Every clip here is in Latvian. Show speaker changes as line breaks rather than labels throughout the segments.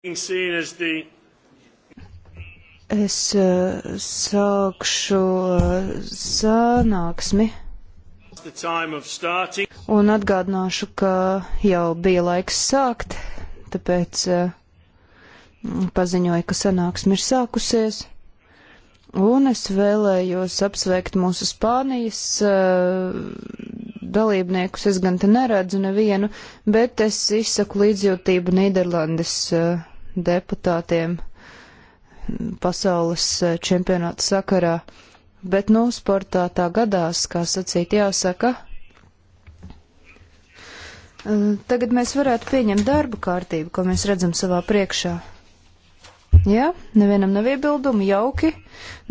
Es uh,
sākšu uh, sanāksmi un atgādināšu, ka jau bija laiks sākt, tāpēc uh, paziņoju, ka sanāksmi ir sākusies. Un es vēlējos apsveikt mūsu Spānijas dalībniekus. Es gan te neredzu nevienu, bet es izsaku līdzjūtību Nīderlandes uh, deputātiem pasaules eh, čempionāta sakarā, bet, nu, sportā tā gadās, kā sacīt, jāsaka. Eh, tagad mēs varētu pieņemt darba kārtību, ko mēs redzam savā priekšā. Jā, nevienam nav iebildumi, jauki.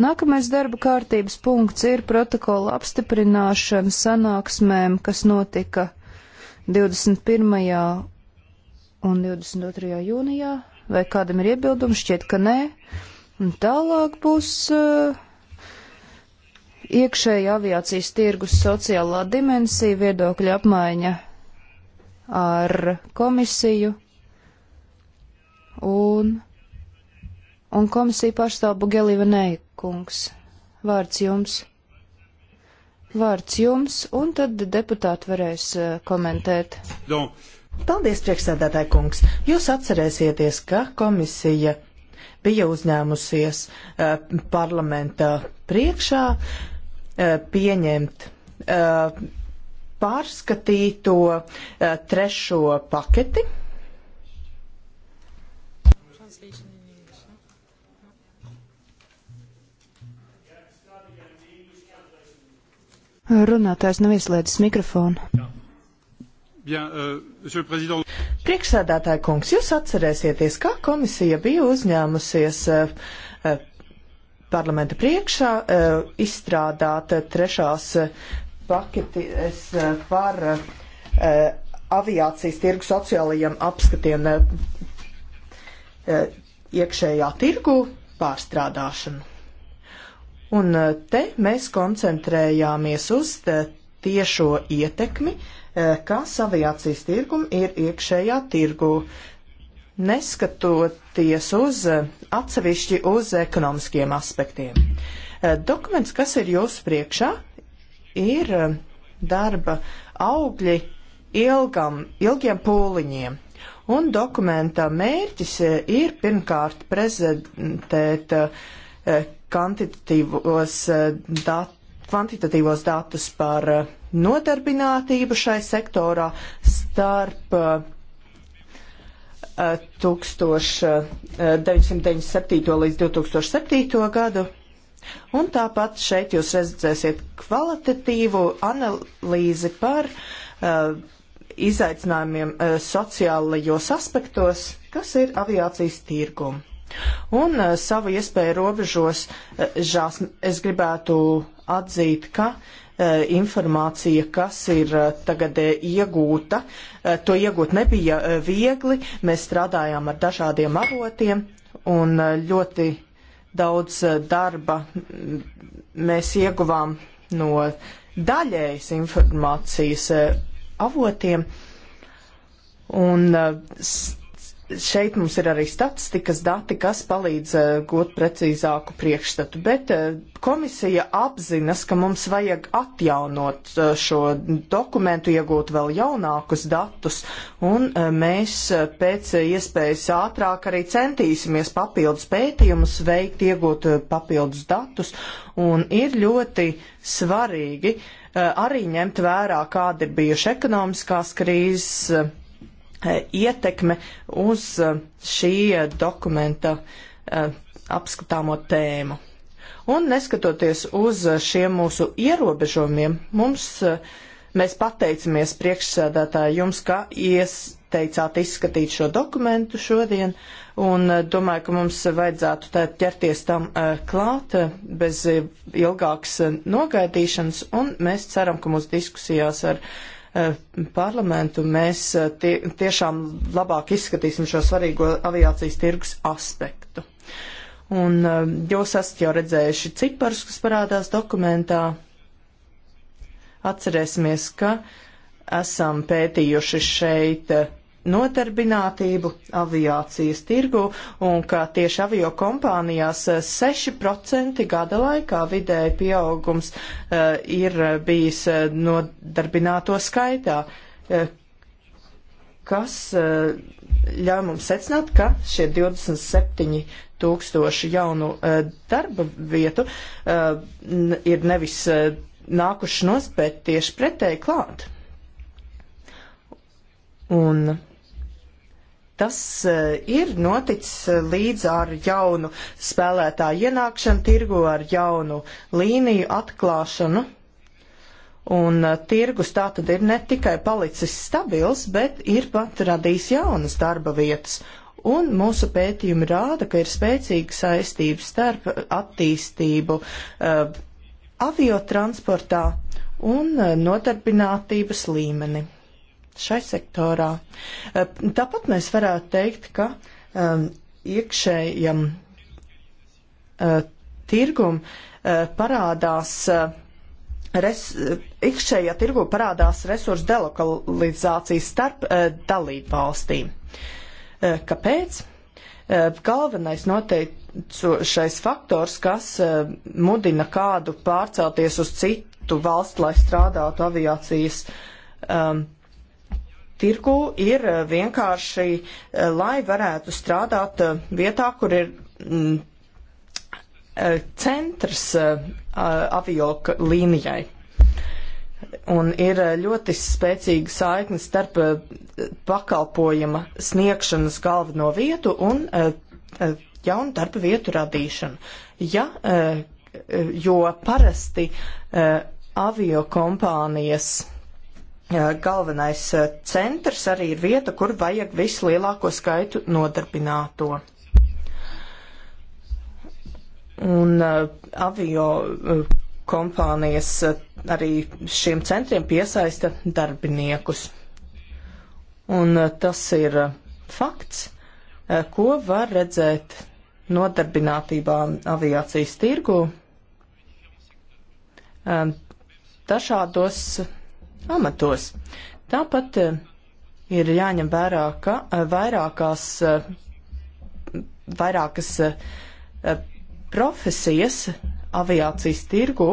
Nākamais darba kārtības punkts ir protokola apstiprināšana sanāksmēm, kas notika 21. un 22. jūnijā Vai kādam ir iebildumi? Šķiet, ka nē. Un tālāk būs uh, iekšēja aviācijas tirgus sociālā dimensija, viedokļa apmaiņa ar komisiju un, un komisiju pārstāv Bugelīva Neikungs. Vārds jums. Vārds jums, un tad deputāti varēs eh, komentēt. Don. Paldies, priekšsēdētāji kungs. Jūs atcerēsieties, ka
komisija bija uzņēmusies uh, parlamenta priekšā uh, pieņemt uh, pārskatīto trešo paketi.
Runātājs nav ieslēdzis mikrofonu. Jā.
Euh,
Priekšsēdētāja kungs, jūs atcerēsieties, kā komisija bija uzņēmusies eh, eh, parlamenta priekšā eh, izstrādāt trešās paketes par aviācijas tirgu sociālajiem apskatiem iekšējā tirgu pārstrādāšanu. Un te mēs koncentrējāmies uz tiešo ietekmi uh, Eh, kas aviācijas tirgum ir iekšējā tirgu, neskatoties uz eh, atsevišķi uz ekonomiskiem aspektiem. Eh, dokuments, kas ir jūsu priekšā, ir darba augļi ilgam, ilgiem pūliņiem. Un dokumenta mērķis ir pirmkārt prezentēt kvantitatīvos, dat, kvantitatīvos datus par nodarbinātību šai sektorā starp 1997. Eh, eh, līdz 2007. gadu. Un tāpat šeit jūs redzēsiet kvalitatīvu analīzi par uh, izaicinājumiem uh, sociālajos aspektos, kas ir aviācijas tirguma. Un uh, savu iespēju robežos uh, žās, es gribētu atzīt, ka uh, E, informācija, kas ir e, tagad e, iegūta. To iegūt nebija viegli, mēs strādājām ar dažādiem avotiem un ļoti daudz darba mēs ieguvām no daļējas informācijas avotiem. Un šeit mums ir arī statistikas dati, kas palīdz uh, gūt precīzāku priekšstatu, bet uh, komisija apzinas, ka mums vajag atjaunot uh, šo dokumentu, iegūt vēl jaunākus datus, un uh, mēs uh, pēc uh, iespējas ātrāk arī centīsimies papildus pētījumus veikt, iegūt uh, papildus datus, un ir ļoti svarīgi uh, arī ņemt vērā, kāda ir bijuši ekonomiskās krīzes. Uh, Eh, ietekme uz eh, šī dokumenta eh, apskatāmo tēmu. Un neskatoties uz šiem mūsu ierobežojumiem, mums, mēs pateicamies priekšsēdētāji jums, ka ieteicāt izskatīt šo dokumentu šodien, un domāju, ka mums vajadzētu tā ķerties tam klāt bez ilgākas nogaidīšanas, un mēs ceram, ka mūsu diskusijās ar uh, Eh, parlamentu mēs eh, tie, tiešām labāk izskatīsim šo svarīgo aviācijas tirgus aspektu. Un eh, jūs esat jau redzējuši ciparus, kas parādās dokumentā. Atcerēsimies, ka esam pētījuši šeit nodarbinātību aviācijas tirgu un ka tieši avio kompānijās 6% gada laikā vidēji pieaugums uh, ir bijis eh, nodarbināto skaitā, uh, kas uh, ļauj mums secināt, ka šie 27 tūkstoši jaunu uh, darba vietu uh, ir nevis uh, nākuši nost, bet tieši pretēji klāt. Un Tas eh, ir noticis eh, līdz ar jaunu spēlētāju ienākšanu tirgu, ar jaunu līniju atklāšanu. Un eh, tirgus tā tad ir ne tikai palicis stabils, bet ir pat radījis jaunas darba vietas. Un mūsu pētījumi rāda, ka ir spēcīga saistība starp attīstību uh, aviotransportā un uh, nodarbinātības līmeni šai sektorā. Eh, tāpat mēs varētu teikt, ka um, iekšējam uh, tirgum uh, parādās. Uh, Res, iekšējā tirgu parādās resursu delokalizācijas starp uh, dalību valstīm. Uh, kāpēc? Uh, galvenais noteicošais faktors, kas uh, mudina kādu pārcelties uz citu valstu, lai strādātu aviācijas um, uh, tirgu ir eh, vienkārši, eh, lai varētu strādāt eh, vietā, kur ir mm, centrs avio līnijai. Un ir ļoti spēcīga saikne starp pakalpojuma sniegšanas galveno vietu un jaunu darba vietu radīšanu. Ja, jo parasti avio kompānijas galvenais eh, centrs arī ir vieta, kur vajag vislielāko skaitu nodarbināto. Un uh, avio uh, kompānijas uh, arī šiem centriem piesaista darbiniekus. Un uh, tas ir uh, fakts, uh, ko var redzēt nodarbinātībā aviācijas tirgu dažādos. Uh, amatos. Tāpat eh, ir jāņem vērā, ka eh, vairākās, eh, vairākas profesijas aviācijas tirgu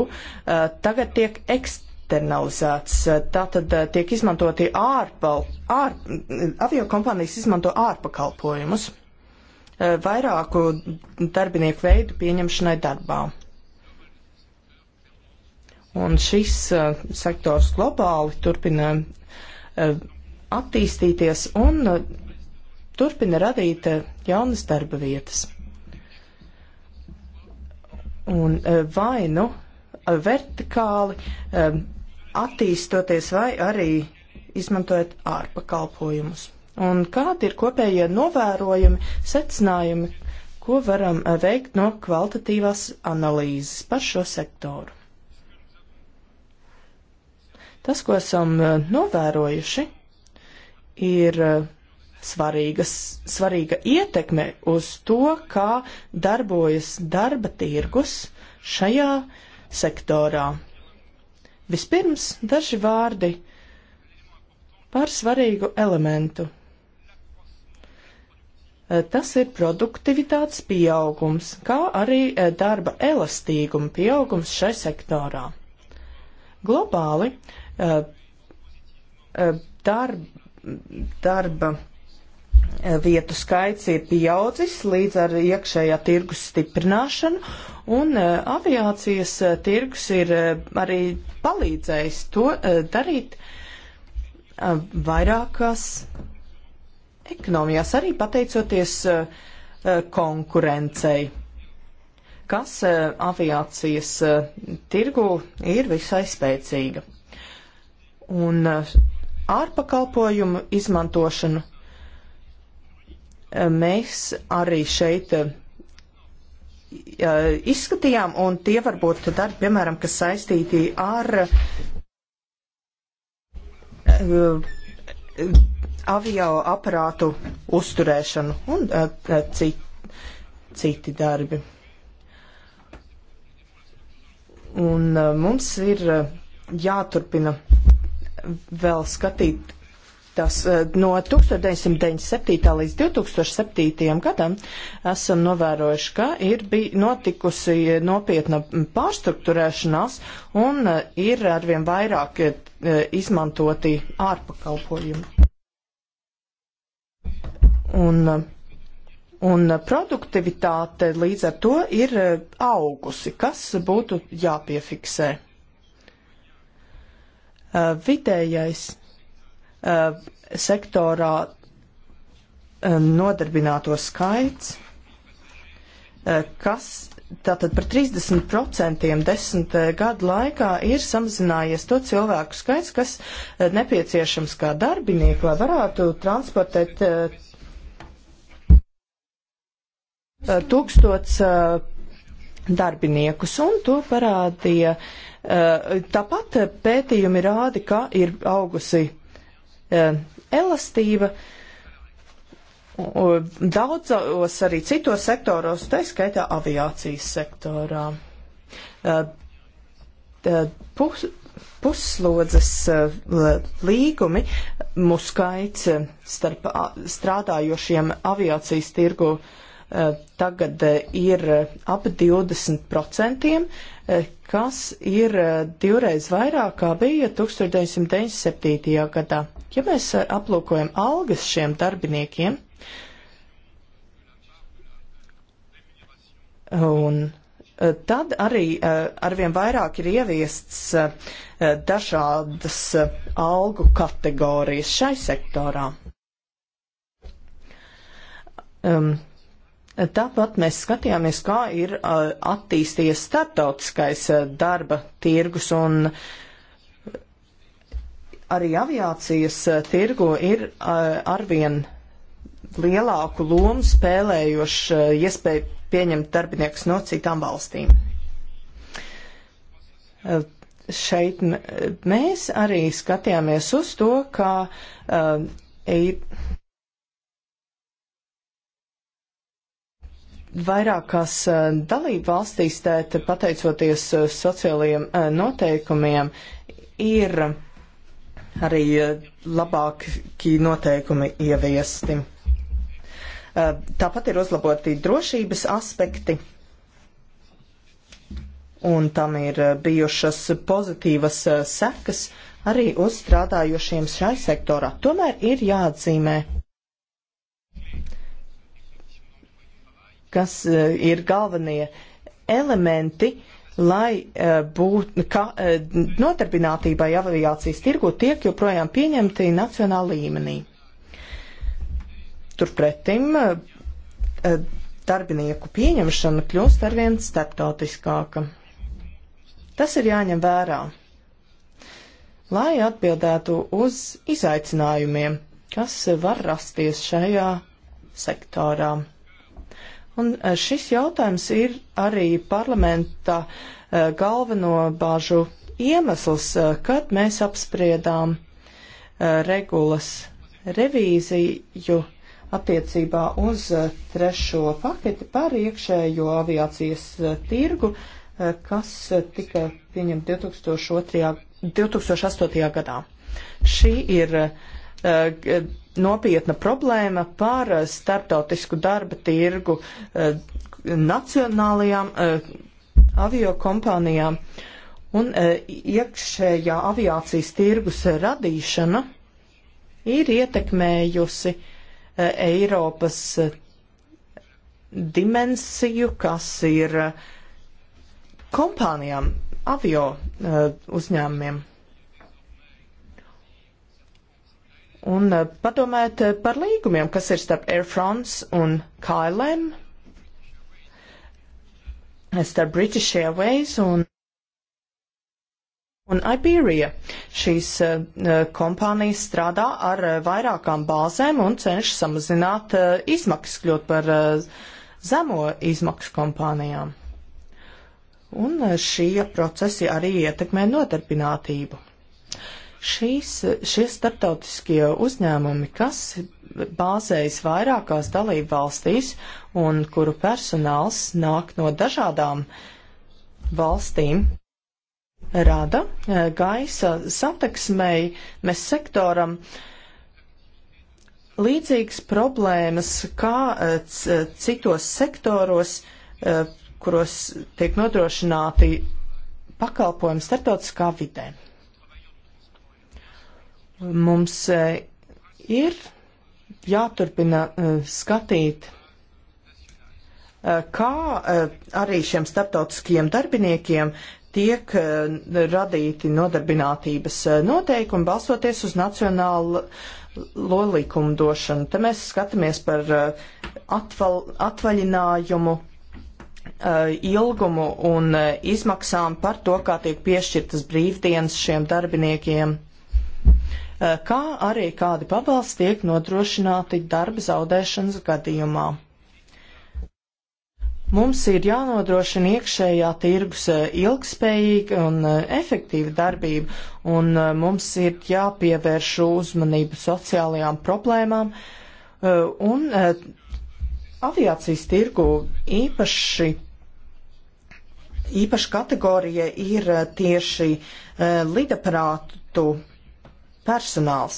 tagad tiek eksternalizēts. Tātad tiek izmantoti ārpal, ār, aviokompānijas izmanto ārpakalpojumus vairāku darbinieku veidu pieņemšanai darbā. Un šis uh, sektors globāli turpina uh, attīstīties un uh, turpina radīt uh, jaunas darba vietas. Un uh, vai nu uh, vertikāli uh, attīstoties, vai arī izmantojot ārpakalpojumus. Un kādi ir kopējie novērojumi, secinājumi, ko varam uh, veikt no kvalitatīvās analīzes par šo sektoru? Tas, ko esam eh, novērojuši, ir eh, svarīgas, svarīga ietekme uz to, kā darbojas darba tirgus šajā sektorā. Vispirms daži vārdi par svarīgu elementu. Eh, tas ir produktivitātes pieaugums, kā arī darba elastīguma pieaugums šai sektorā. Globāli Eh, eh, darba, darba eh, vietu skaits ir pieaudzis līdz ar iekšējā tirgus stiprināšanu, un aviācijas tirgus ir arī palīdzējis to darīt vairākās ekonomijās, arī pateicoties konkurencei, kas aviācijas tirgu ir visai spēcīga un eh, ārpakalpojumu izmantošanu. Eh, mēs arī šeit eh, izskatījām, un tie varbūt darbi, piemēram, kas saistīti ar avio aparātu uzturēšanu un cit, citi darbi. Un mums ir jāturpina vēl skatīt tas eh, no 1997. līdz 2007. gadam esam novērojuši, ka ir notikusi nopietna pārstruktūrēšanās un eh, ir arvien vairāk eh, izmantoti ārpakalpojumi. Un, un produktivitāte līdz ar to ir augusi, kas būtu jāpiefiksē. Uh, vidējais uh, sektorā um, nodarbināto skaits, uh, kas tātad par 30% desmit gadu laikā ir samazinājies to cilvēku skaits, kas nepieciešams kā darbinieki, lai varētu transportēt tūkstots darbiniekus, un to parādīja uh, Eh, tāpat pētījumi rāda, ka ir augusi eh, elastība daudzos arī citos sektoros, tā skaitā aviācijas sektorā. Eh, pus, puslodzes līgumi mūs skaits starp strādājošiem aviācijas tirgu tagad ir ap 20% kas ir eh, divreiz vairāk, kā bija 1997. gadā. Ja mēs eh, aplūkojam algas šiem darbiniekiem un eh, tad arī arvien vairāk ir ieviests dažādas algu kategorijas šai sektorā. Um, Tāpat mēs skatījāmies, kā ir attīstījies starptautiskais darba tirgus un arī aviācijas tirgu ir arvien lielāku lomu spēlējoši iespēju pieņemt darbiniekus no citām valstīm. Šeit mēs arī skatījāmies uz to, ka uh, vairākās eh, dalību valstīs, tēt, pateicoties eh, sociālajiem eh, noteikumiem, ir arī labāki noteikumi ieviesti. Tāpat ir uzlaboti drošības aspekti, un tam ir bijušas pozitīvas sekas arī uz strādājošiem šai sektorā. Tomēr ir jāatzīmē, kas eh, ir galvenie elementi, lai eh, būtu eh, notarbinātībai aviācijas tirgu tiek joprojām pieņemti nacionāla līmenī. Turpretim darbinieku pieņemšana kļūst arvien starptautiskāka. Tas ir jāņem vērā, lai atbildētu uz izaicinājumiem, kas var rasties šajā sektorā. Un e, šis jautājums ir arī parlamenta e, galveno bāžu iemesls, e, kad mēs apspriedām regulas revīziju attiecībā uz trešo paketi par iekšējo aviācijas tirgu, kas tika pieņemta 2008. gadā. Šī ir uh, Eh, nopietna problēma par eh, starptautisku darba tirgu eh, nacionālajām aviokompānijām un iekšējā aviācijas tirgus radīšana ir ietekmējusi Eiropas dimensiju, kas ir kompānijām, avio uzņēmumiem. un eh, padomēt eh, par līgumiem, kas ir starp Air France un KLM, eh, starp British Airways un, un Iberia. Šīs uh, kompānijas strādā ar uh, vairākām bāzēm un cenšas samazināt uh, izmaksas, kļūt par uh, zemo izmaksu kompānijām. Un uh, šie procesi arī ietekmē nodarbinātību. Šīs, šie starptautiskie uzņēmumi, kas bāzējas vairākās dalību valstīs un kuru personāls nāk no dažādām valstīm, rada eh, gaisa satiksmei, mēs sektoram līdzīgas problēmas kā eh, citos sektoros, eh, kuros tiek nodrošināti pakalpojumi starptautiskā vidē. Mums e, ir jāturpina e, skatīt, e, kā arī šiem starptautiskajiem darbiniekiem tiek radīti nodarbinātības noteikumi balsoties uz nacionālu likumdošanu. Te mēs skatāmies par atval, atvaļinājumu ilgumu un izmaksām par to, kā tiek piešķirtas brīvdienas šiem darbiniekiem. Eh, kā arī kādi pabalsti tiek nodrošināti darba zaudēšanas gadījumā. Mums ir jānodrošina iekšējā tirgus eh, ilgspējīga un eh, efektīva darbība, un mums ir jāpievērš uzmanība sociālajām problēmām, un aviācijas tirgu īpaši īpaša kategorija ir tieši lidaprātu personāls.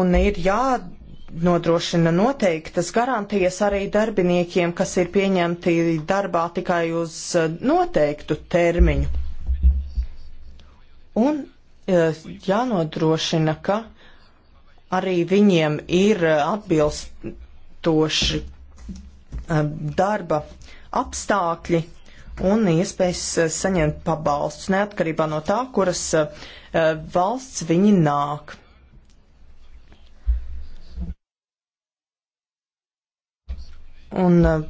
Un ir jānodrošina noteiktas garantijas arī darbiniekiem, kas ir pieņemti darbā tikai uz eh, noteiktu termiņu. Un eh, jānodrošina, ka arī viņiem ir atbilstoši eh, darba apstākļi, un iespējas eh, saņemt pabalstus neatkarībā no tā, kuras eh, valsts viņi nāk. Un eh,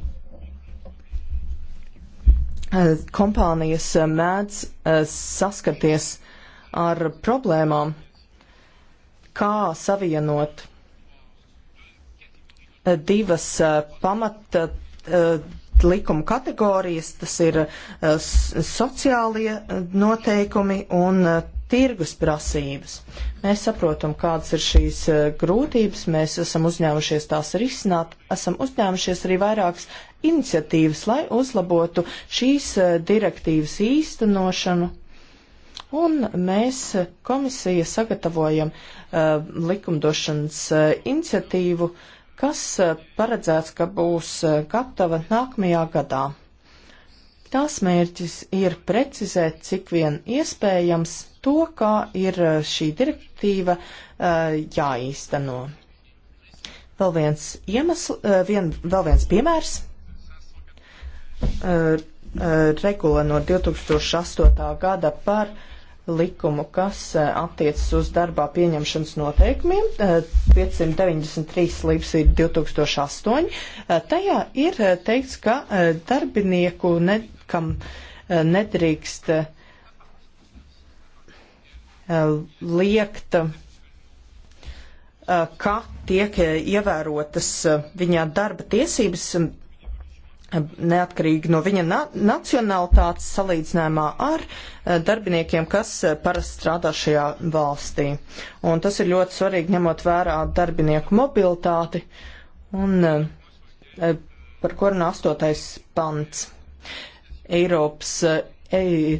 kompānijas mēdz saskarties ar problēmām, kā savienot divas pamata likuma kategorijas, tas ir eh, sociālie eh, noteikumi un eh, tirgus prasības. Mēs saprotam, kādas ir šīs grūtības, mēs esam uzņēmušies tās risināt, esam uzņēmušies arī vairākas iniciatīvas, lai uzlabotu šīs direktīvas īstenošanu. Un mēs komisija sagatavojam uh, likumdošanas uh, iniciatīvu uh, kas eh, paredzēts, ka būs eh, gatava nākamajā gadā. Tās mērķis ir precizēt, cik vien iespējams to, kā ir eh, šī direktīva jāīsteno. Vēl viens, iemesl, vien, vēl viens piemērs. Regula no 2008. gada par likumu, kas eh, attiecas uz darbā pieņemšanas noteikumiem. 593 eh, līdz 2008. Eh, tajā ir teikts, ka darbinieku nekam nedrīkst liekt ka tiek ievērotas viņa darba tiesības neatkarīgi no viņa na nacionalitātes salīdzinājumā ar eh, darbiniekiem, kas eh, parasti strādā šajā valstī. Un tas ir ļoti svarīgi ņemot vērā darbinieku mobilitāti un eh, par ko runā astotais pants. Eiropas EI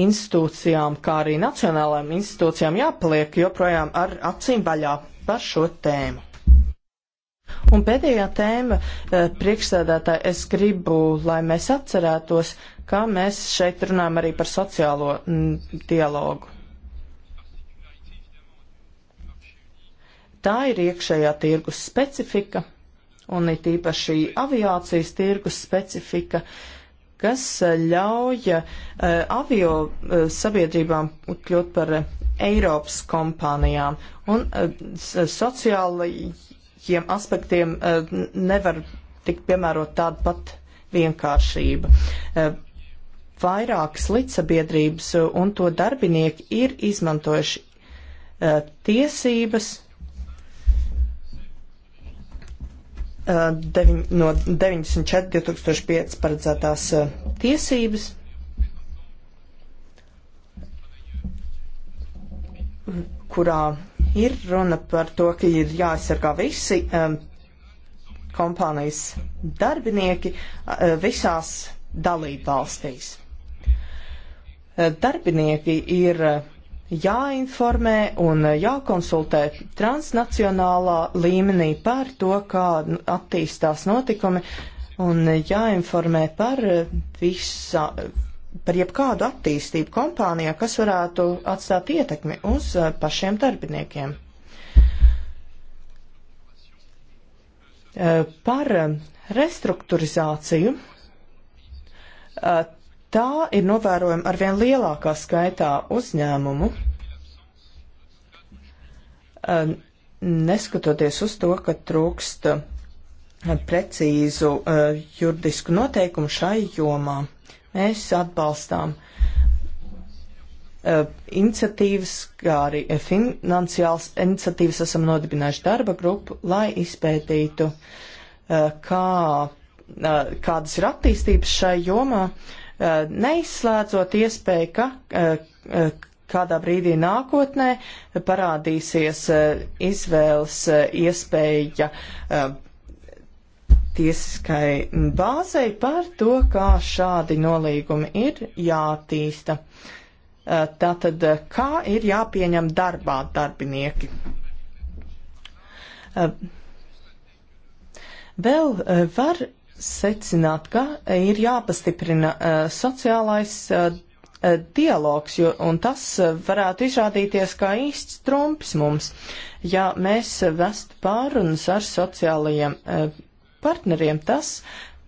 institūcijām, kā arī nacionālajām institūcijām jāpaliek joprojām ar acīm vaļā par šo tēmu. Un pēdējā tēma, eh, priekšsēdētāji, es gribu, lai mēs atcerētos, ka mēs šeit runājam arī par sociālo mm, dialogu. Tā ir iekšējā tirgus specifika, un it īpaši aviācijas tirgus specifika, kas eh, ļauj uh, avio uh, sabiedrībām kļūt par uh, Eiropas kompānijām. Un sociāli vairākiem aspektiem eh, nevar tikt piemērot tāda pat vienkāršība. Eh, vairākas līdzsabiedrības un to darbinieki ir izmantojuši eh, tiesības deviņ, no 94. 2005 paredzētās tiesības. kurā ir runa par to, ka ir jāaizsargā visi um, kompānijas darbinieki uh, visās dalību valstīs. Uh, darbinieki ir uh, jāinformē un uh, jākonsultē transnacionālā līmenī par to, kā attīstās notikumi un uh, jāinformē par uh, visā. Uh, par jebkādu attīstību kompānijā, kas varētu atstāt ietekmi uz uh, pašiem darbiniekiem. Uh, par restruktūrizāciju uh, tā ir novērojama arvien lielākā skaitā uzņēmumu, neskatoties uz to, ka trūkst precīzu juridisku noteikumu šai jomā. Mēs atbalstām uh, iniciatīvas, kā arī finansiāls iniciatīvas esam nodibinājuši darba grupu, lai izpētītu, uh, kā, uh, kādas ir attīstības šai jomā, neizslēdzot iespēju, ka kādā brīdī nākotnē parādīsies izvēles iespēja tiesiskai bāzei par to, kā šādi nolīgumi ir jātīsta. Eh, tātad, eh, kā ir jāpieņem darbā darbinieki. Eh, vēl var secināt, ka ir jāpastiprina sociālais dialogs, jo, un tas varētu izrādīties kā īsts trumps mums, ja mēs vestu pārunas ar sociālajiem partneriem tas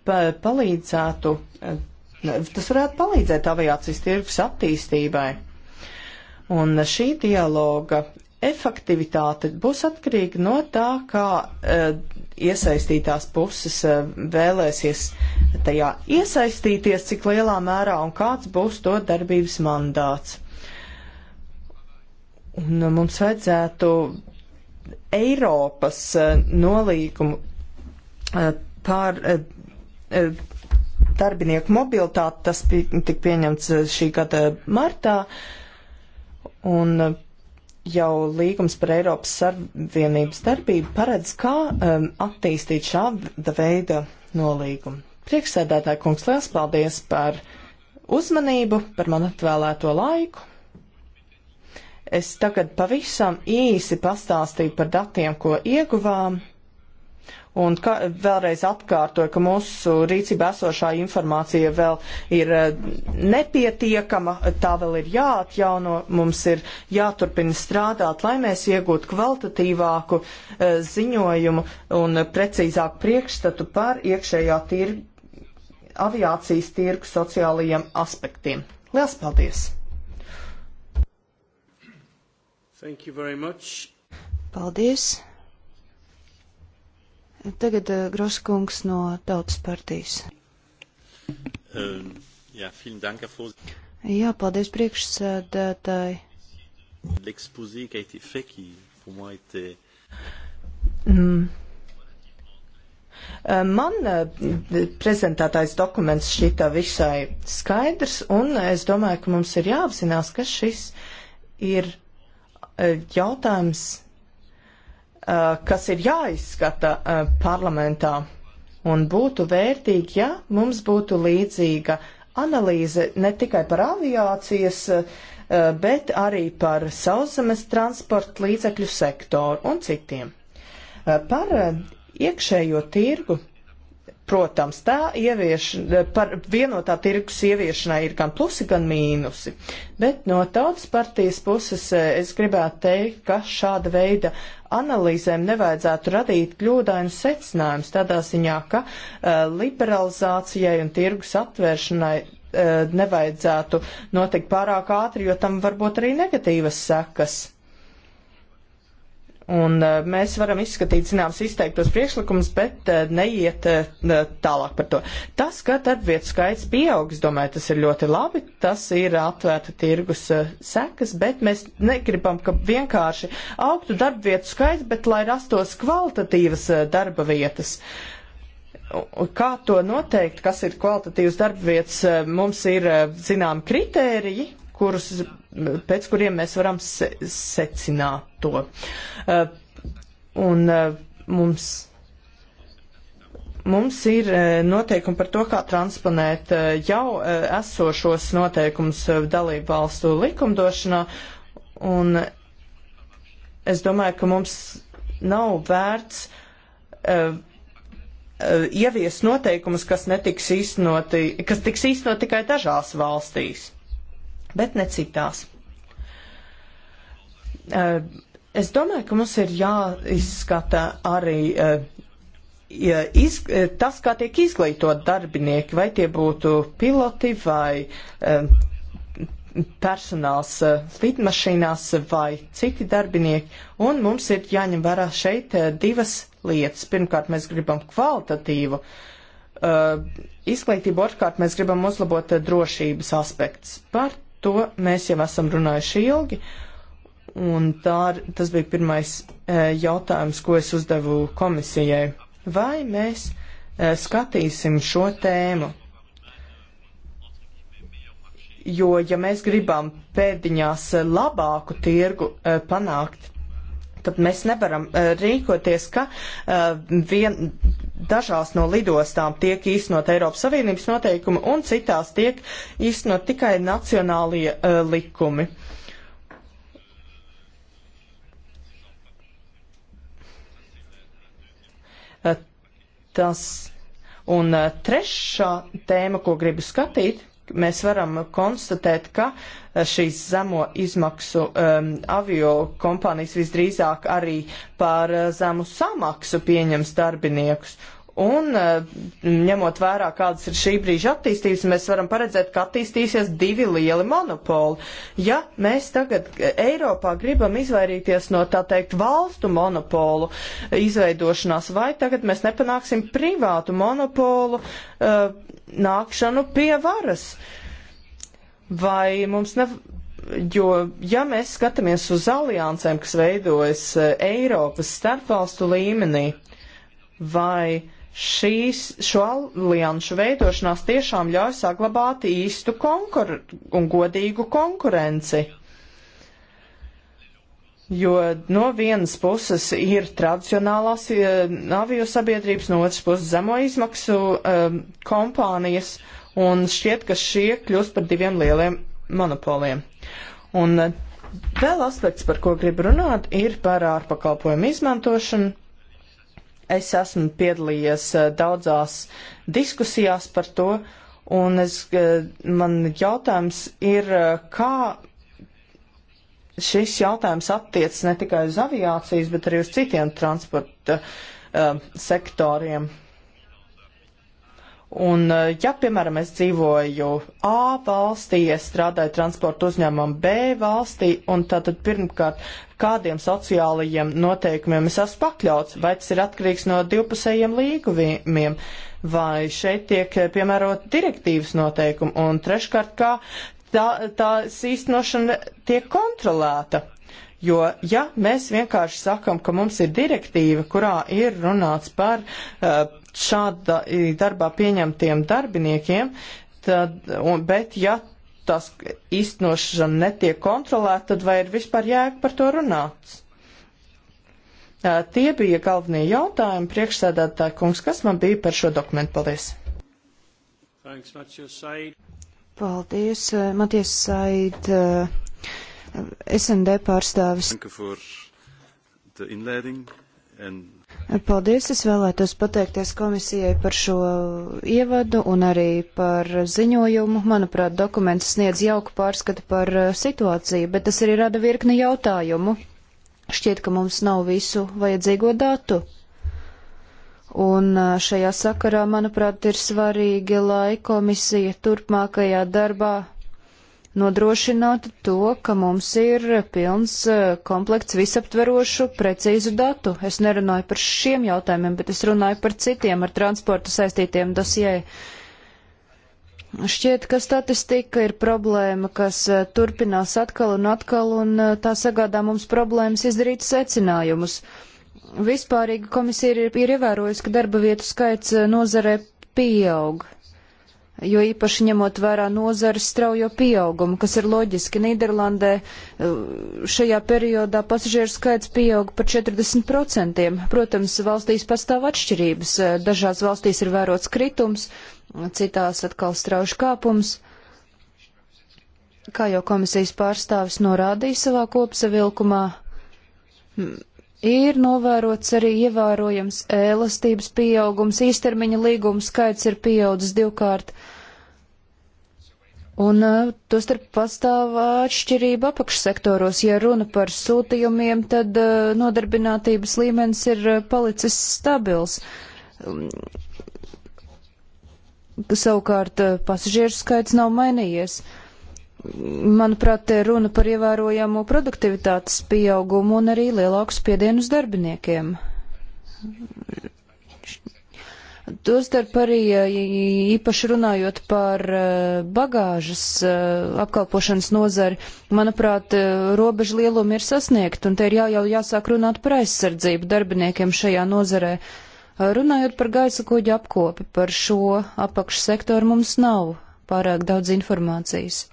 pa palīdzētu, eh, tas varētu palīdzēt aviācijas tirgus attīstībai. Un šī dialoga efektivitāte būs atkarīga no tā, kā e, iesaistītās puses e, vēlēsies tajā iesaistīties, cik lielā mērā un kāds būs to darbības mandāts. Un mums vajadzētu Eiropas e, nolīgumu Eh, par eh, eh, darbinieku mobilitāti. Tas tika pieņemts šī gada martā. Un jau līgums par Eiropas Savienības darbību paredz, kā um, attīstīt šāda veida nolīgumu. Priekšsēdētāji kungs, liels paldies par uzmanību, par man atvēlēto laiku. Es tagad pavisam īsi pastāstīju par datiem, ko ieguvām Un kā, vēlreiz atkārtoju, ka mūsu rīcība esošā informācija vēl ir eh, nepietiekama, tā vēl ir jāatjauno, mums ir jāturpina strādāt, lai mēs iegūtu kvalitatīvāku eh, ziņojumu un precīzāku priekšstatu par iekšējā tirgu, aviācijas tirgu sociālajiem aspektiem. Lielas paldies!
Paldies! Tagad uh, Groskungs no Tautas partijas.
Uh, um, jā, dank,
jā, paldies priekšsēdētāji. L'exposé qui a été fait, qui pour moi était.
Mm. Eh, man eh, prezentētais dokuments šķita visai skaidrs, un es domāju, ka mums ir jāapzinās, ka šis ir jautājums Uh, kas ir jāizskata uh, parlamentā. Un būtu vērtīgi, ja mums būtu līdzīga analīze ne tikai par aviācijas, uh, bet arī par sauszemes transporta līdzekļu sektoru un citiem. Par iekšējo tirgu Protams, tā ievieš, par vienotā tirgus ieviešanai ir gan plusi, gan mīnusi. Bet no tautas partijas puses es gribētu teikt, ka šāda veida analīzēm nevajadzētu radīt kļūdainus secinājumus tādā ziņā, ka uh, liberalizācijai un tirgus atvēršanai uh, nevajadzētu notikt pārāk ātri, jo tam var būt arī negatīvas sekas. Un eh, mēs varam izskatīt, zināms, izteiktos priekšlikumus, bet eh, neiet eh, tālāk par to. Tas, ka darbvietu skaits pieaug, es domāju, tas ir ļoti labi, tas ir atvērta tirgus sekas, bet mēs negribam, ka vienkārši augtu darbvietu skaits, bet lai rastos kvalitatīvas darba vietas. Kā to noteikt, kas ir kvalitatīvas darba vietas, mums ir zinām kritēriji, kurus, pēc kuriem mēs varam se secināt to. Eh, un eh, mums, mums ir eh, noteikumi par to, kā transponēt jau esošos noteikumus dalību valstu likumdošanā, un es domāju, ka mums nav vērts ievies noteikumus, kas, noti, kas tiks īstenot tikai dažās valstīs bet ne citās. Eh, es domāju, ka mums ir jāizskata arī eh, iz, eh, tas, kā tiek izglītot darbinieki, vai tie būtu piloti vai personāls lidmašīnās vai citi darbinieki, un mums ir jāņem vērā šeit divas lietas. Pirmkārt, mēs gribam kvalitatīvu uh, izglītību, otrkārt, mēs gribam uzlabot drošības aspekts. Par to mēs jau esam runājuši ilgi. Un tā, tas bija pirmais e, jautājums, ko es uzdevu komisijai. Vai mēs e, skatīsim šo tēmu? Jo, ja mēs gribam pēdiņās labāku tirgu e, panākt, tad mēs nevaram eh, rīkoties, ka eh, vien, dažās no lidostām tiek īstenot Eiropas Savienības noteikumi un citās tiek īstenot tikai nacionālie eh, likumi. Tas un trešā tēma, ko gribu skatīt, mēs varam konstatēt, ka eh, šīs zemo izmaksu um, avio kompānijas visdrīzāk arī par eh, zemu samaksu pieņems darbiniekus. Un eh, ņemot vērā, kādas ir šī brīža attīstības, mēs varam paredzēt, ka attīstīsies divi lieli monopoli. Ja mēs tagad eh, Eiropā gribam izvairīties no tā teikt valstu monopolu izveidošanās, vai tagad mēs nepanāksim privātu monopolu uh, nākšanu pie varas? Vai mums ne. Jo, ja mēs skatāmies uz aliansēm, kas veidojas Eiropas starpvalstu līmenī, vai šīs, šo alianšu veidošanās tiešām ļauj saglabāt īstu konkur un godīgu konkurenci. Jo no vienas puses ir tradicionālās eh, avio sabiedrības, no otras puses zemo izmaksu um, kompānijas, un šķiet, ka šie kļūst par diviem lieliem monopoliem. Un eh, vēl aspekts, par ko gribu runāt, ir par ārpakalpojumu izmantošanu Es esmu piedalījies eh, daudzās diskusijās par to, un es, eh, man jautājums ir, eh, kā šis jautājums attiec ne tikai uz aviācijas, bet arī uz citiem transporta uh, sektoriem. Un, eh, ja, piemēram, es dzīvoju A valstī, es strādāju transporta uzņēmumam B valstī, un tātad pirmkārt, kādiem sociālajiem noteikumiem es esmu pakļauts, vai tas ir atkarīgs no divpusējiem līgumiem, vai šeit tiek eh, piemērot direktīvas noteikumi, un treškārt, kā tā, tās īstenošana tiek kontrolēta. Jo, ja mēs vienkārši sakam, ka mums ir direktīva, kurā ir runāts par uh, šāda darbā pieņemtiem darbiniekiem, tad, un, bet ja tas īstenošana netiek kontrolēta, tad vai ir vispār jēga par to runāt? Tie bija galvenie jautājumi priekšsēdētāja kungs, kas man bija par šo dokumentu. Paldies!
Paldies, Maties Said, SND pārstāvis.
Danke für die Inleitung und
Paldies! Es vēlētos pateikties komisijai par šo ievadu un arī par ziņojumu. Manuprāt, dokuments sniedz jauku pārskatu par uh, situāciju, bet tas arī rada virkni jautājumu. Šķiet, ka mums nav visu vajadzīgo datu. Un uh, šajā sakarā, manuprāt, ir svarīgi, lai komisija turpmākajā darbā nodrošināt to, ka mums ir pilns e, komplekts visaptverošu precīzu datu. Es nerunāju par šiem jautājumiem, bet es runāju par citiem ar transportu saistītiem dosijai. Šķiet, ka statistika ir problēma, kas e, turpinās atkal un atkal, un e, tā sagādā mums problēmas izdarīt secinājumus. Vispārīgi komisija ir, ir ievērojusi, ka darba vietu skaits nozarē pieaug jo īpaši ņemot vērā nozares straujo pieaugumu, kas ir loģiski. Nīderlandē eh, šajā periodā pasažieru skaits pieauga par 40%. Protams, valstīs pastāv atšķirības. Eh, dažās valstīs ir vērots kritums, citās atkal strauši kāpums. Kā jau komisijas pārstāvis norādīja savā kopsavilkumā, ir novērots arī ievērojams elastības pieaugums, īstermiņa līguma skaits ir pieaudzis divkārt, Un eh, tostarp pastāv atšķirība apakšsektoros. Ja runa par sūtījumiem, tad eh, nodarbinātības līmenis ir eh, palicis stabils. Um, savukārt pasažieru skaits nav mainījies. Manuprāt, te runa par ievērojamu produktivitātes pieaugumu un arī lielāku spiedienu uz darbiniekiem. Tostarp arī īpaši runājot par eh, bagāžas eh, apkalpošanas nozari, manuprāt, eh, robeža lielumi ir sasniegt, un te ir jā, jau jāsāk runāt par aizsardzību darbiniekiem šajā nozarē. Runājot par gaisa kuģa apkopi, par šo apakšsektoru mums nav pārāk daudz informācijas.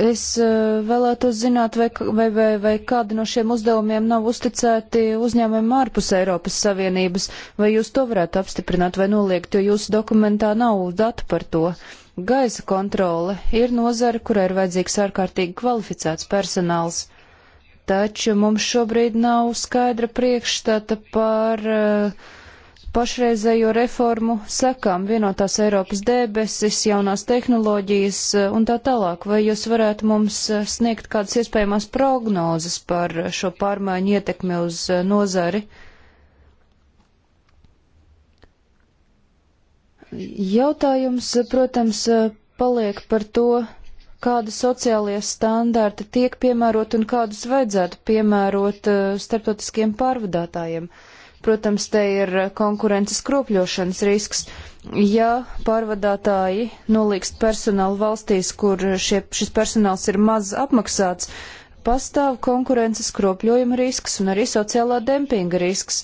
Es eh, vēlētos zināt, vai, vai, vai, vai kādi no šiem uzdevumiem nav uzticēti uzņēmumiem ārpus Eiropas Savienības, vai jūs to varētu apstiprināt vai noliegt, jo jūsu dokumentā nav datu par to. Gaisa kontrole ir nozara, kurai ir vajadzīgs ārkārtīgi kvalificēts personāls taču mums šobrīd nav skaidra priekšstata par uh, pašreizējo reformu sekām, vienotās Eiropas debesis, jaunās tehnoloģijas eh, un tā tālāk. Vai jūs varētu mums eh, sniegt kādas iespējamās prognozes par šo pārmaiņu ietekmi uz eh, nozari? Jautājums, protams, paliek par to, kādi sociālie standarti tiek piemērot un kādus vajadzētu piemērot starptautiskiem pārvadātājiem. Uh, Protams, te ir konkurences kropļošanas risks. Ja pārvadātāji nolīgst personālu valstīs, kur šie, šis personāls ir maz apmaksāts, pastāv konkurences kropļojuma risks un arī sociālā dempinga risks.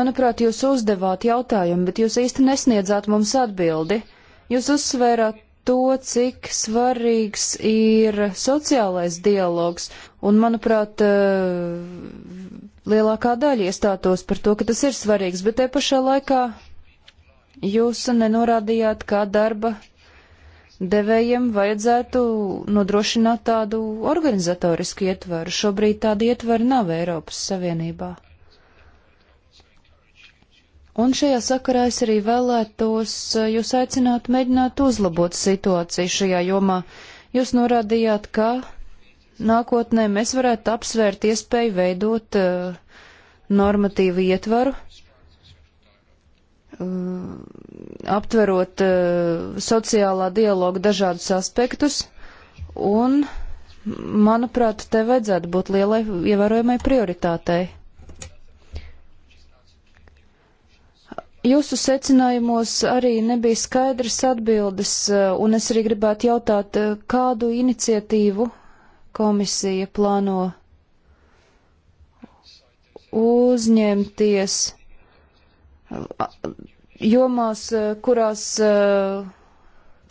Manuprāt, jūs uzdevāt jautājumu, bet jūs īsti nesniedzāt mums atbildi. Jūs uzsvērāt to, cik svarīgs ir sociālais dialogs, un, manuprāt, eh, lielākā daļa iestātos par to, ka tas ir svarīgs, bet te pašā laikā jūs nenorādījāt, kā darba devējiem vajadzētu nodrošināt tādu organizatorisku ietvaru. Šobrīd tāda ietvara nav Eiropas Savienībā. Un šajā sakarā es arī vēlētos eh, jūs aicināt mēģināt uzlabot situāciju šajā jomā. Jūs norādījāt, ka nākotnē mēs varētu apsvērt iespēju veidot uh, normatīvu ietvaru, uh, aptverot uh, sociālā dialoga dažādus aspektus, un, manuprāt, te vajadzētu būt lielai ievērojamai prioritātei. Jūsu secinājumos arī nebija skaidrs atbildes, uh, un es arī gribētu jautāt, uh, kādu iniciatīvu komisija plāno uzņemties jomās, kurās eh,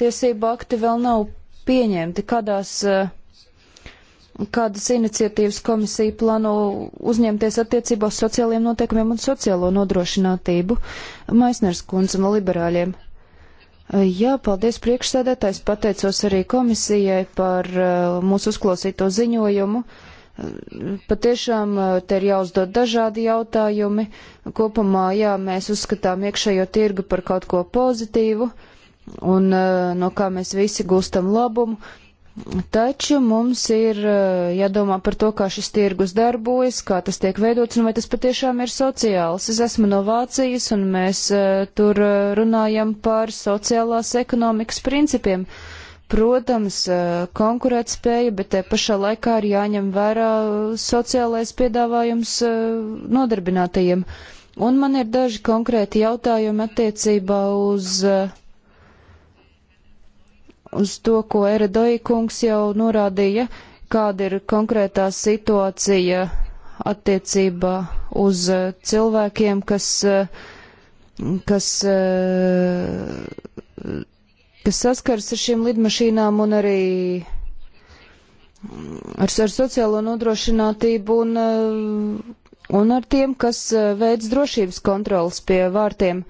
tiesību akti vēl nav pieņemti, kādās, eh, kādas iniciatīvas komisija plāno uzņemties attiecībā uz sociāliem noteikumiem un sociālo nodrošinātību. Maisners kundze no liberāļiem. Jā, paldies priekšsēdētājs, pateicos arī komisijai par uh, mūsu uzklausīto ziņojumu. Uh, patiešām uh, te ir jāuzdod dažādi jautājumi. Kopumā, jā, mēs uzskatām iekšējo tirgu par kaut ko pozitīvu un no kā mēs visi gūstam labumu Taču mums ir eh, jādomā par to, kā šis tirgus darbojas, kā tas tiek veidots un vai tas patiešām ir sociāls. Es esmu no Vācijas un mēs eh, tur eh, runājam par sociālās ekonomikas principiem. Protams, konkurēt spēja, bet te pašā laikā ir jāņem vērā sociālais piedāvājums nodarbinātajiem. Un man ir daži konkrēti jautājumi attiecībā uz uh, uz to, ko Eredoja kungs jau norādīja, kāda ir konkrētā situācija attiecībā uz eh, cilvēkiem, kas, eh, kas, eh, kas saskars ar šiem lidmašīnām un arī mm, ar, ar sociālo nodrošinātību un, un ar tiem, kas veids drošības kontrolas pie vārtiem. Uh,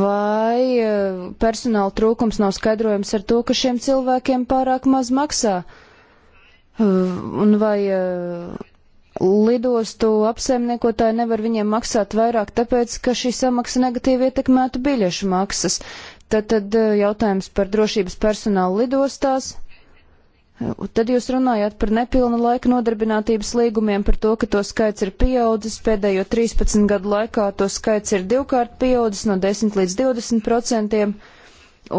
vai eh, personāla trūkums nav skaidrojams ar to, ka šiem cilvēkiem pārāk maz maksā? Eh, un vai eh, lidostu apsaimniekotāji nevar viņiem maksāt vairāk, tāpēc, ka šī samaksa negatīvi ietekmētu biļešu maksas? Tad, tad jautājums par drošības personālu lidostās. Tad jūs runājāt par nepilnu laika nodarbinātības līgumiem, par to, ka to skaits ir pieaudzis. Pēdējo 13 gadu laikā to skaits ir divkārt pieaudzis no 10 līdz 20 procentiem.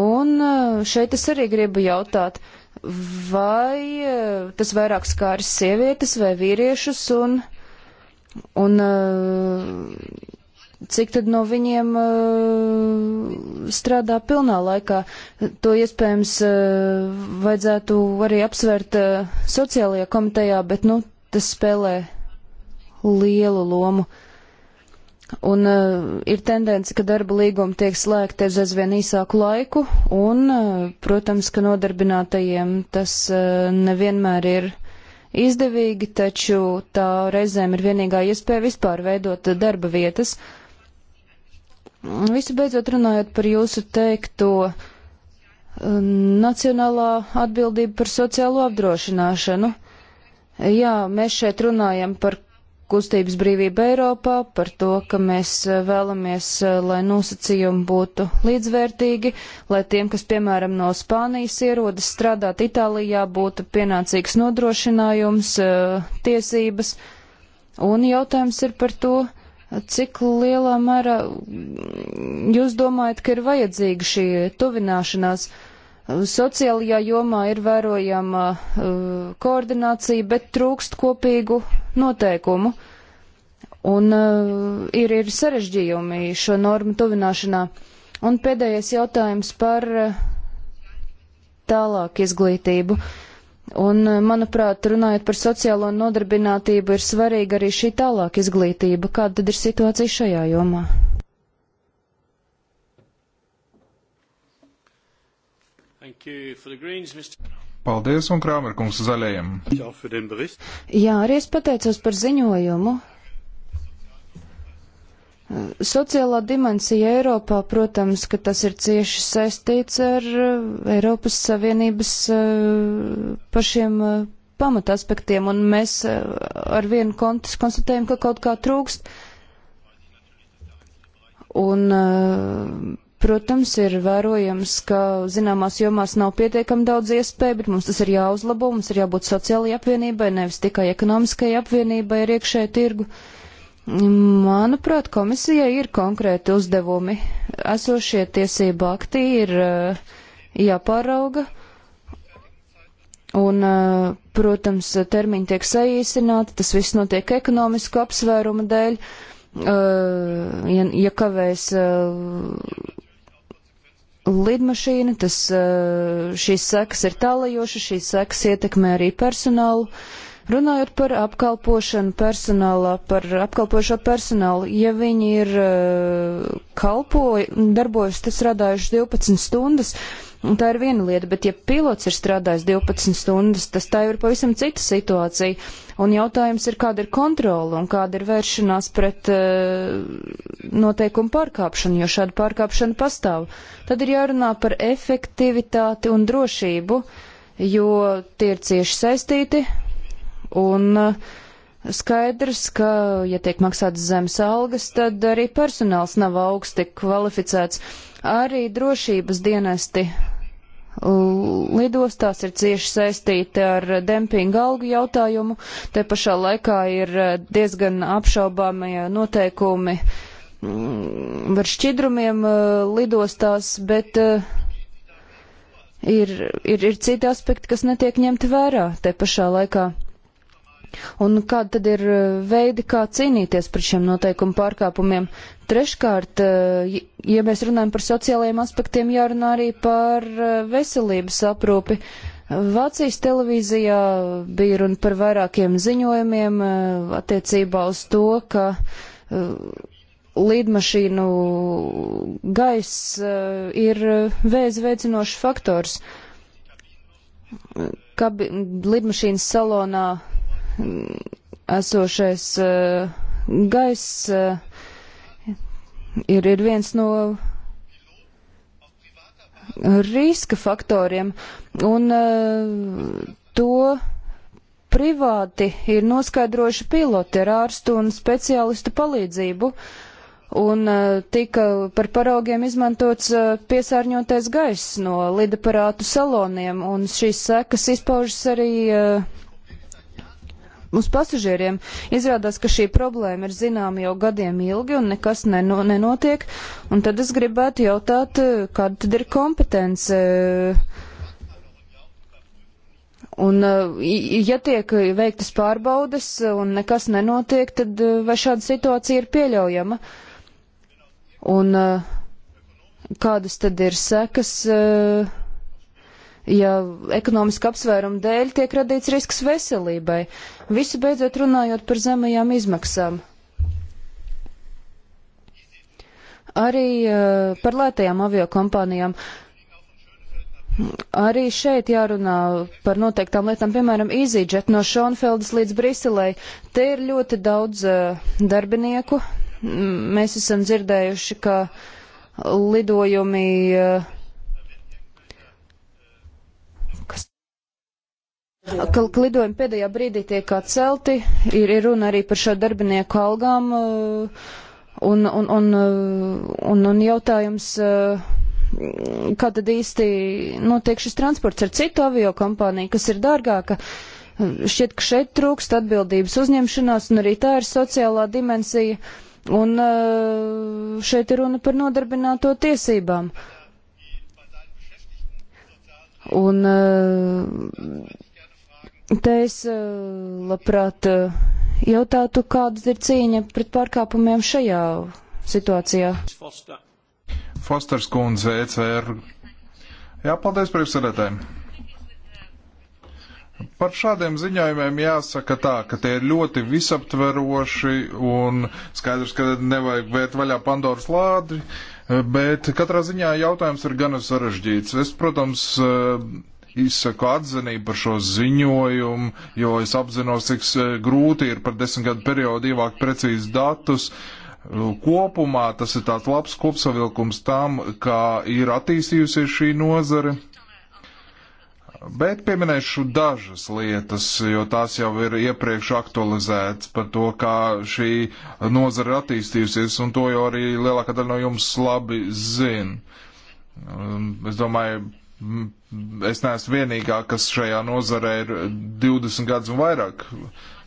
Un eh, šeit es arī gribu jautāt, vai eh, tas vairāk skāris sievietes vai vīriešus un, un uh, cik tad no viņiem uh, strādā pilnā laikā. To iespējams uh, vajadzētu arī apsvērt uh, sociālajā komitejā, bet nu, tas spēlē lielu lomu. Un uh, ir tendence, ka darba līguma tiek slēgta uz aizvien īsāku laiku, un, uh, protams, ka nodarbinātajiem tas uh, nevienmēr ir izdevīgi, taču tā reizēm ir vienīgā iespēja vispār veidot darba vietas. Uh, Visu beidzot runājot par jūsu teikto um, nacionālā atbildība par sociālo apdrošināšanu. Jā, mēs šeit runājam par kustības brīvību Eiropā, par to, ka mēs uh, vēlamies, uh, lai nosacījumi būtu līdzvērtīgi, lai tiem, kas, piemēram, no Spānijas ierodas strādāt Itālijā, būtu pienācīgs nodrošinājums, uh, tiesības. Un jautājums ir par to, uh, Cik lielā mērā mm, jūs domājat, ka ir vajadzīga šī tuvināšanās? Sociālajā jomā ir vērojama uh, koordinācija, bet trūkst kopīgu noteikumu. Un uh, ir, ir sarežģījumi šo normu tuvināšanā. Un pēdējais jautājums par uh, tālāk izglītību. Uh, Un, eh, manuprāt, runājot par sociālo nodarbinātību, ir svarīga arī šī tālāk izglītība. Kāda tad ir situācija šajā jomā?
Greens, Paldies un Krāmerkungs zaļajiem.
Jā,
arī es pateicos par ziņojumu. Sociālā dimensija Eiropā, protams, ka tas ir cieši saistīts ar eh, Eiropas Savienības eh, pašiem eh, pamataspektiem, un mēs ar vienu kontis konstatējam, ka kaut kā trūkst. Un, protams, ir vērojams, ka zināmās jomās nav pietiekami daudz iespēju, bet mums tas ir jāuzlabo, mums ir jābūt sociālajai apvienībai, nevis tikai ekonomiskajai apvienībai ar iekšēju tirgu. Uh, Manuprāt, komisijai ir konkrēti uzdevumi. Esošie tiesība akti ir eh, jāpārauga. Un, eh, protams, termiņi tiek saīsināti, tas viss notiek ekonomisku apsvērumu dēļ. Eh, ja, ja kavēs lidmašīna, tas, šīs sekas ir tālajošas, šīs sekas ietekmē arī personālu. Uh, Runājot par apkalpošanu personālā, par apkalpošo personālu, ja viņi ir eh, kalpoju, darbojas, tas strādājuši 12 stundas, un tā ir viena lieta, bet ja pilots ir strādājis 12 stundas, tas tā ir pavisam cita situācija, un jautājums ir, kāda ir kontrola un kāda ir vēršanās pret eh, noteikumu pārkāpšanu, jo šāda pārkāpšana pastāv. Tad ir jārunā par efektivitāti un drošību jo tie ir cieši saistīti, Un eh, skaidrs, ka, ja tiek maksātas zemes algas, tad arī personāls nav augsti kvalificēts. Arī drošības dienesti lidostās ir cieši saistīti ar dempingu algu jautājumu. Te pašā laikā ir eh, diezgan apšaubāmie eh, noteikumi mm, ar šķidrumiem lidostās, bet ir, ir, ir citi aspekti, kas netiek ņemti vērā te pašā laikā. Un kāda tad ir eh, veidi, kā cīnīties par šiem noteikumu pārkāpumiem? Treškārt, eh, ja mēs runājam par sociālajiem aspektiem, jārunā arī par eh, veselības aprūpi. Vācijas televīzijā bija runa par vairākiem ziņojumiem attiecībā uz to, ka līdmašīnu gaiss ir vēzi veicinošs faktors. Kabi, lidmašīnas salonā esošais uh, eh, gaiss uh, eh, ir, ir viens no riska faktoriem, un uh, to privāti ir noskaidrojuši piloti ar ārstu un speciālistu palīdzību, un uh, tika par paraugiem izmantots uh, piesārņotais gaiss no lidaparātu saloniem, un šīs sekas izpaužas arī uh, uz pasažieriem. Izrādās, ka šī problēma ir zināma jau gadiem ilgi un nekas neno, nenotiek. Un tad es gribētu jautāt, kāda tad ir kompetence. Un, ja tiek veiktas pārbaudes un nekas nenotiek, tad vai šāda situācija ir pieļaujama? Un kādas tad ir sekas? Uh, ja ekonomiska apsvēruma dēļ tiek radīts risks veselībai. Visu beidzot runājot par zemajām izmaksām. Arī uh, par lētajām aviokompānijām. Arī šeit jārunā par noteiktām lietām, piemēram, EasyJet no Šonfeldas līdz Briselei. Te ir ļoti daudz uh, darbinieku. M mēs esam dzirdējuši, ka lidojumi uh, Ka lidojumi pēdējā brīdī tiek atcelti, ir, ir runa arī par šo darbinieku algām, uh, un, un, un, uh, un, un jautājums, uh, kā tad īsti notiek šis transports ar citu avio kompāniju, kas ir dārgāka. Šķiet, ka šeit trūkst atbildības uzņemšanās, un arī tā ir sociālā dimensija, un šeit ir runa par nodarbināto tiesībām. Un, uh, Te es eh, labprāt eh, jautātu, kādas ir cīņa pret pārkāpumiem šajā situācijā.
Fosters kundze, ECR. Jā, paldies priekšsēdētājiem. Par šādiem ziņojumiem jāsaka tā, ka tie ir ļoti visaptveroši un skaidrs, ka nevajag vērt vaļā Pandoras lādi, eh, bet katrā ziņā jautājums ir gan sarežģīts. Es, protams, izsaku atzinību par šo ziņojumu, jo es apzinos, cik grūti ir par desmit gadu periodu ievākt precīzi datus. Kopumā tas ir tāds labs kopsavilkums tam, kā ir attīstījusies šī nozare. Bet pieminēšu dažas lietas, jo tās jau ir iepriekš aktualizētas par to, kā šī nozara ir attīstījusies, un to jau arī lielākā daļa no jums labi zina. Es domāju, Mm, es neesmu vienīgā, kas šajā nozarē ir 20 gadus un vairāk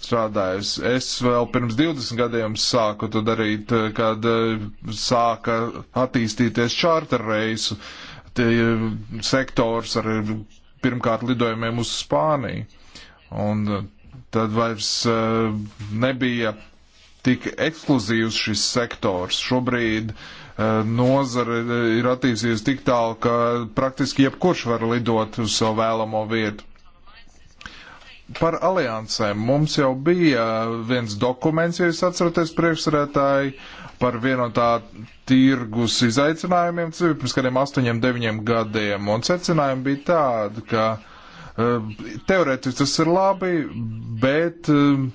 strādājusi. Es vēl pirms 20 gadiem sāku to darīt, eh, kad eh, sāka attīstīties čārterreisu eh, sektors ar pirmkārt lidojumiem uz Spāniju. Un tad vairs nebija tik ekskluzīvs šis sektors. Šobrīd uh, Eh, nozare eh, ir attīstījusies tik tālu, ka praktiski jebkurš var lidot uz savu vēlamo vietu. Par aliansēm mums jau bija viens dokuments, ja jūs atceraties priekšsarētāji, par vienotā tirgus izaicinājumiem, tas bija pirms kādiem 8-9 gadiem, un secinājumi bija tādi, ka uh, teorētiski tas ir labi, bet uh,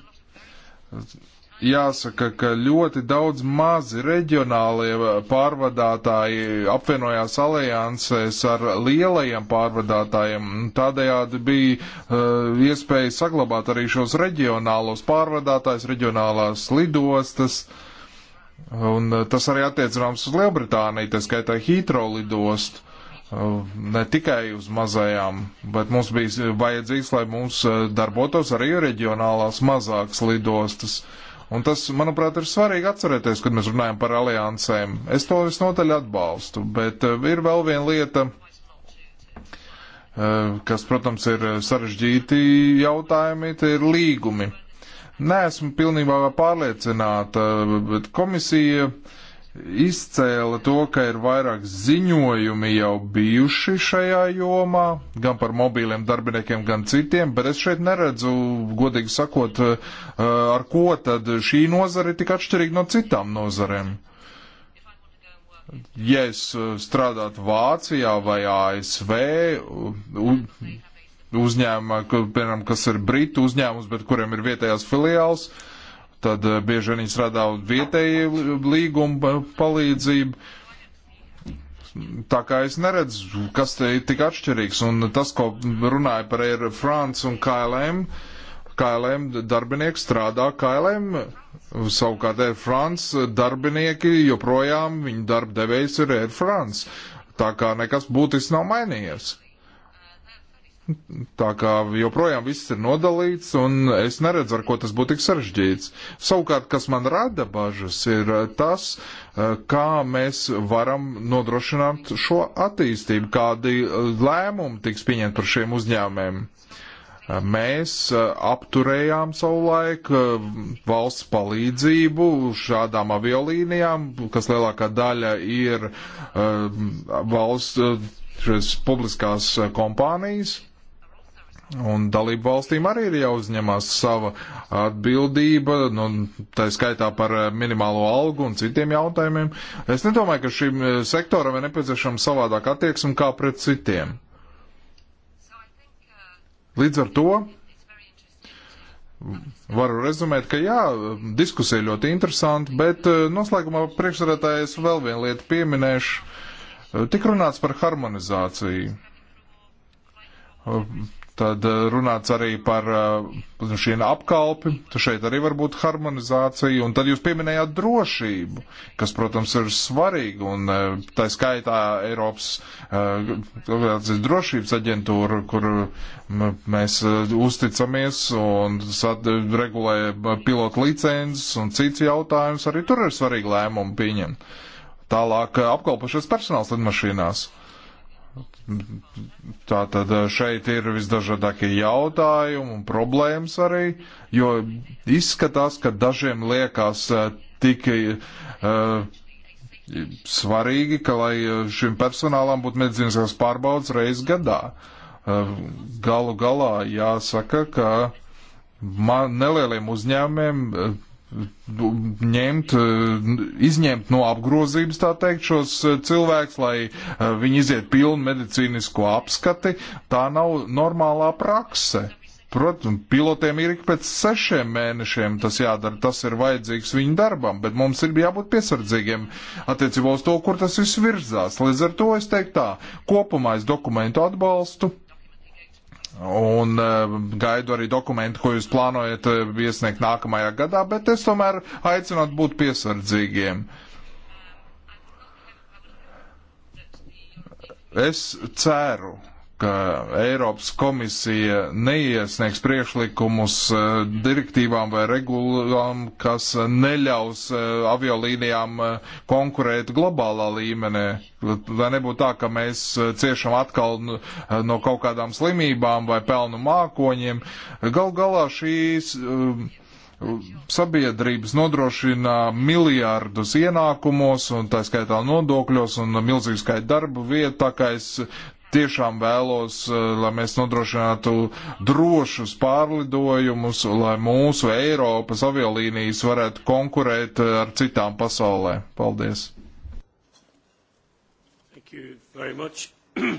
jāsaka, ka ļoti daudz mazi reģionālie pārvadātāji apvienojās aliansēs ar lielajiem pārvadātājiem. Tādējādi bija uh, iespēja saglabāt arī šos reģionālos pārvadātājus, reģionālās lidostas. Un uh, tas arī attiecināms uz Lielbritāniju, tā skaitā Hītro lidostu eh, ne tikai uz mazajām, bet mums bija vajadzīgs, lai mums darbotos arī reģionālās mazākas lidostas. Uh, Un tas, manuprāt, ir svarīgi atcerēties, kad mēs runājam par aliansēm. Es to visnotaļ atbalstu, bet eh, ir vēl viena lieta, eh, kas, protams, ir sarežģīti jautājumi, tie ir līgumi. Nē, esmu pilnībā pārliecināta, bet komisija uh, izcēla to, ka ir vairāk ziņojumi jau bijuši šajā jomā, gan par mobīliem darbiniekiem, gan citiem, bet es šeit neredzu, godīgi sakot, eh, ar ko tad šī nozara ir tik atšķirīga no citām nozarēm. Ja es eh, strādātu Vācijā vai ASV, uzņēmumā, piemēram, kas ir Britu uzņēmums, bet kuriem ir vietējās filiāls, uh, tad eh, bieži vien viņi strādā vietēji līguma palīdzību. Tā kā es neredzu, kas te ir tik atšķirīgs, un tas, ko runāja par Air France un KLM, KLM darbinieki strādā KLM, savukārt Air France darbinieki joprojām, viņu darba devējs ir Air France. Tā kā nekas būtiski nav mainījies. Tā kā joprojām viss ir nodalīts, un es neredzu, ar ko tas būtu tik sarežģīts. Savukārt, kas man rada bažas, ir eh, tas, eh, kā mēs varam nodrošināt šo attīstību, kādi eh, lēmumi tiks pieņemti par šiem uzņēmēm. Mēs apturējām savu laiku valsts palīdzību šādām aviolīnijām, kas lielākā daļa ir valsts šīs publiskās kompānijas. Un dalību valstīm arī ir jāuzņemās sava atbildība, nu, tā skaitā par eh, minimālo algu un citiem jautājumiem. Es nedomāju, ka šim eh, sektoram ir nepieciešama savādāk attieksme kā pret citiem. Līdz ar to varu rezumēt, ka jā, diskusija ļoti interesanta, bet eh, noslēgumā priekšsarētājies vēl vienu lietu pieminēšu. Tik runāts par harmonizāciju Tad eh, runāts arī par eh, šiem apkalpi, šeit arī var būt harmonizācija, un tad jūs pieminējāt drošību, kas, protams, ir svarīga, un eh, tā skaitā Eiropas drošības aģentūra, kur mēs uzticamies un regulē pilotu licences un cits jautājums, arī tur ir svarīgi lēmumu pieņemt. Tālāk apkalpošais personāls lidmašīnās. Tātad eh, šeit ir visdažādākie jautājumi un problēmas arī, jo izskatās, ka dažiem liekas eh, tik uh, svarīgi, ka lai šim personālam būtu medicīniskās pārbaudas reizes gadā. Uh, galu galā jāsaka, ka man nelieliem uzņēmumiem uh, ņemt, eh, izņemt no apgrozības, tā teikt, šos eh, cilvēkus, lai eh, viņi iziet pilnu medicīnisko apskati. Tā nav normālā prakse. Protams, pilotiem ir ik pēc sešiem mēnešiem tas jādara, tas ir vajadzīgs viņu darbam, bet mums ir jābūt piesardzīgiem attiecībā uz to, kur tas viss virzās. Līdz ar to es teiktu tā, kopumā es dokumentu atbalstu, Un eh, gaidu arī dokumentu, ko jūs plānojat eh, iesniegt nākamajā gadā, bet es tomēr aicinot būt piesardzīgiem. Es ceru, ka Eiropas komisija neiesniegs priekšlikumus eh, direktīvām vai regulām, kas neļaus eh, aviolīnijām eh, konkurēt globālā līmenī. Lai nebūtu tā, ka mēs ciešam atkal no kaut kādām slimībām vai pelnu mākoņiem. Gal galā šīs sabiedrības nodrošina miljārdus ienākumos, un tā skaitā nodokļos, un milzīgu skaitu darbu vietu, tā kā es tiešām vēlos, eh, lai mēs nodrošinātu drošus pārlidojumus, lai mūsu Eiropas aviolīnijas varētu konkurēt eh, ar citām pasaulē. Paldies!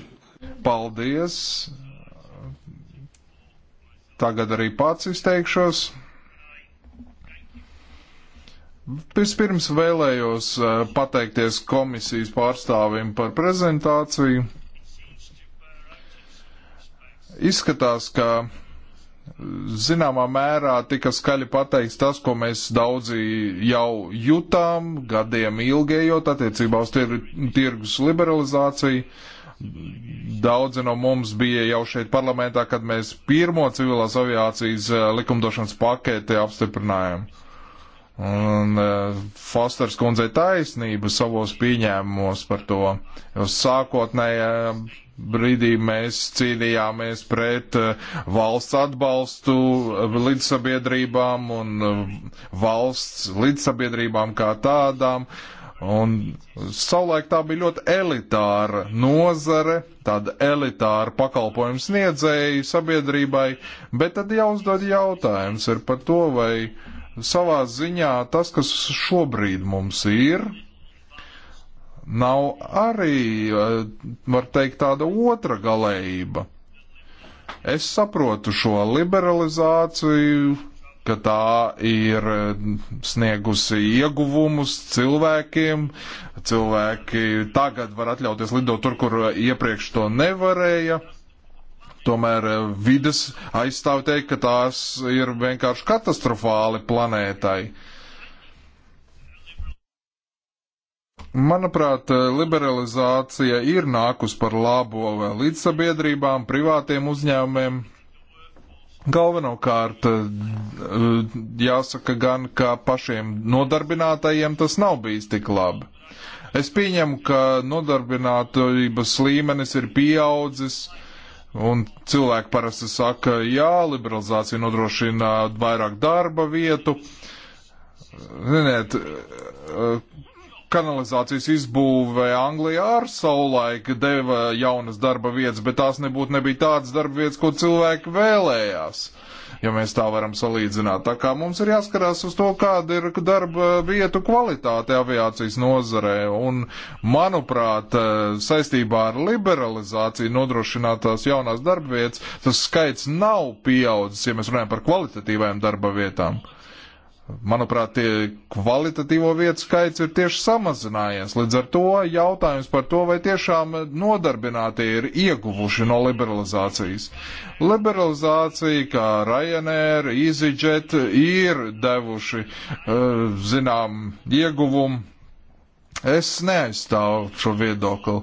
Paldies! Tagad arī pats izteikšos. Vispirms vēlējos eh, pateikties komisijas pārstāvim par prezentāciju. Izskatās, ka zināmā mērā tika skaļi pateikts tas, ko mēs daudzi jau jutām, gadiem ilgējot attiecībā uz tir tirgus liberalizāciju. Daudzi no mums bija jau šeit parlamentā, kad mēs pirmo civilās aviācijas eh, likumdošanas paketi apstiprinājām. Uh, Un uh, Fosters kundzei taisnība savos pieņēmumos par to. Jo sākotnējā brīdī mēs cīnījāmies pret uh, valsts atbalstu uh, līdzsabiedrībām un uh, valsts līdzsabiedrībām kā tādām. Un savulaik tā bija ļoti elitāra nozare, tāda elitāra pakalpojums sniedzēji sabiedrībai, bet tad jāuzdod jautājums ir par to, vai uh, Savā ziņā tas, kas šobrīd mums ir, nav arī, eh, var teikt, tāda otra galējība. Es saprotu šo liberalizāciju, ka tā ir eh, sniegusi ieguvumus cilvēkiem. Cilvēki tagad var atļauties lidot tur, kur iepriekš to nevarēja. Tomēr eh, vidas aizstāv teikt, ka tās ir vienkārši katastrofāli planētai. Manuprāt, eh, liberalizācija ir nākus par labo līdz sabiedrībām, privātiem uzņēmumiem. Galvenokārt, eh, jāsaka gan, ka pašiem nodarbinātajiem tas nav bijis tik labi. Es pieņemu, ka nodarbinātības līmenis ir pieaudzis, uh, Un cilvēki parasti saka, jā, liberalizācija nodrošina vairāk darba vietu. Ziniet, kanalizācijas izbūve Anglijā ar savulaik deva jaunas darba vietas, bet tās nebūtu nebija tādas darba vietas, ko cilvēki vēlējās. Uh, ja mēs tā varam salīdzināt. Tā kā mums ir jāskarās uz to, kāda ir darba vietu kvalitāte aviācijas nozarē, un, manuprāt, saistībā ar liberalizāciju nodrošinātās jaunās darba vietas, tas skaits nav pieaudzis, ja mēs runājam par kvalitatīvajām darba vietām. Manuprāt, kvalitatīvo vietu skaits ir tieši samazinājies. Līdz ar to jautājums par to, vai tiešām nodarbinātie ir ieguvuši no liberalizācijas. Liberalizācija, kā Ryanair, EasyJet, ir devuši, eh, zinām, ieguvumu. Es neaizstāvu šo viedokli.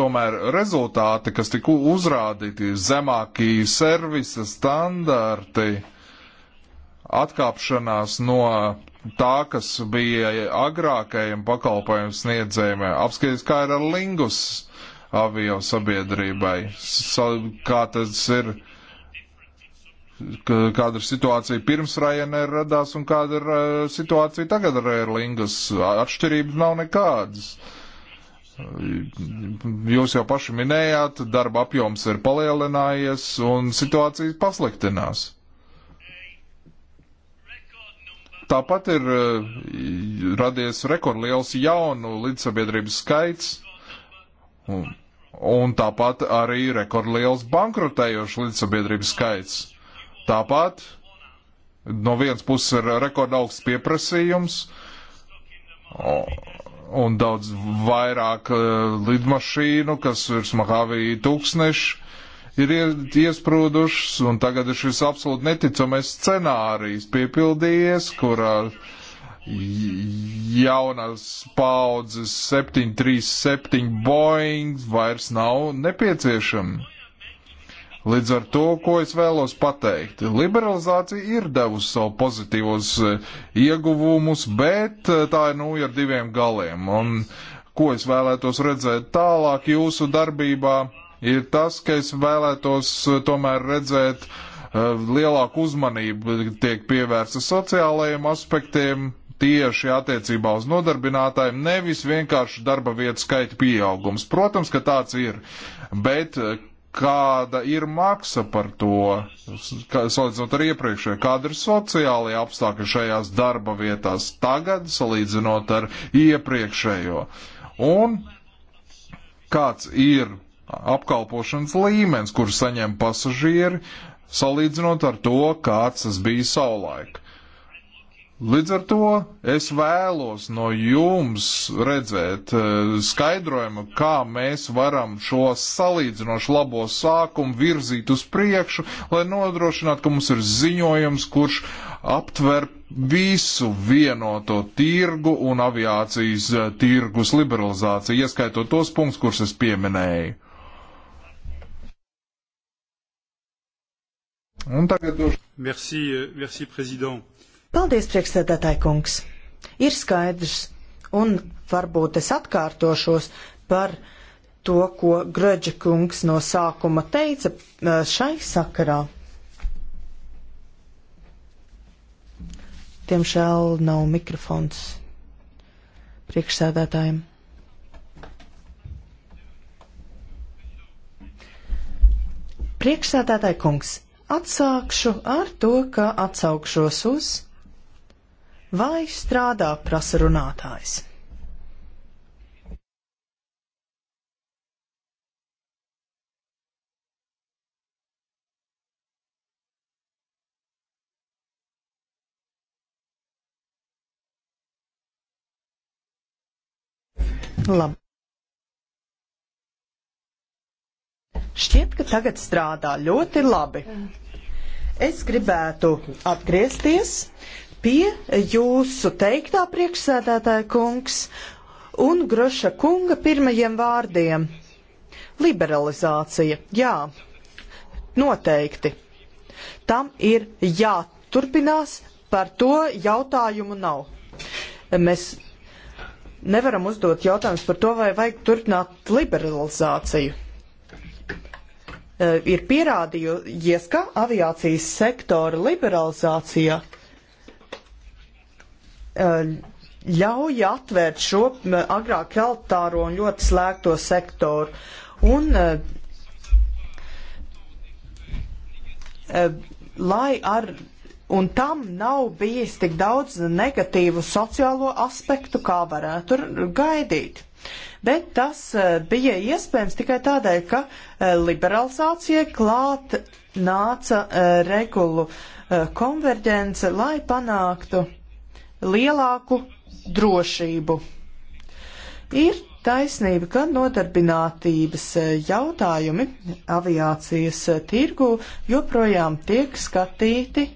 Tomēr rezultāti, kas tika uzrādīti, zemākie servisa standarti atkāpšanās no tā, kas bija agrākajiem pakalpojumu sniedzējiem. Apskatīsim, kā ir ar Lingus avio sabiedrībai, Sa kā tas ir, kāda ir situācija pirms Ryanair radās un kāda ir eh, situācija tagad ar Air Lingus. Atšķirības nav nekādas. Jūs jau paši minējāt, darba apjoms ir palielinājies un situācija pasliktinās. Tāpat ir eh, radies rekordliels jaunu līdzsabiedrības skaits, un, un tāpat arī rekordliels bankrotējošu līdzsabiedrības skaits. Tāpat no vienas puses ir rekordaugs pieprasījums, un daudz vairāk eh, lidmašīnu, kas ir smagāvī tūkstneši, ir iesprūdušas, un tagad ir šis absolūti neticamais scenārijs piepildījies, kurā jaunās paudzes 737 Boeing vairs nav nepieciešama. Līdz ar to, ko es vēlos pateikt, liberalizācija ir devusi savu pozitīvos eh, ieguvumus, bet eh, tā ir nu ar diviem galiem. Un ko es vēlētos redzēt tālāk jūsu darbībā? ir tas, ka es vēlētos eh, tomēr redzēt uh, lielāku uzmanību tiek pievērsta sociālajiem aspektiem tieši attiecībā uz nodarbinātājiem, nevis vienkārši darba vietu skaita pieaugums. Protams, ka tāds ir, bet eh, kāda ir maksa par to, salīdzinot ar iepriekšēju, kāda ir sociālajā apstākļa šajās darba vietās tagad, salīdzinot ar iepriekšējo. Un kāds ir apkalpošanas līmenis, kur saņem pasažieri, salīdzinot ar to, kāds tas bija savulaik. Līdz ar to es vēlos no jums redzēt e, skaidrojumu, kā mēs varam šo salīdzinoši labo sākumu virzīt uz priekšu, lai nodrošinātu, ka mums ir ziņojums, kurš aptver visu vienoto tirgu un aviācijas e, tirgus liberalizāciju, ieskaitot tos punktus, kurus es pieminēju.
Un tagad došu. Merci, euh, merci, prezident.
Paldies, priekšsēdētāji kungs. Ir skaidrs, un varbūt es atkārtošos par to, ko Gröģa kungs no sākuma teica uh, šai sakarā. Diemžēl nav mikrofons priekšsēdētājiem. Priekšsēdētāji kungs, Atsākšu ar to, ka atsaukšos uz vai strādā prasa runātājs. Labi. Šķiet, ka tagad strādā ļoti labi. Mm. Es gribētu atgriezties pie jūsu teiktā priekšsēdētāja kungs un Groša kunga pirmajiem vārdiem. Liberalizācija, jā, noteikti. Tam ir jāturpinās, par to jautājumu nav. Mēs nevaram uzdot jautājumus par to, vai vajag turpināt liberalizāciju. Eh, ir pierādījies, ka aviācijas sektora liberalizācija eh, ļauj atvērt šo agrāk eltāro un ļoti slēgto sektoru. Un, eh, lai ar un tam nav bijis tik daudz negatīvu sociālo aspektu, kā varētu gaidīt bet tas eh, bija iespējams tikai tādēļ, ka eh, liberalizācija klāt nāca eh, regulu konverģence, lai panāktu lielāku drošību. Ir taisnība, ka nodarbinātības jautājumi aviācijas tirgu joprojām tiek skatīti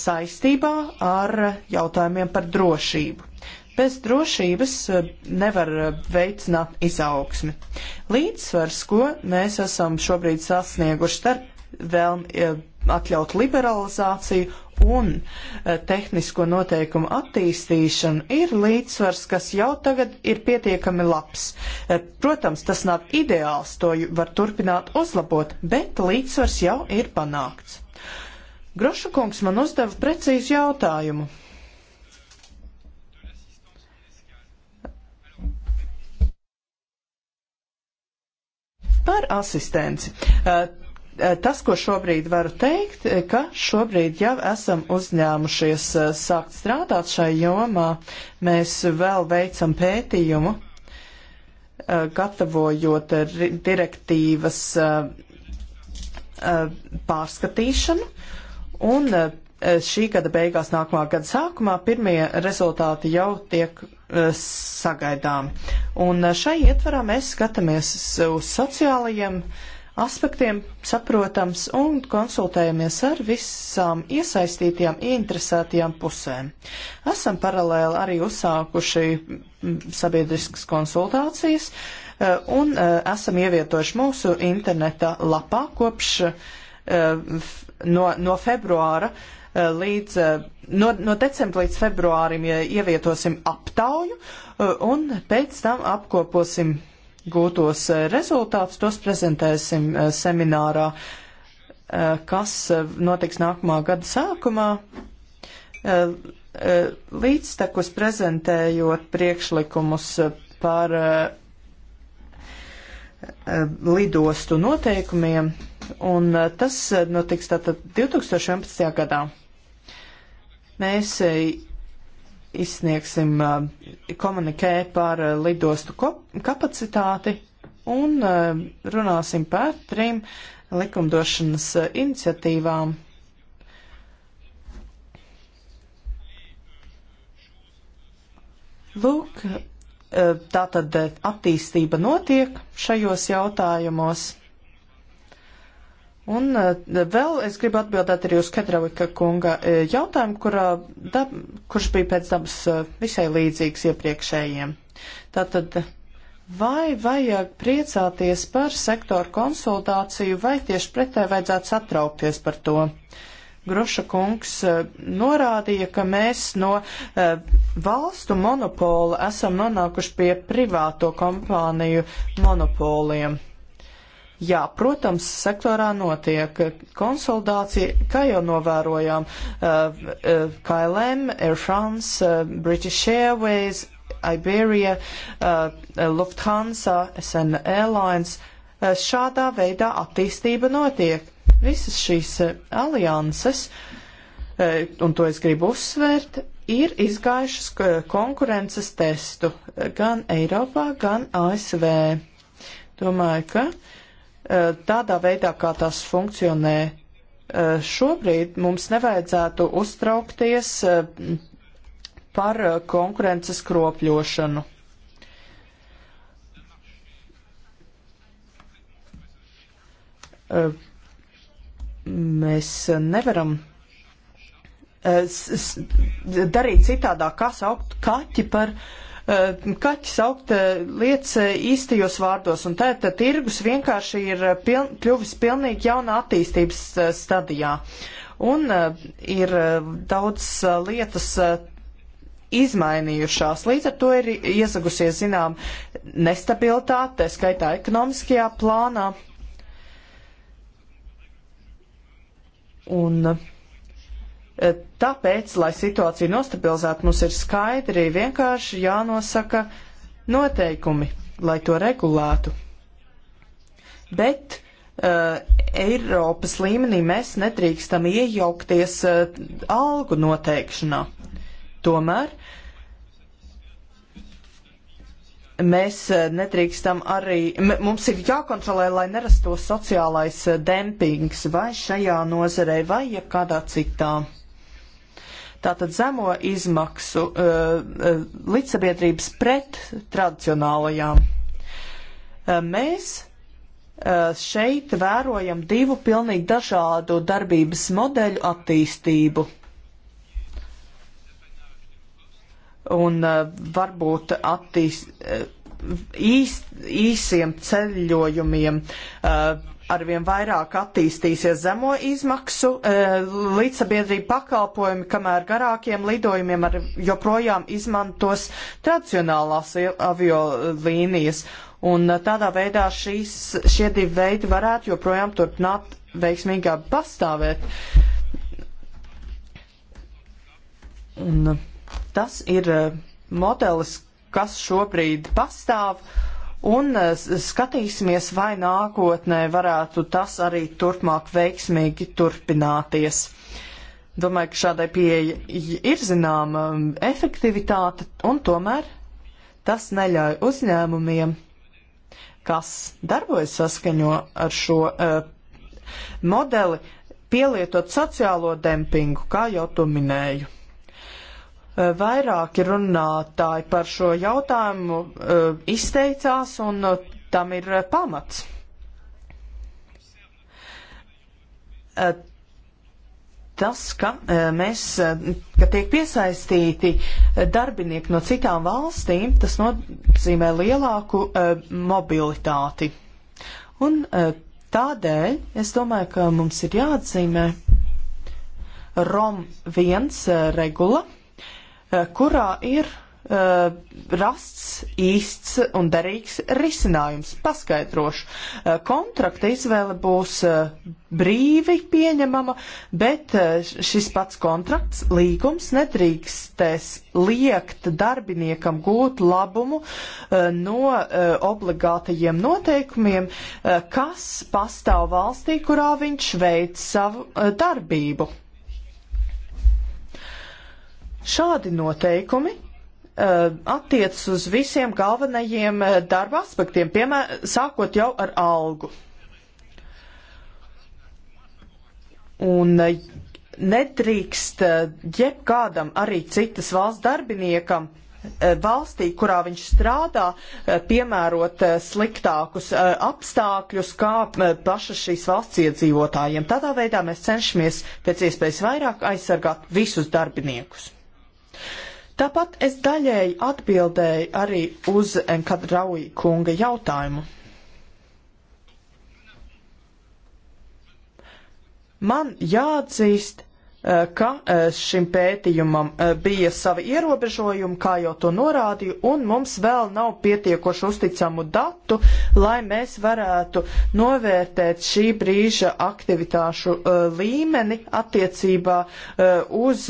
saistībā ar jautājumiem par drošību. Bez drošības eh, nevar eh, veicināt izaugsmi. Līdzsvars, ko mēs esam šobrīd sasnieguši starp vēlmi eh, atļaut liberalizāciju un tehnisko noteikumu attīstīšanu, ir līdzsvars, kas jau tagad ir pietiekami labs. Protams, tas nav ideāls, to var turpināt uzlabot, bet līdzsvars jau ir panākts. Grošakungs man uzdeva precīzu jautājumu Par asistenci. Uh, uh, tas, ko šobrīd varu teikt, uh, ka šobrīd jau esam uzņēmušies sākt strādāt šai jomā. Mēs vēl veicam pētījumu, gatavojot direktīvas pārskatīšanu. Un Eh, šī gada beigās, nākamā gada sākumā pirmie rezultāti jau tiek uh, sagaidām. Un uh, šai ietvarā mēs skatāmies uz sociālajiem aspektiem, saprotams, un konsultējamies ar visām iesaistītajām, ieinteresētajām pusēm. Esam paralēli arī uzsākuši mm, sabiedriskas konsultācijas uh, un esam ievietojuši mūsu interneta lapā kopš no, no februāra uh, līdz, eh, no, no decembra līdz februārim ievietosim aptauju eh, un pēc tam apkoposim gūtos eh, rezultātus, tos prezentēsim seminārā, kas notiks nākamā gada sākumā. Līdztekus prezentējot priekšlikumus par lidostu noteikumiem, un tas notiks tātad 2011. gadā. Mēs e, izsniegsim e, komunikē par e, lidostu kapacitāti un runāsim par trim likumdošanas iniciatīvām. Lūk, tā tad attīstība notiek šajos jautājumos. Un eh, vēl es gribu atbildēt arī uz Kedravika kunga eh, jautājumu, kurā, dab, kurš bija pēc dabas eh, visai līdzīgs iepriekšējiem. Tātad, vai vajag priecāties par sektoru konsultāciju, vai tieši pretēji vajadzētu satraukties par to? Groša kungs norādīja, ka mēs no valstu monopola esam nonākuši pie privāto kompāniju monopoliem. Jā, protams, sektorā notiek konsolidācija, kā jau novērojām uh, uh, KLM, Air France, uh, British Airways, Iberia, Lufthansa, SN Airlines. Šādā veidā attīstība notiek. Visas šīs alianses, un to es gribu uzsvērt, ir izgājušas konkurences testu gan Eiropā, gan ASV. Domāju, ka uh, Eh, tādā veidā, kā tas funkcionē eh, šobrīd, mums nevajadzētu uztraukties eh, par konkurences kropļošanu. Mēs nevaram darīt citādāk, kā saukt kaķi par uh, Eh, kaķis augt eh, lietas eh, īstajos vārdos, un tātad tirgus vienkārši ir piln, kļuvis pilnīgi jauna attīstības stadijā. Un ir daudz lietas izmainījušās. Līdz ar to ir iezagusies, zinām, nestabilitāte, skaitā ekonomiskajā plānā. Un uh, Eh, tāpēc, lai situāciju nostabilizētu, mums ir skaidri vienkārši jānosaka noteikumi, lai to regulētu. Bet uh, Eiropas līmenī mēs nedrīkstam iejaukties uh, algu noteikšanā. Tomēr mēs uh, nedrīkstam arī, mums ir jākontrolē, lai nerastos sociālais uh, dempings vai šajā nozarei vai jebkādā citā. Uh, Tātad zemo izmaksu uh, līdzsabiedrības pret tradicionālajām. Uh, mēs uh, šeit vērojam divu pilnīgi dažādu darbības modeļu attīstību. Un uh, varbūt attīst, uh, īs, īsiem ceļojumiem. Uh, arvien vairāk attīstīsies zemo izmaksu e, līdzsabiedrību pakalpojumi, kamēr garākiem lidojumiem ar, joprojām izmantos tradicionālās aviolīnijas. Un e, tādā veidā šīs, šie divi veidi varētu joprojām turpināt veiksmīgāk pastāvēt. Un e, tas ir modelis, kas šobrīd pastāv. Uh, un eh, skatīsimies, vai nākotnē varētu tas arī turpmāk veiksmīgi turpināties. Domāju, ka šādai pieeja ir zināma um, efektivitāte, un tomēr tas neļauj uzņēmumiem, kas darbojas saskaņo ar šo uh, modeli, pielietot sociālo dempingu, kā jau to minēju. Eh, vairāki runātāji par šo jautājumu eh, izteicās, un eh, tam ir pamats. Tas, ka mēs, ka tiek piesaistīti darbinieki no citām valstīm, tas nozīmē lielāku mobilitāti. Un tādēļ es domāju, ka mums ir jāatzīmē ROM 1 regula Eh, kurā ir Uh, rasts īsts un derīgs risinājums. Paskaidrošu, uh, kontrakta izvēle būs uh, brīvi pieņemama, bet šis pats kontrakts, līgums nedrīkstēs liekt darbiniekam gūt labumu no obligātajiem noteikumiem, kas pastāv valstī, kurā viņš veic savu darbību. Šādi noteikumi eh, attiecas uz visiem galvenajiem eh, darba aspektiem, piemēram, sākot jau ar algu. Un eh, nedrīkst jebkādam arī citas valsts darbiniekam valstī, kurā viņš strādā, piemērot sliktākus apstākļus kā paša šīs valsts iedzīvotājiem. Tādā veidā mēs cenšamies pēc iespējas vairāk aizsargāt visus darbiniekus. Tāpat es daļēji atbildēju arī uz Enkadraui kunga jautājumu. Man jāatzīst, Eh, ka eh, šim pētījumam eh, bija savi ierobežojumi, kā jau to norādīju, un mums vēl nav pietiekoši uzticamu datu, lai mēs varētu novērtēt šī brīža aktivitāšu līmeni attiecībā uz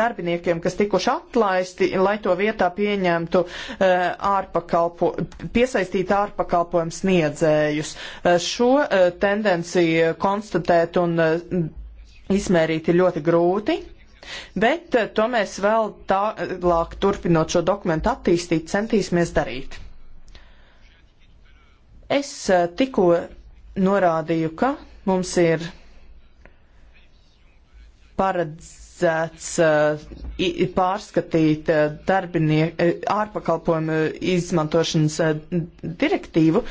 darbiniekiem, kas tikuši atlaisti, lai to vietā pieņemtu ārpakalpo, piesaistīt ārpakalpojumu sniedzējus. Šo tendenciju konstatēt un izmērīt ir ļoti grūti. Bet eh, to mēs vēl tālāk, turpinot šo dokumentu attīstīt, centīsimies darīt. Es eh, tikko norādīju, ka mums ir paredzēts eh, pārskatīt darbinieku ārpakalpojumu izmantošanas direktīvu.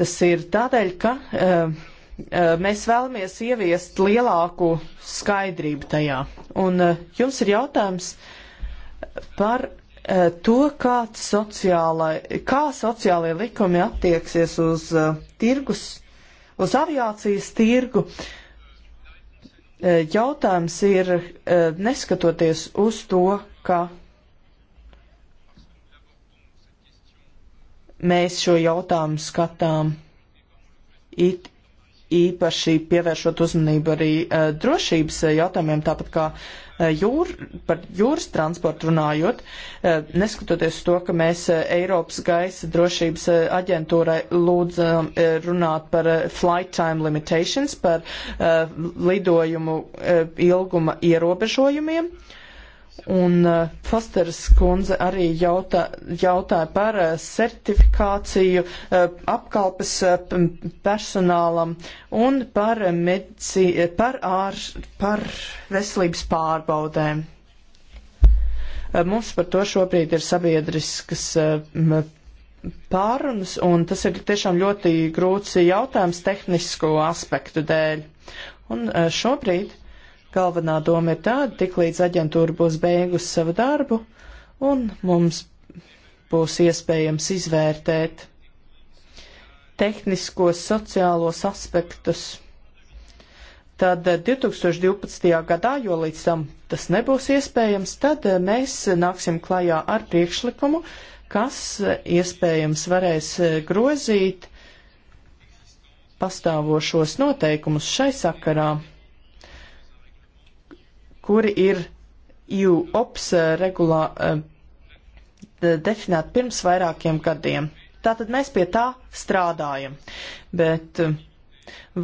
Tas ir tādēļ, ka uh, Eh, mēs vēlamies ieviest lielāku skaidrību tajā. Un eh, jums ir jautājums par eh, to, kā, sociālai, kā sociālai likumi attieksies uz tirgus, uz aviācijas tirgu. Jautājums ir, neskatoties uz to, ka mēs šo jautājumu skatām it īpaši pievēršot uzmanību arī uh, drošības e, jautājumiem, tāpat kā uh, jūr, par jūras transportu runājot, uh, neskatoties to, ka mēs uh, Eiropas gaisa drošības uh, aģentūrai lūdzam uh, runāt par uh, flight time limitations, par uh, lidojumu uh, ilguma ierobežojumiem. Uh, Un uh, Fosteras kundze arī jautā, jautāja par uh, certifikāciju uh, apkalpes uh, personālam un par, uh, medici, uh, par, ār, par veselības pārbaudēm. Uh, mums par to šobrīd ir sabiedriskas uh, pārunas, un tas ir tiešām ļoti grūts jautājums tehnisko aspektu dēļ. Un uh, šobrīd Galvenā doma ir tāda, tik līdz aģentūra būs beigusi savu darbu, un mums būs iespējams izvērtēt tehniskos, sociālos aspektus. Tad 2012. Eh, gadā, jo līdz tam tas nebūs iespējams, tad eh, mēs nāksim klajā ar priekšlikumu, kas eh, iespējams varēs grozīt pastāvošos noteikumus šai sakarā kuri ir EU ops regulā eh, definēti pirms vairākiem gadiem. Tātad mēs pie tā strādājam, bet eh,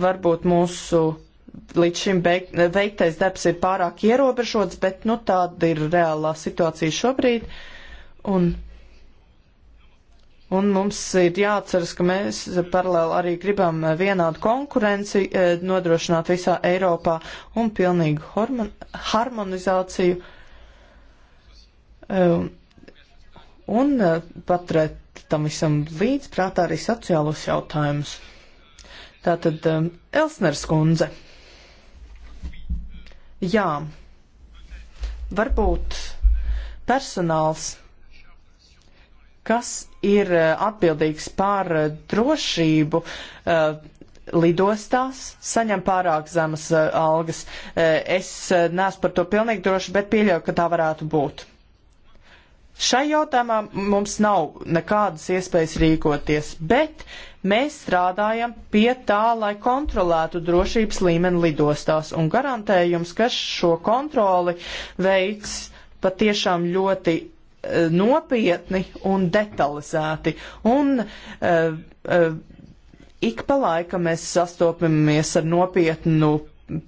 varbūt mūsu līdz šim beig, eh, veiktais darbs ir pārāk ierobežots, bet nu tāda ir reālā situācija šobrīd. Un Un mums ir jāatceras, ka mēs paralēli arī gribam vienādu konkurenci e, nodrošināt visā Eiropā un pilnīgu harmonizāciju. E, un e, paturēt tam visam līdz prātā arī sociālos jautājumus. Tātad Elsners kundze. Jā, varbūt personāls kas ir eh, atbildīgs par eh, drošību eh, lidostās, saņem pārāk zemas algas. Es neesmu par to pilnīgi droši, bet pieļauju, ka tā varētu būt. Šai jautājumā mums nav nekādas iespējas rīkoties, bet mēs strādājam pie tā, lai kontrolētu drošības līmeni lidostās un garantējums, ka šo kontroli veids patiešām ļoti nopietni un detalizēti. Un uh, uh, ik pa laika mēs sastopamies ar nopietnu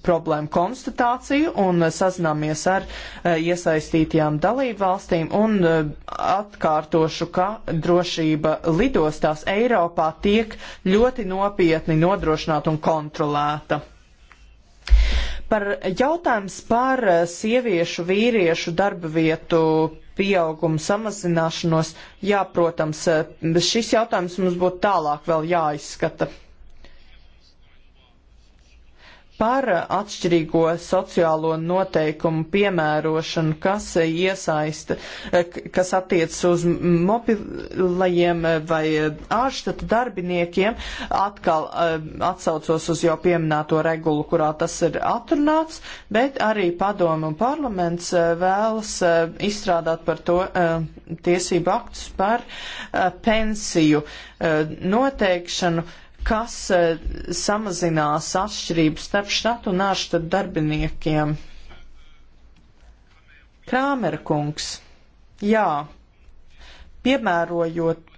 problēmu konstatāciju un sazināmies ar uh, iesaistītajām dalību valstīm un uh, atkārtošu, ka drošība lidostās Eiropā tiek ļoti nopietni nodrošināta un kontrolēta. Par jautājums par sieviešu vīriešu darba vietu pieauguma samazināšanos. Jā, protams, eh, šis jautājums mums būtu tālāk vēl jāizskata par atšķirīgo sociālo noteikumu piemērošanu, kas iesaista, kas attiecas uz mobilajiem vai ārštata darbiniekiem, atkal eh, atsaucos uz jau pieminēto regulu, kurā tas ir atrunāts, bet arī padomu un parlaments eh, vēlas eh, izstrādāt par to tiesību aktus par pensiju noteikšanu kas e, samazinās atšķirības starp štatu un ārštu darbiniekiem. Krāmerkungs, jā, piemērojot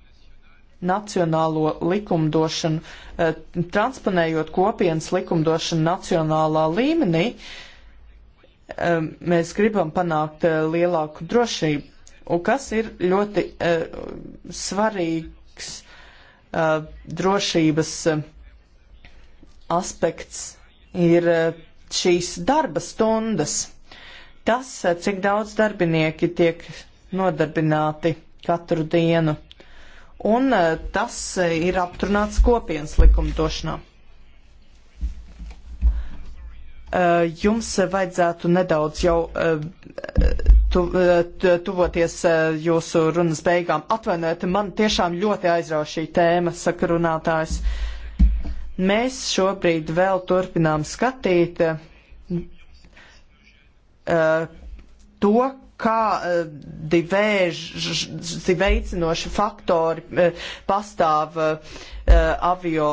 nacionālo likumdošanu, eh, transponējot kopienas likumdošanu nacionālā līmenī, eh, mēs gribam panākt eh, lielāku drošību. Un kas ir ļoti e, svarīgs uh, drošības uh, aspekts ir uh, šīs darba stundas. Tas, uh, cik daudz darbinieki tiek nodarbināti katru dienu. Un uh, tas uh, ir aptrunāts kopienas likumdošanā. Eh, jums vajadzētu nedaudz jau eh, eh, tu, tuvoties jūsu runas beigām. Atvainojiet, man tiešām ļoti aizrauja šī tēma, saka runātājs. Mēs šobrīd vēl turpinām skatīt to, kādi eh, vēži veicinoši faktori eh, pastāv eh, avio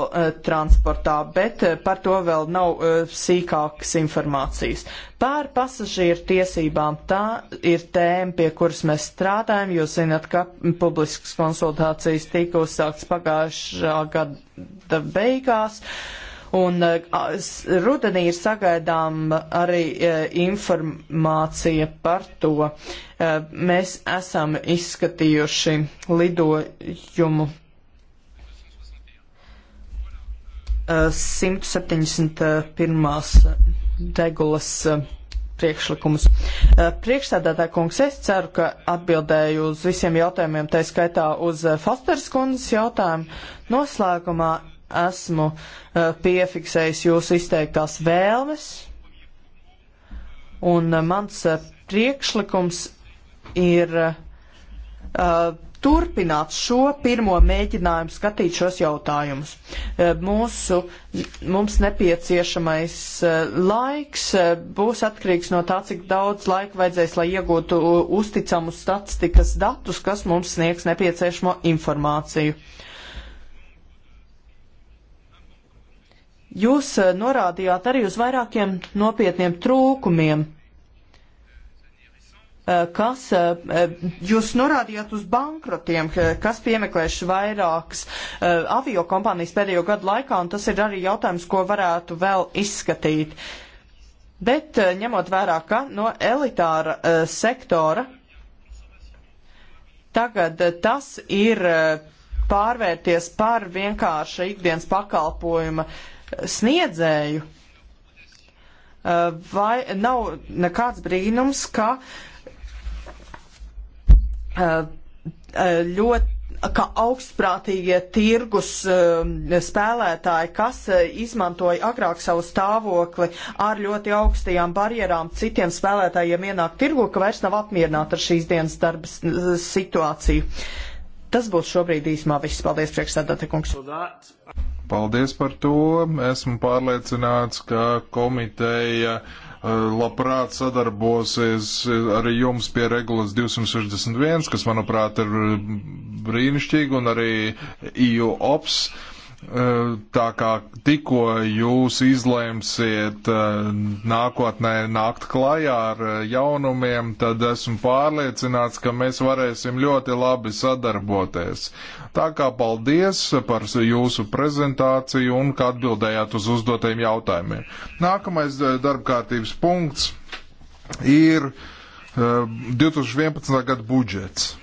transportā, bet par to vēl nav sīkākas informācijas. Pār pasažieru tiesībām tā ir tēma, pie kuras mēs strādājam. Jūs zināt, ka publiskas konsultācijas tika uzsākts pagājušā gada beigās. Uh, Un eh, rudenī ir sagaidām arī eh, informācija par to. Eh, mēs esam izskatījuši lidojumu 171. degulas priekšlikumus. Priekšstādātā kungs, es ceru, ka atbildēju uz visiem jautājumiem, tā skaitā uz Fosteras kundzes jautājumu. Noslēgumā esmu eh, piefiksējis jūsu izteiktās vēlmes, un eh, mans eh, priekšlikums ir turpināt šo pirmo mēģinājumu skatīt šos jautājumus. Mūsu, mums nepieciešamais laiks būs atkarīgs no tā, cik daudz laika vajadzēs, lai iegūtu uzticamus statistikas datus, kas mums sniegs nepieciešamo informāciju. Uh, Jūs eh, norādījāt arī uz vairākiem nopietniem trūkumiem, eh, kas, eh, jūs norādījāt uz bankrotiem, kas piemeklējuši vairākas avio kompānijas pēdējo gadu laikā, un tas ir arī jautājums, ko varētu vēl izskatīt. Bet ņemot vērā, ka no elitāra sektora tagad tas ir pārvērties par vienkārša ikdienas pakalpojuma uh, sniedzēju, eh, vai nav nekāds brīnums, ka eh, eh, ļoti ka augstprātīgie tirgus spēlētāji, kas izmantoja agrāk savu stāvokli ar ļoti augstajām barjerām citiem spēlētājiem ienāk tirgu, ka vairs nav apmierināti ar šīs dienas darba situāciju. Tas būs šobrīd īsumā viss. Paldies, priekšsēdētāji kungs.
Paldies par to. Esmu pārliecināts, ka komiteja eh, labprāt sadarbosies eh, arī jums pie regulas 261, kas, manuprāt, ir brīnišķīgi, un arī EU ops. Uh, Tā kā tikko jūs izlēmsiet nākotnē nākt klajā ar jaunumiem, tad esmu pārliecināts, ka mēs varēsim ļoti labi sadarboties. Tā kā paldies par jūsu prezentāciju un ka atbildējāt uz uzdotajiem jautājumiem. Nākamais darbkārtības punkts ir 2011. gada budžets.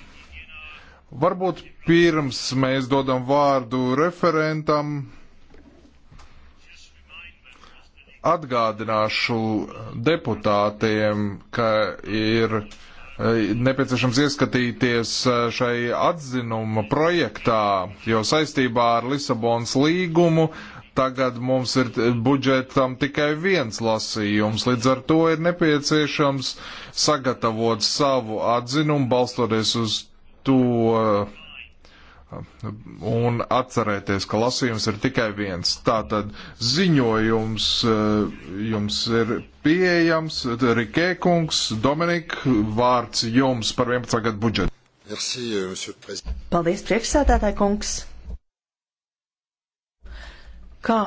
Varbūt pirms mēs dodam vārdu referentam, atgādināšu deputātiem, ka ir e, nepieciešams ieskatīties e, šai atzinuma projektā, jo saistībā ar Lisabonas līgumu tagad mums ir budžetam tikai viens lasījums, līdz ar to ir nepieciešams sagatavot savu atzinumu balstoties uz to un atcerēties, ka lasījums ir tikai viens. Tātad ziņojums eh, jums ir pieejams, Rikē kungs, Dominika, vārds jums par 11. gadu budžetu. Merci, euh,
Paldies, priekšsēdētāji kungs. Kā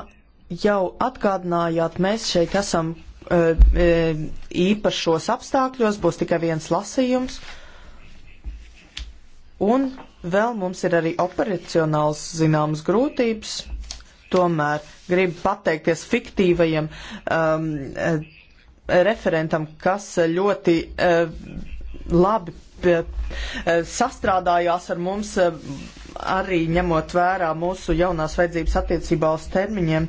jau atgādinājāt, mēs šeit esam eh, eh, īpašos apstākļos, būs tikai viens lasījums. Uh, Un vēl mums ir arī operacionāls zināmas grūtības. Tomēr gribu pateikties fiktīvajam um, eh, referentam, kas ļoti uh, labi uh, sastrādājās ar mums, uh, arī ņemot vērā mūsu jaunās vajadzības attiecībā uz termiņiem.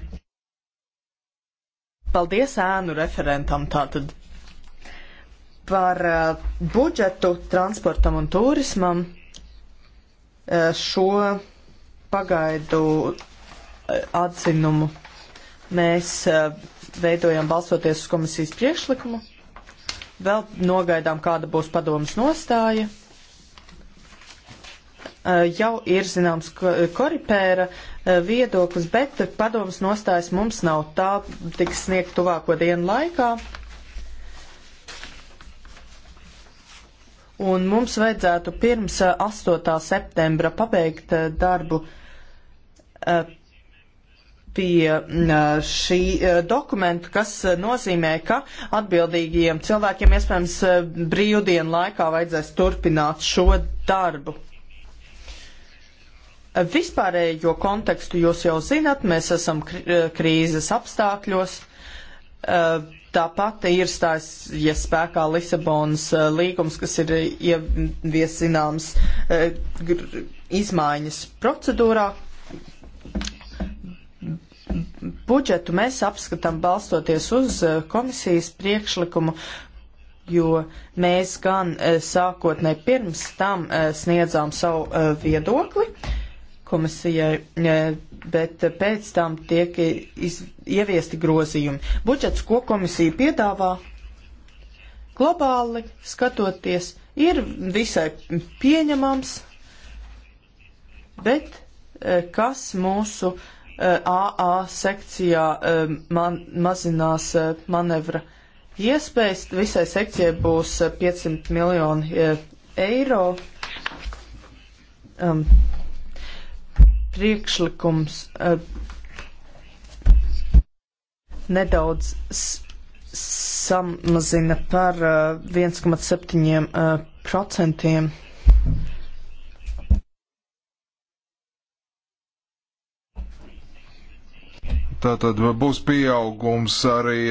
Paldies ēnu referentam tātad par uh, budžetu transportam un turismam. Eh, šo pagaidu eh, atzinumu mēs eh, veidojam balsoties uz komisijas priekšlikumu. Vēl nogaidām, kāda būs padomas nostāja. Jau ir zināms koripēra viedoklis, bet padomas nostājas mums nav. Tā tiks sniegt tuvāko dienu laikā. un mums vajadzētu pirms 8. Eh, septembra pabeigt eh, darbu eh, pie šī dokumentu, kas nozīmē, ka atbildīgajiem cilvēkiem iespējams brīvdienu laikā vajadzēs turpināt šo darbu. Vispārējo kontekstu jūs jau zinat, mēs esam krīzes apstākļos Tāpat ir stājies ja spēkā Lisabonas līgums, kas ir ieviesināms izmaiņas procedūrā. Budžetu mēs apskatām balstoties uz komisijas priekšlikumu, jo mēs gan sākotnē pirms tam sniedzām savu viedokli komisijai bet pēc tam tiek iz, ieviesti grozījumi. Budžets, ko komisija piedāvā, globāli skatoties, ir visai pieņemams, bet e, kas mūsu AA e, sekcijā e, man, mazinās manevra iespējas, visai sekcijai būs 500 miljoni eiro. Um, priekšlikums eh, nedaudz samazina par 1,7%. Eh, eh,
Tātad būs pieaugums arī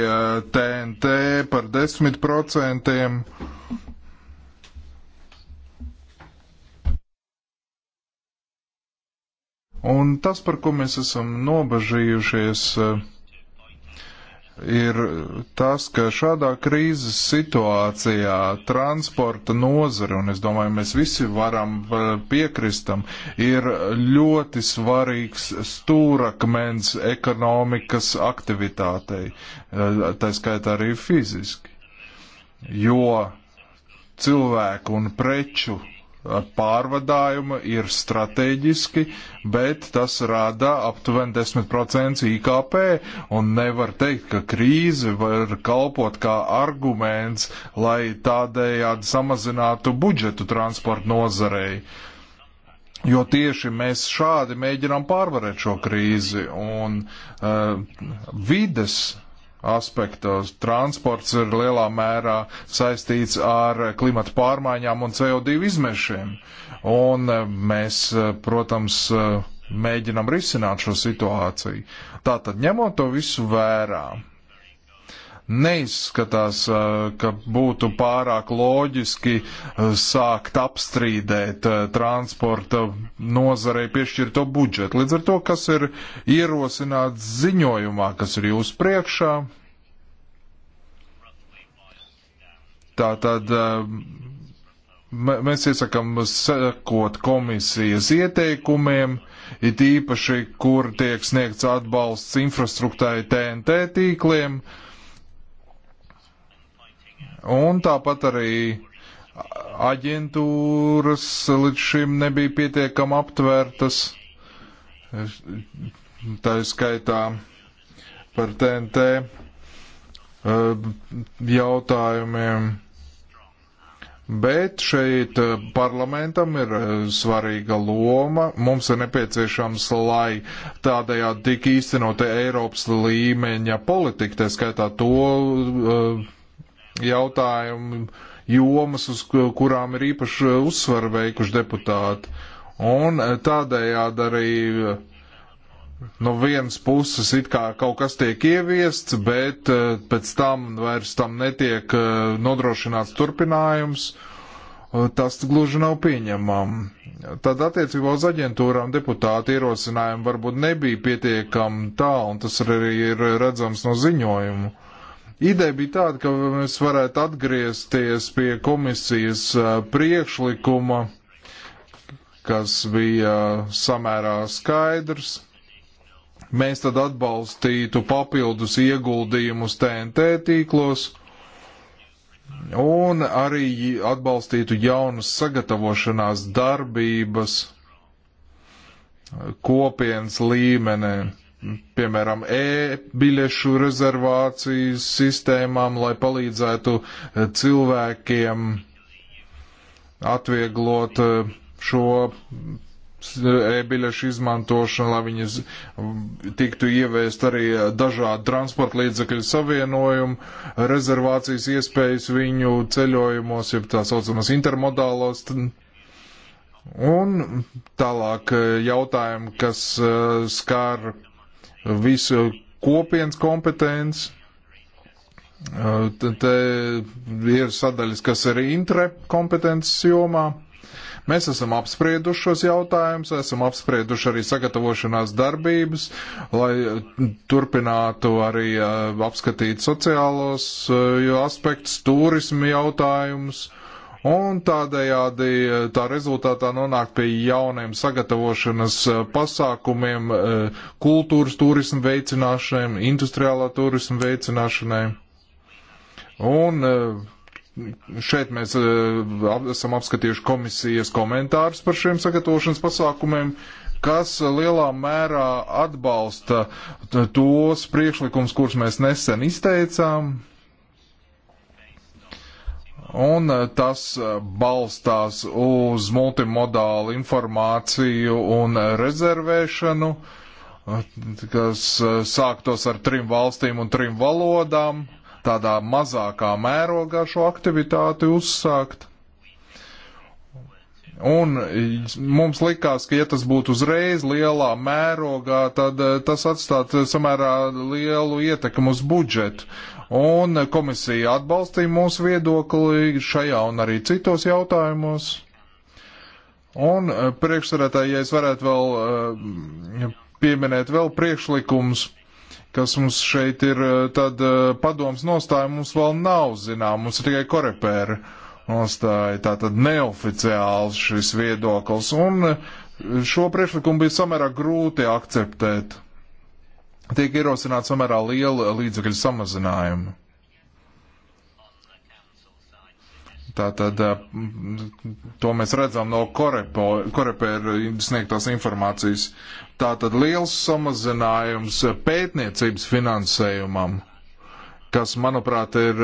TNT par 10%. Un tas, par ko mēs esam nobažījušies, eh, ir tas, ka šādā krīzes situācijā transporta nozare, un es domāju, mēs visi varam eh, piekristam, ir ļoti svarīgs stūrakmens ekonomikas aktivitātei, eh, tā skaitā arī fiziski, jo cilvēku un preču ar pārvadājumu ir strateģiski, bet tas rada aptuveni 10% IKP, un nevar teikt, ka krīze var kalpot kā arguments, lai tādējādi samazinātu budžetu transporta nozarei. Jo tieši mēs šādi mēģinām pārvarēt šo krīzi, un uh, vides aspektos. Transports ir lielā mērā saistīts ar klimatu pārmaiņām un CO2 izmešiem. Un eh, mēs, eh, protams, eh, mēģinam risināt šo situāciju. Tātad, ņemot to visu vērā, neizskatās, ka būtu pārāk loģiski sākt apstrīdēt transporta nozarei piešķirto budžetu. Līdz ar to, kas ir ierosināts ziņojumā, kas ir jūs priekšā, tā tad mēs iesakam sekot komisijas ieteikumiem, it īpaši, kur tiek sniegts atbalsts infrastruktūrai TNT tīkliem, uh, Un tāpat arī aģentūras līdz šim nebija pietiekami aptvērtas, tā skaitā par TNT eh, jautājumiem. Bet šeit eh, parlamentam ir eh, svarīga loma. Mums ir nepieciešams, lai tādējādi tik īstenota Eiropas līmeņa politika, tā skaitā to jautājumu jomas, uz kurām ir īpaši uh, uzsvaru veikuši deputāti. Un uh, tādējādi arī uh, no vienas puses it kā kaut kas tiek ieviests, bet pēc tam vairs tam netiek nodrošināts turpinājums. Tas gluži nav pieņemam. Tad attiecībā uz aģentūrām deputāti ierosinājumi varbūt nebija pietiekami tā, un tas arī ir redzams no ziņojumu. Uh, Ideja bija tāda, ka mēs varētu atgriezties pie komisijas priekšlikuma, kas bija samērā skaidrs. Mēs tad atbalstītu papildus ieguldījumus TNT tīklos un arī atbalstītu jaunas sagatavošanās darbības kopienas līmenē piemēram, e-biļešu rezervācijas sistēmām, lai palīdzētu eh, cilvēkiem atvieglot eh, šo eh, e-biļešu izmantošanu, lai viņas tiktu ieviest arī dažādu transporta līdzekļu savienojumu, rezervācijas iespējas viņu ceļojumos, jeb tā saucamās intermodālos Un tālāk jautājumi, kas skar visu kopienas kompetenci. Uh, te ir sadaļas, kas ir intre kompetences jomā. Mēs esam apsprieduši šos jautājumus, esam apsprieduši arī sagatavošanās darbības, lai turpinātu arī uh, apskatīt sociālos uh, aspektus, turismu jautājumus un tādējādi eh, tā rezultātā nonāk pie jauniem sagatavošanas eh, pasākumiem, eh, kultūras turismu veicināšanai, industriālā turismu veicināšanai. Un šeit mēs esam apskatījuši komisijas komentārus par šiem sagatavošanas pasākumiem kas lielā mērā atbalsta tos priekšlikums, kurus mēs nesen izteicām, un eh, tas eh, balstās uz multimodālu informāciju un rezervēšanu, eh, kas sāktos ar trim valstīm un trim valodām, tādā mazākā mērogā šo aktivitāti uzsākt. Un mums likās, ka ja tas būtu uzreiz lielā mērogā, tad tas atstātu samērā lielu ietekmu uz budžetu un komisija atbalstīja mūsu viedokli šajā un arī citos jautājumos. Un eh, priekšsarētāji, ja es varētu vēl eh, pieminēt vēl priekšlikums, kas mums šeit ir, eh, tad padoms nostāja mums vēl nav zinām, mums ir tikai korepēra nostāja, tā tad neoficiāls šis viedoklis, un šo priekšlikumu bija samērā grūti akceptēt tiek ierosināts samērā liela līdzekļu samazinājuma. Tātad to mēs redzam no korepēra sniegtās informācijas. Tātad liels samazinājums pētniecības finansējumam, kas, manuprāt, ir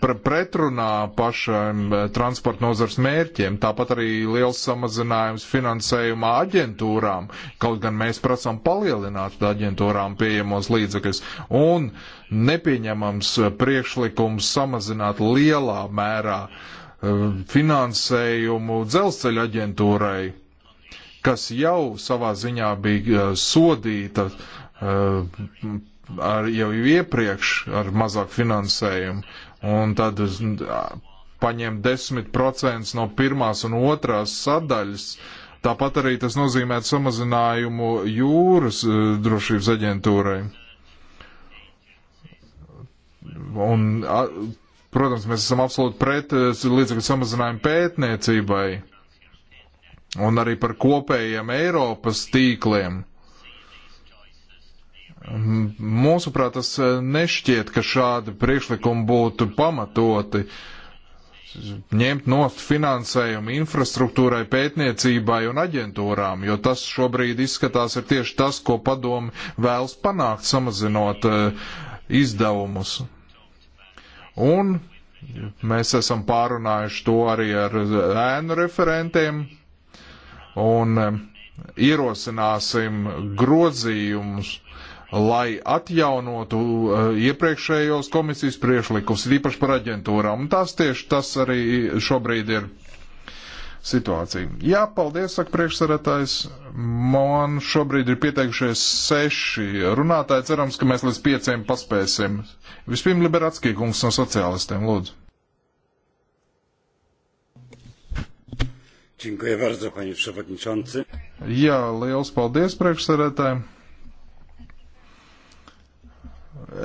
pretrunā pašiem eh, transporta nozars mērķiem, tāpat arī liels samazinājums finansējumā aģentūrām, kaut gan mēs prasām palielināt aģentūrām pieejamos līdzekļus, un nepieņemams eh, priekšlikums samazināt lielā mērā eh, finansējumu dzelzceļa aģentūrai, kas jau savā ziņā bija sodīta ar, jau iepriekš ar mazāk finansējumu un tad paņem 10% no pirmās un otrās sadaļas. Tāpat arī tas nozīmē samazinājumu jūras e, drošības aģentūrai. Un, protams, mēs esam absolūti pret e, līdzekļu samazinājumu pētniecībai un arī par kopējiem Eiropas tīkliem. Mūsuprāt, tas eh, nešķiet, ka šādi priekšlikumi būtu pamatoti ņemt nost finansējumu infrastruktūrai, pētniecībai un aģentūrām, jo tas šobrīd izskatās ir tieši tas, ko padomi vēlas panākt, samazinot eh, izdevumus. Un mēs esam pārunājuši to arī ar eh, ēnu referentiem, un ierosināsim grozījumus lai atjaunotu eh, iepriekšējos komisijas priešlikums, īpaši par aģentūrām. Un tas tieši tas arī šobrīd ir situācija. Jā, paldies, saka priekšsarētājs. Man šobrīd ir pieteikušies seši runātāji. Cerams, ka mēs līdz pieciem paspēsim. Vispirms Liberatskī kungs no sociālistiem, lūdzu.
Dziękuję bardzo, panie przewodniczący.
Jā, liels paldies priekšsarētājiem.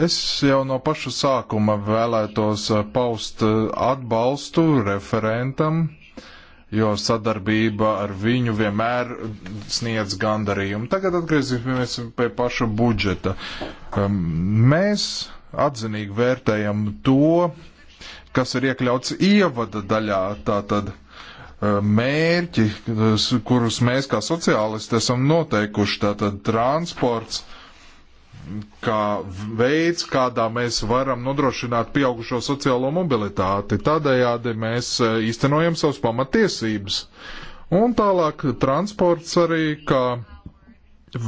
Es jau no paša sākuma vēlētos eh, paust eh, atbalstu referentam, jo sadarbība ar viņu vienmēr sniedz gandarījumu. Tagad atgriezīsimies pie paša budžeta. Ehm, mēs atzinīgi vērtējam to, kas ir iekļauts ievada daļā, tātad eh, mērķi, kurus mēs kā sociālisti esam noteikuši, tātad transports, kā veids, kādā mēs varam nodrošināt pieaugušo sociālo mobilitāti. Tādējādi mēs e, īstenojam savas pamatiesības. Un tālāk transports arī kā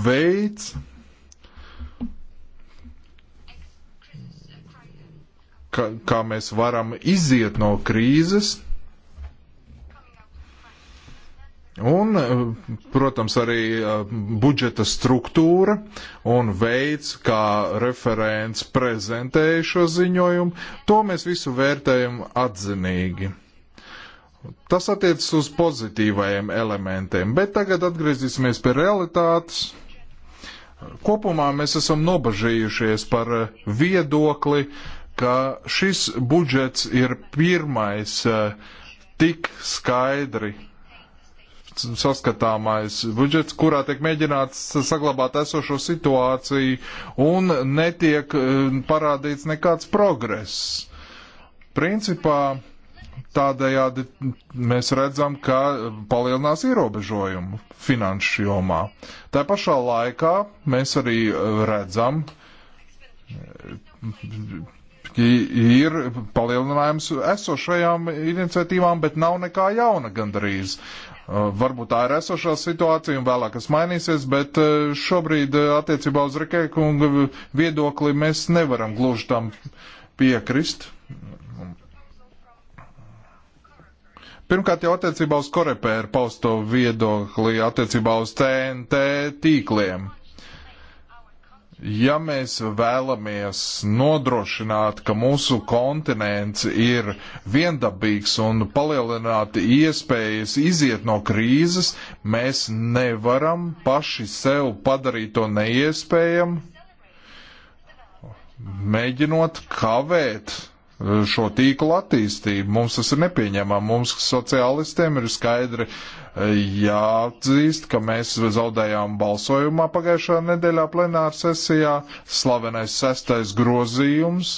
veids, kā, kā mēs varam iziet no krīzes Un, eh, protams, arī eh, budžeta struktūra un veids, kā referents prezentēja šo ziņojumu, to mēs visu vērtējam atzinīgi. Tas attiecas uz pozitīvajiem elementiem, bet tagad atgriezīsimies pie realitātes. Kopumā mēs esam nobažījušies par eh, viedokli, ka šis budžets ir pirmais tik skaidri saskatāmais budžets, kurā tiek mēģināts saglabāt esošo situāciju un netiek eh, parādīts nekāds progress. Principā tādējādi mēs redzam, ka palielinās ierobežojumu finanšu jomā. Tā pašā laikā mēs arī eh, redzam, eh, ir palielinājums esošajām iniciatīvām, bet nav nekā jauna gandrīz. Eh, varbūt tā ir esošā situācija un vēlāk kas mainīsies, bet eh, šobrīd eh, attiecībā uz Rekēkunga viedokli mēs nevaram gluži tam piekrist. Pirmkārt, jau attiecībā uz Korepēru pausto viedokli attiecībā uz TNT tīkliem ja mēs vēlamies nodrošināt, ka mūsu kontinents ir viendabīgs un palielināt iespējas iziet no krīzes, mēs nevaram paši sev padarīt to neiespējam, mēģinot kavēt Eh, šo tīklu attīstību. Mums tas ir nepieņemami. Mums sociālistiem ir skaidri eh, jāatzīst, ka mēs zaudējām balsojumā pagājušā nedēļā plenāra sesijā slavenais sestais grozījums,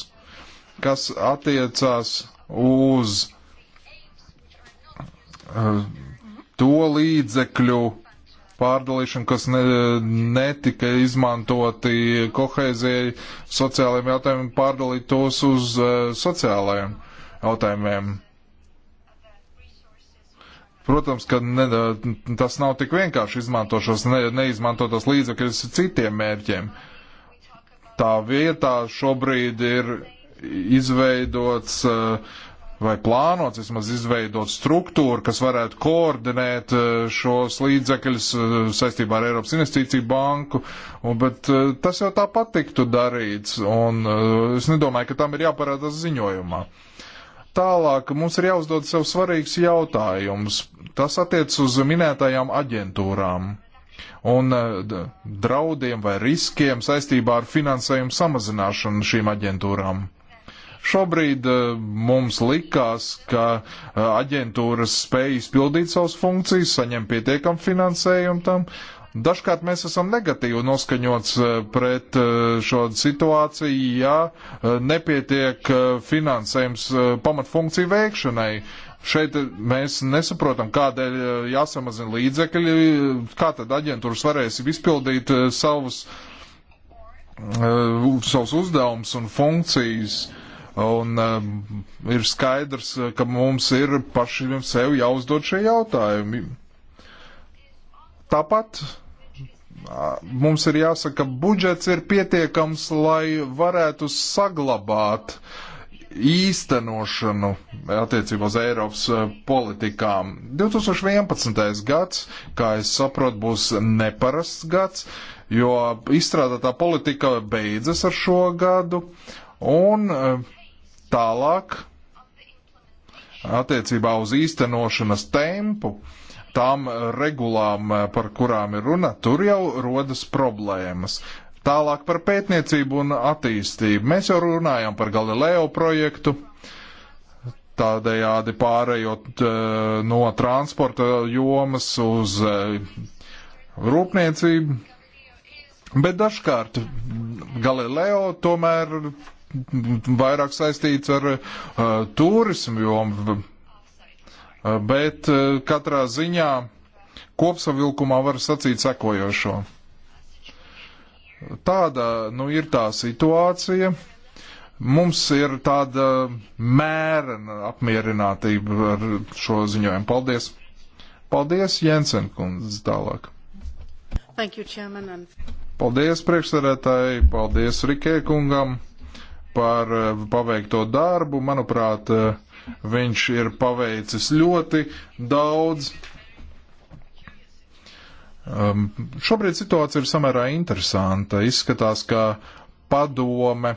kas attiecās uz eh, to līdzekļu pārdalīšanu, kas ne, netika izmantoti kohēzijai, sociālajiem jautājumiem, pārdalīt tos uz eh, sociālajiem jautājumiem. Protams, ka ne, tas nav tik vienkārši izmantošos, ne, neizmantotos līdzekļus citiem mērķiem. Tā vietā šobrīd ir izveidots uh, vai plānots vismaz izveidot struktūru, kas varētu koordinēt eh, šos līdzekļus eh, saistībā ar Eiropas Investīciju banku, un, bet eh, tas jau tāpat tiktu darīts, un es nedomāju, ka tam ir jāparādās ziņojumā. Tālāk mums ir jāuzdod sev svarīgs jautājums. Tas attiec uz minētajām aģentūrām un draudiem vai riskiem saistībā ar finansējumu samazināšanu šīm aģentūrām. Šobrīd eh, mums likās, ka eh, aģentūras spēj izpildīt savas funkcijas, saņem pietiekam finansējumu tam. Dažkārt mēs esam negatīvi noskaņots eh, pret šo situāciju, ja nepietiek finansējums pamatfunkciju veikšanai. Šeit mēs nesaprotam, kādēļ jāsamazina līdzekļi, kā tad aģentūras varēs izpildīt savus, savus uzdevumus un funkcijas. Uh, Un um, ir skaidrs, ka mums ir pašiem sev jāuzdod šie jautājumi. Tāpat mums ir jāsaka, ka budžets ir pietiekams, lai varētu saglabāt īstenošanu attiecībā uz Eiropas politikām. 2011. gads, kā es saprotu, būs neparasts gads, jo izstrādātā politika beidzas ar šo gadu, un uh, Tālāk, attiecībā uz īstenošanas tempu, tām regulām, eh, par kurām ir runa, tur jau rodas problēmas. Tālāk par pētniecību un attīstību. Mēs jau runājam par Galileo projektu, tādējādi pārējot eh, no transporta jomas uz eh, rūpniecību. Bet dažkārt Galileo tomēr vairāk saistīts ar uh, turismu jomu, uh, bet uh, katrā ziņā kopsavilkumā var sacīt sekojošo. Tāda nu, ir tā situācija. Mums ir tāda mērena apmierinātība ar šo ziņojumu. Paldies! Paldies, Jensen kundze, tālāk. Thank
you, chairman, and...
Paldies priekšsarētāji, paldies Rikē kungam par eh, paveikto darbu. Manuprāt, eh, viņš ir paveicis ļoti daudz. Um, šobrīd situācija ir samērā interesanta. Izskatās, ka padome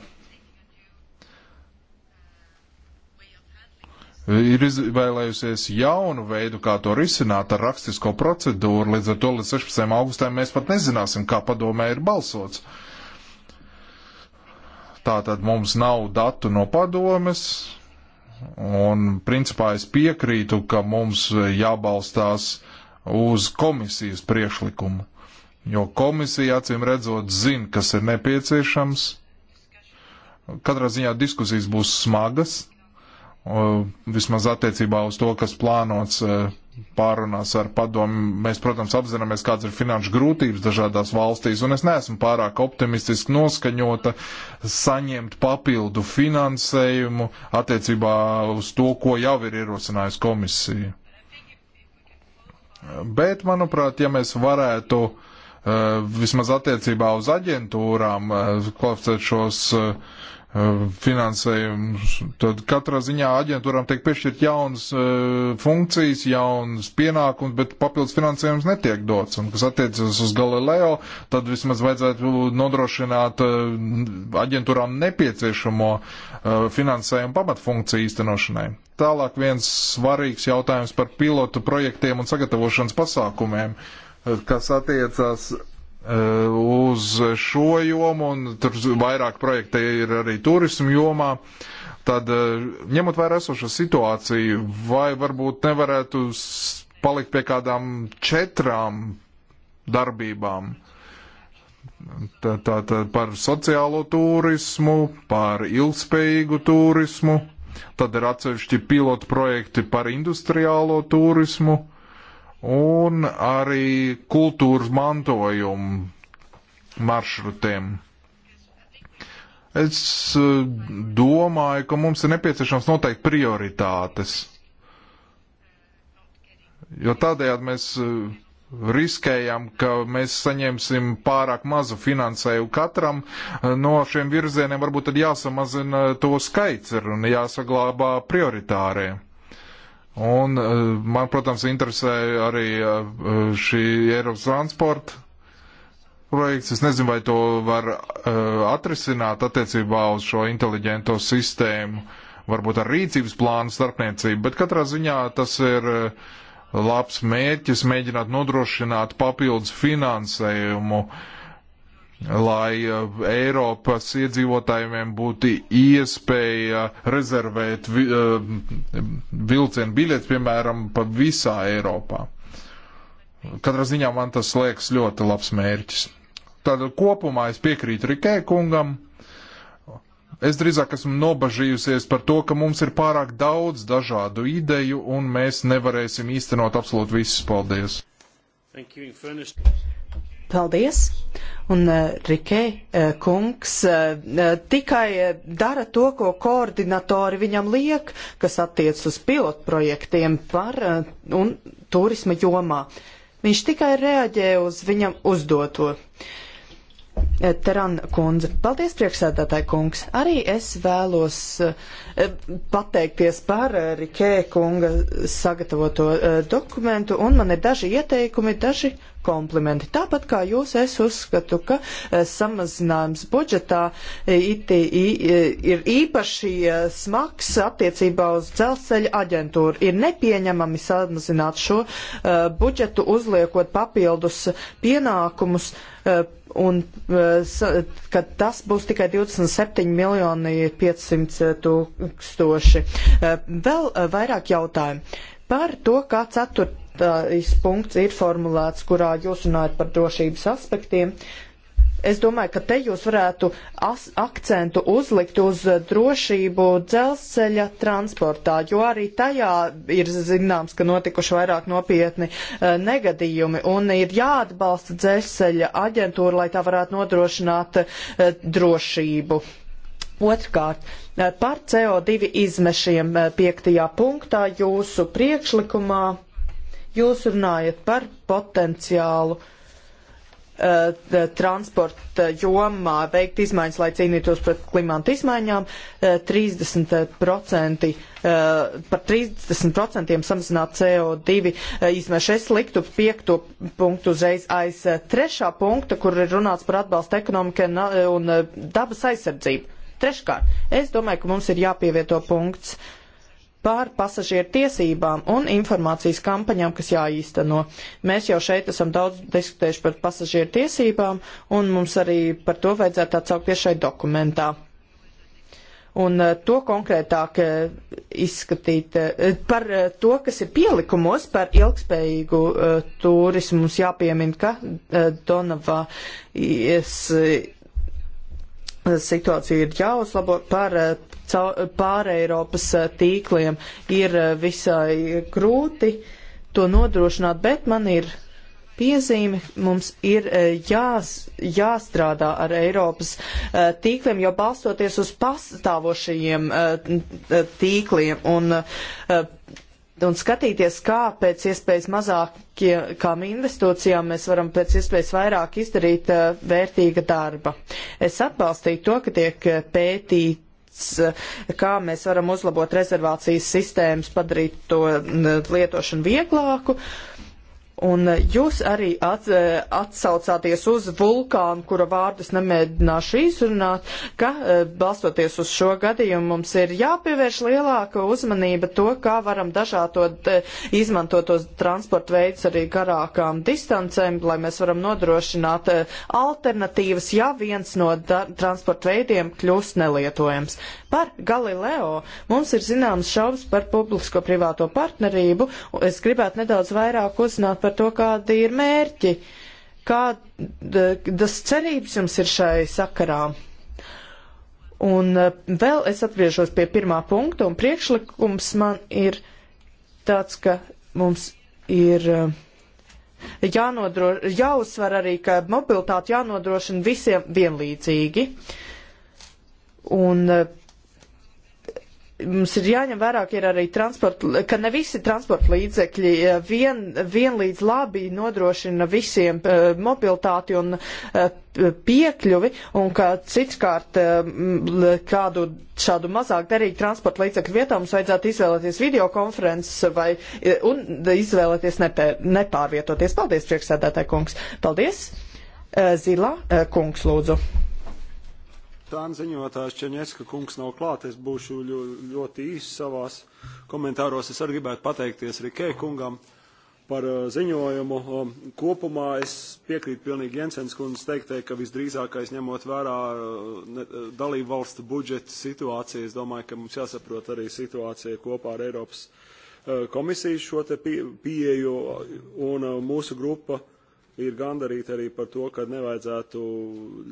ir izvēlējusies jaunu veidu, kā to risināt ar rakstisko procedūru. Līdz ar to līdz 16. augustam mēs pat nezināsim, kā padomē ir balsots. Uh, Tātad mums nav datu no padomes, un principā es piekrītu, ka mums jābalstās uz komisijas priekšlikumu, jo komisija acīm redzot zina, kas ir nepieciešams. Katrā ziņā diskusijas būs smagas, vismaz attiecībā uz to, kas plānots e, pārunās ar padomu. Mēs, protams, apzināmies, kādas ir finanšu grūtības dažādās valstīs, un es neesmu pārāk optimistiski noskaņota saņemt papildu finansējumu attiecībā uz to, ko jau ir ierosinājusi komisija. Bet, manuprāt, ja mēs varētu eh, vismaz attiecībā uz aģentūrām eh, kvalificēt šos uh, Eh, finansējums. Tad katrā ziņā aģentūram tiek piešķirt jaunas uh, funkcijas, jaunas pienākums, bet papildus finansējums netiek dots. Un kas attiecas uz Galileo, tad vismaz vajadzētu nodrošināt uh, aģentūrām nepieciešamo uh, finansējumu pamatfunkciju īstenošanai. Tālāk viens svarīgs jautājums par pilotu projektiem un sagatavošanas pasākumiem, kas attiecas Uh, uz šo jomu, un tur vairāk projekta ir arī turismu jomā. Tad, uh, ņemot vērā esošo situāciju, vai varbūt nevarētu palikt pie kādām četrām darbībām? Tātad tā, tā, par sociālo turismu, par ilgspējīgu turismu, tad ir atsevišķi pilotu projekti par industriālo turismu un arī kultūras mantojumu maršrutiem. Es eh, domāju, ka mums ir nepieciešams noteikti prioritātes, jo tādējādi mēs eh, riskējam, ka mēs saņemsim pārāk mazu finansēju katram eh, no šiem virzieniem, varbūt tad jāsamazina to skaits un jāsaglabā prioritārie. Un eh, man, protams, interesē arī eh, eh, šī Eiropas transporta projekts. Es nezinu, vai to var atrisināt attiecībā uz šo inteliģento sistēmu, varbūt ar rīcības plānu starpniecību, bet katrā ziņā tas ir labs mērķis mēģināt nodrošināt papildus finansējumu uh, lai uh, Eiropas iedzīvotājiem būtu iespēja rezervēt uh, vilcienu biļetes, piemēram, pa visā Eiropā. Katrā ziņā man tas liekas ļoti labs mērķis. Tad kopumā es piekrītu Rikē kungam. Es drīzāk esmu nobažījusies par to, ka mums ir pārāk daudz dažādu ideju un mēs nevarēsim īstenot absolūti visus. Paldies! Thank you, Paldies!
Un uh, Rikē uh, kungs uh, tikai dara to, ko koordinatori viņam liek, kas attiec uz pilotprojektiem par uh, un turisma jomā. Viņš tikai reaģē uz viņam uzdoto. Uh, Teran kundze, paldies priekšsēdētāji kungs. Arī es vēlos uh, pateikties par uh, Rikē kunga sagatavoto dokumentu, un man ir daži ieteikumi, daži komplimenti. Tāpat kā jūs, es uzskatu, ka eh, samazinājums budžetā eh, iti, eh, ir īpaši smags attiecībā uz dzelzceļa aģentūru. Ir nepieņemami samazināt šo budžetu, uzliekot papildus pienākumus un ka tas būs tikai 27 miljoni 500 tūkstoši. Vēl vairāk jautājumu par to, kā ceturt ceturtais uh, punkts ir formulēts, kurā jūs runājat par drošības aspektiem. Es domāju, ka te jūs varētu akcentu uzlikt uz drošību dzelzceļa transportā, jo arī tajā ir zināms, ka notikuši vairāk nopietni uh, negadījumi un ir jāatbalsta dzelzceļa aģentūra, lai tā varētu nodrošināt uh, drošību. Otrkārt, uh, par CO2 izmešiem uh, piektajā punktā jūsu priekšlikumā Jūs runājat par potenciālu eh, transporta jomā veikt izmaiņas, lai cīnītos pret klimatu izmaiņām. 30%, eh, eh, par 30% samazināt CO2 izmešu. Es liktu piekto punktu uzreiz aiz trešā punkta, kur ir runāts par atbalstu ekonomikai un dabas aizsardzību. Treškārt, es domāju, ka mums ir jāpievieto punkts uh, par pasažieru tiesībām un informācijas kampaņām, kas jāīsteno. Mēs jau šeit esam daudz diskutējuši par pasažieru tiesībām, un mums arī par to vajadzētu atsaukties šai dokumentā. Un eh, to konkrētāk eh, izskatīt eh, par to, kas ir pielikumos par ilgspējīgu turismu. Mums jāpiemina, ka Donavā situācija ir jāuzlabo par pār Eiropas eh, tīkliem ir eh, visai grūti to nodrošināt, bet man ir piezīme mums ir eh, jās, jāstrādā ar Eiropas tīkliem, jo balstoties uz pastāvošajiem tīkliem un, un skatīties, kā pēc iespējas mazākām investīcijām mēs varam pēc iespējas vairāk izdarīt vērtīga darba. Es atbalstīju to, ka tiek pētīt tests, eh, kā mēs varam uzlabot rezervācijas sistēmas, padarīt to eh, lietošanu vieglāku. Uh, Un jūs arī at, atsaucāties uz vulkānu, kura vārdus nemēģināšu izrunāt, ka e, balstoties uz šo gadījumu mums ir jāpievērš lielāka uzmanība to, kā varam dažādot, e, izmantot tos transporta veids arī garākām distancēm, lai mēs varam nodrošināt e, alternatīvas, ja viens no transporta veidiem kļūst nelietojams. Par Galileo mums ir zināms šaubas par publisko-privāto partnerību. Es gribētu nedaudz vairāk uzzināt par par to, kādi ir mērķi, kādas cerības jums ir šai sakarā. Un eh, vēl es atgriežos pie pirmā punkta, un priekšlikums man ir tāds, ka mums ir eh, jānodro, jāuzsver arī, ka mobilitāte jānodrošina visiem vienlīdzīgi. Un eh, mums ir jāņem vērā, ka ir arī transporta, ka ne visi transporta līdzekļi eh, vien, vienlīdz labi nodrošina visiem uh, mobilitāti un uh, piekļuvi, un ka citskārt uh, kādu šādu mazāk derīgu transporta līdzekļu vietā mums vajadzētu izvēlēties videokonferences vai un izvēlēties nepēr, nepārvietoties. Paldies, priekšsēdētāji kungs. Paldies. Zilā kungs, lūdzu.
Tāna ziņotājs Čeņeska kungs nav klāt, es būšu ļoti īsi savās komentāros. Es arī gribētu pateikties Rikē kungam par uh, ziņojumu. Um, kopumā es piekrītu pilnīgi Jensens kundzes teiktē, ka visdrīzākais ņemot vērā uh, uh, dalību valstu budžeta situāciju, es domāju, ka mums jāsaprot arī situācija kopā ar Eiropas komisiju šo te pieeju un mūsu grupa ir gandarīti arī par to, ka nevajadzētu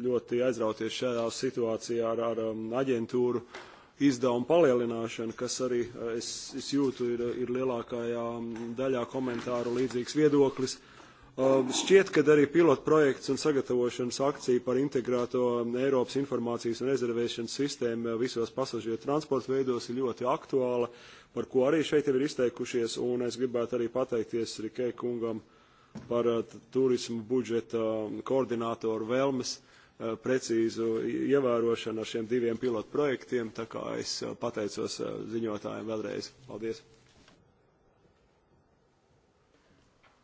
ļoti aizrauties šajā situācijā ar, ar um, aģentūru izdevumu palielināšanu, kas arī uh, es, es jūtu ir, ir lielākajā um, daļā komentāru līdzīgs viedoklis. Um, šķiet, ka arī pilotprojekts un sagatavošanas akcija par integrēto Eiropas informācijas un rezervēšanas sistēmu uh, visos pasažieru transporta veidos ir ļoti aktuāla, par ko arī šeit ir izteikušies, un es gribētu arī pateikties Rikē kungam uh, par eh, turismu budžeta koordinātoru vēlmes eh, precīzu ievērošanu ar šiem diviem pilotu projektiem. Tā kā es eh, pateicos ziņotājiem vēlreiz. Paldies!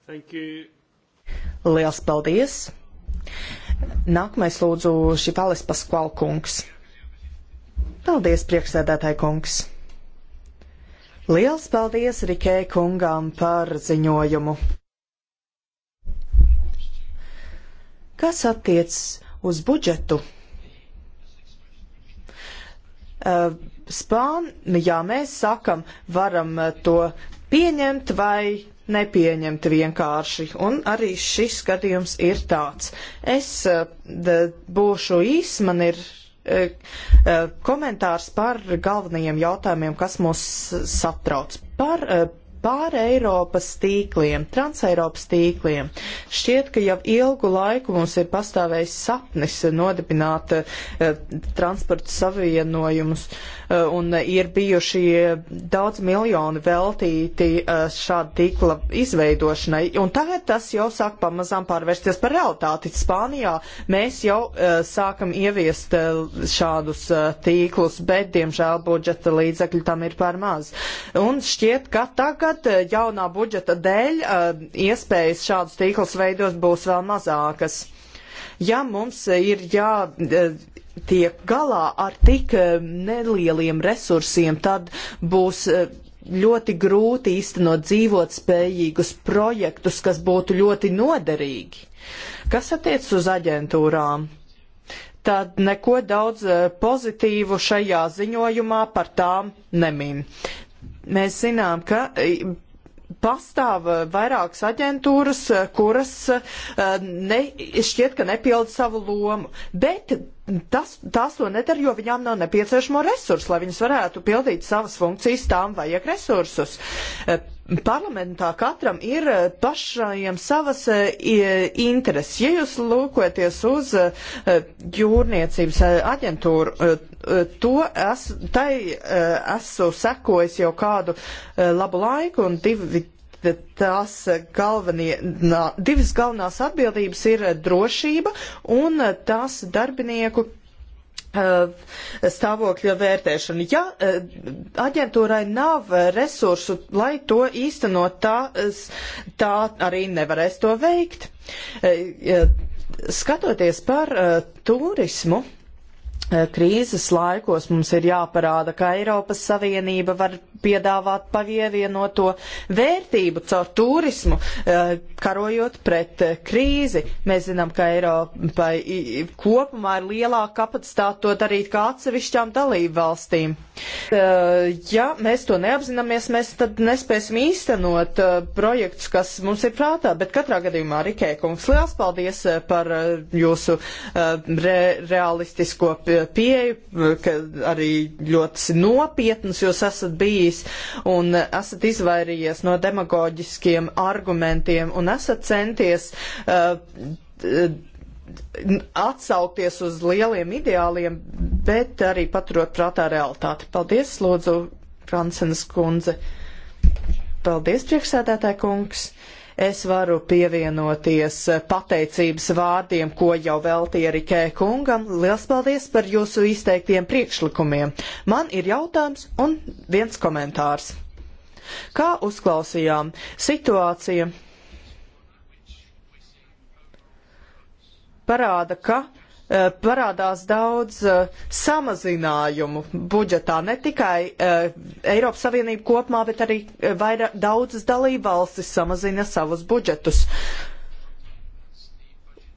Thank you.
Liels paldies! Nākamais lūdzu Šipalis Paskval kungs. Paldies, priekšsēdētāji kungs! Liels paldies Rikē kungām par ziņojumu! Kas attiecas uz budžetu? Uh, Spānijā nu mēs sakam, varam uh, to pieņemt vai nepieņemt vienkārši, un arī šis skatījums ir tāds. Es uh, da, būšu īs, man ir e, komentārs par galvenajiem jautājumiem, kas mūs satrauc. Par e, pār Eiropas tīkliem, transeiropas tīkliem. Šķiet, ka jau ilgu laiku mums ir pastāvējis sapnis nodibināt uh, transporta savienojumus uh, Eh, un ir bijuši daudz miljoni veltīti eh, šāda tīkla izveidošanai. Un tagad tas jau sāk pamazām pārvērsties par realitāti. Spānijā mēs jau eh, sākam ieviest šādus tīklus, bet, diemžēl, budžeta līdzekļi tam ir par maz. Un šķiet, ka tagad jaunā budžeta dēļ iespējas šādus tīklus veidot būs vēl mazākas ja mums ir jā tiek galā ar tik eh, nelieliem resursiem, tad būs eh, ļoti grūti īstenot dzīvot spējīgus projektus, kas būtu ļoti noderīgi. Kas attiec uz aģentūrām? Tad neko daudz eh, pozitīvu šajā ziņojumā par tām nemin. Mēs zinām, ka pastāv vairākas aģentūras, kuras ne, šķiet, ka nepilda savu lomu, bet Tas, tās to nedara, jo viņām nav nepieciešamo resursu, lai viņas varētu pildīt savas funkcijas, tām vajag resursus. E, parlamentā katram ir e, pašajam savas e, intereses. Ja jūs lūkojaties uz jūrniecības aģentūru, to es, tai esmu sekojis jau kādu labu laiku un divi tās galvenie, divas galvenās atbildības ir drošība un tās darbinieku eh, stāvokļa vērtēšana. Ja eh, aģentūrai nav resursu, lai to īstenot, tā, eh, tā arī nevarēs to veikt. Skatoties par turismu, Eh, krīzes laikos mums ir jāparāda, ka Eiropas Savienība var piedāvāt pavievienoto vērtību caur turismu, eh, karojot pret eh, krīzi. Mēs zinām, ka Eiropai kopumā ir lielāka kapacitāte to darīt kā atsevišķām dalību valstīm. Ja mēs to neapzināmies, mēs tad nespēsim īstenot projektus, kas mums ir prātā, bet katrā gadījumā Rikē kungs, liels paldies par jūsu re realistisko pie pieeju, ka arī ļoti nopietnas jūs esat bijis un esat izvairījies no demagoģiskiem argumentiem un esat centies uh, atsaukties uz lieliem ideāliem, bet arī paturot prātā realitāti. Paldies, lūdzu, Francenas kundze. Paldies, priekšsēdētāja kungs. Uh, Es varu pievienoties pateicības vārdiem, ko jau veltīja Rikē kungam. Liels paldies par jūsu izteiktiem priekšlikumiem. Man ir jautājums un viens komentārs. Kā uzklausījām, situācija parāda, ka Eh, parādās daudz eh, samazinājumu budžetā, ne tikai eh, Eiropas Savienība kopumā, bet arī vairāk, daudzas dalībvalstis samazina savus budžetus.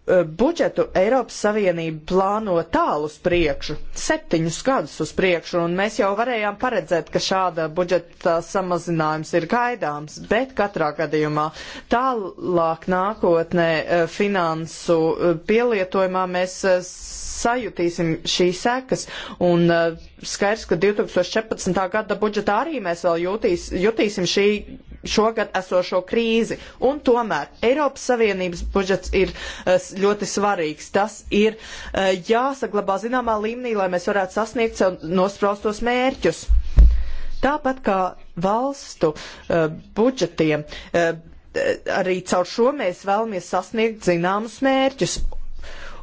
Eh, budžetu Eiropas Savienība plāno tālu uz priekšu, septiņus gadus uz priekšu, un mēs jau varējām paredzēt, ka šāda budžeta samazinājums ir gaidāms, bet katrā gadījumā tālāk nākotnē eh, finansu eh, pielietojumā mēs sajutīsim šīs sekas. Un eh, skaidrs, ka 2014. gada budžetā arī mēs vēl jūtīs, jutīsim šī šogad esošo krīzi. Un tomēr Eiropas Savienības budžets ir eh, ļoti svarīgs. Tas ir eh, jāsaglabā zināmā līmenī, lai mēs varētu sasniegt sev nospraustos mērķus. Tāpat kā valstu uh, budžetiem, uh, arī caur šo mēs vēlamies sasniegt zināmus mērķus.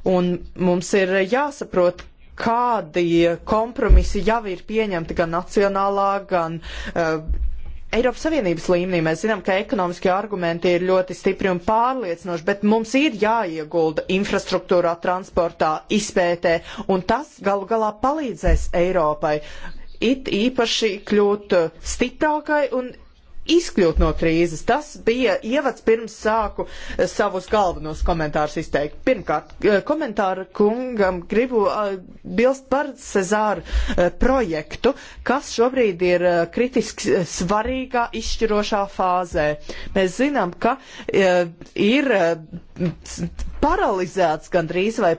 Un mums ir jāsaprot, kādi kompromisi jau ir pieņemti gan nacionālā, gan uh, Eiropas Savienības līmenī. Mēs zinām, ka ekonomiskie argumenti ir ļoti stipri un pārliecinoši, bet mums ir jāiegulda infrastruktūrā, transportā, izpētē, un tas galu galā palīdzēs Eiropai it īpaši kļūt stiprākai un izkļūt no krīzes. Tas bija ievads pirms sāku eh, savus galvenos komentārus izteikt. Pirmkārt, eh, komentāru kungam gribu eh, bilst par Cezāru projektu, kas šobrīd ir kritiski svarīgā izšķirošā fāzē. Mēs zinām, ka ir paralizēts gandrīz vai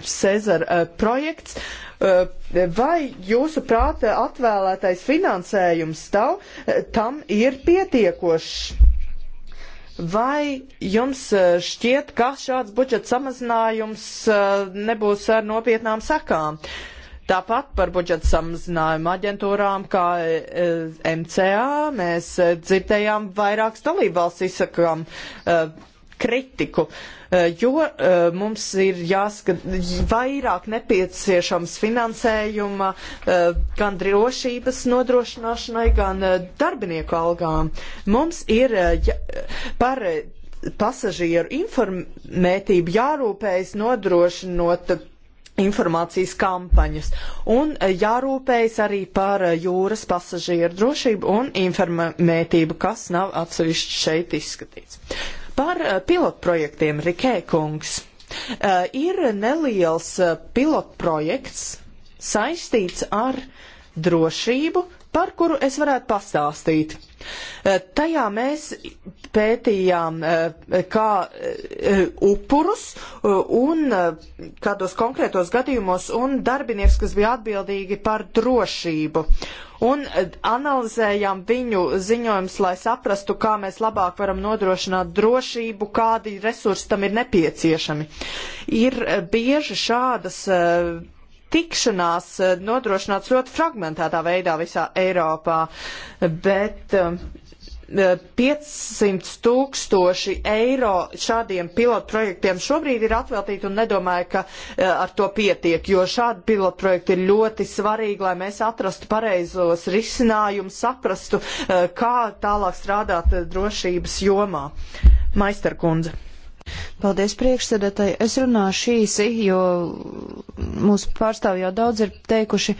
Cezara projekts Eh, vai jūsu prāta atvēlētais finansējums tav, eh, tam ir pietiekošs? Vai jums eh, šķiet, ka šāds budžeta samazinājums nebūs ar nopietnām sakām? Tāpat par budžeta samazinājumu aģentūrām kā MCA mēs dzirdējām vairākas dalībvalsts izsakām kritiku, eh, jo eh, mums ir jāskat vairāk nepieciešams finansējuma eh, gan drošības nodrošināšanai, gan darbinieku algām. Mums ir par pasažieru informētību jārūpējas nodrošinot informācijas kampaņas un jārūpējas arī par jūras pasažieru drošību un informētību, kas nav atsevišķi šeit izskatīts. Uh, Par eh, pilotprojektiem Rikē kungs. Eh, ir neliels eh, pilotprojekts saistīts ar drošību, par kuru es varētu pastāstīt. Eh, tajā mēs pētījām eh, kā eh, upurus un kādos konkrētos gadījumos un darbinieks, kas bija atbildīgi par drošību. Un analizējām viņu ziņojumus, lai saprastu, kā mēs labāk varam nodrošināt drošību, kādi resursi tam ir nepieciešami. Ir bieži šādas tikšanās eh, nodrošināts ļoti fragmentētā veidā visā Eiropā, bet 500 um, eh, tūkstoši eiro šādiem pilotprojektiem šobrīd ir atveltīti un nedomāju, ka eh, ar to pietiek, jo šādi pilotprojekti ir ļoti svarīgi, lai mēs atrastu pareizos risinājumus, saprastu, kā tālāk strādāt drošības jomā.
Maisterkundze. Paldies priekšsēdētāji. Es runāšu īsi, jo mūsu pārstāvji jau daudz ir teikuši.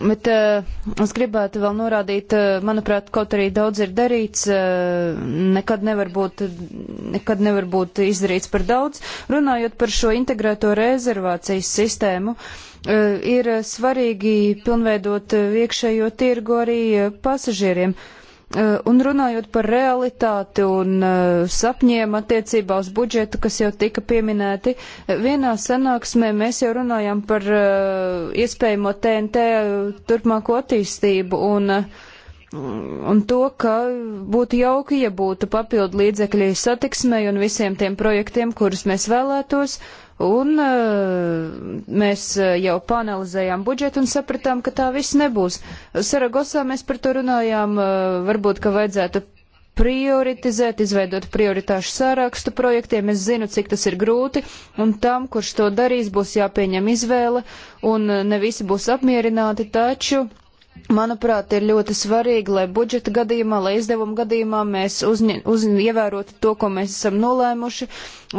Bet uh, es gribētu vēl norādīt, uh, manuprāt, kaut arī daudz ir darīts, uh, nekad, nevar būt, nekad nevar būt izdarīts par daudz. Runājot par šo integrēto rezervācijas sistēmu, uh, ir svarīgi pilnveidot iekšējo tirgu arī pasažieriem. Uh, Eh, un runājot par realitāti un eh, sapņiem attiecībā uz budžetu, kas jau tika pieminēti, eh, vienā sanāksmē mēs jau runājām par iespējamo TNT turpmāko attīstību, un un to, ka būtu jauki, ja būtu papildu līdzekļi satiksmei un visiem tiem projektiem, kurus mēs vēlētos. Un eh, mēs eh, jau panalizējām budžetu un sapratām, ka tā viss nebūs. Saragosā mēs par to runājām, eh, varbūt, ka vajadzētu prioritizēt, izveidot prioritāšu sārakstu projektiem. Es zinu, cik tas ir grūti, un tam, kurš to darīs, būs jāpieņem izvēle, un ne visi būs apmierināti, taču Manuprāt, ir ļoti svarīgi, lai budžeta gadījumā, lai izdevuma gadījumā mēs ievērotu to, ko mēs esam nolēmuši,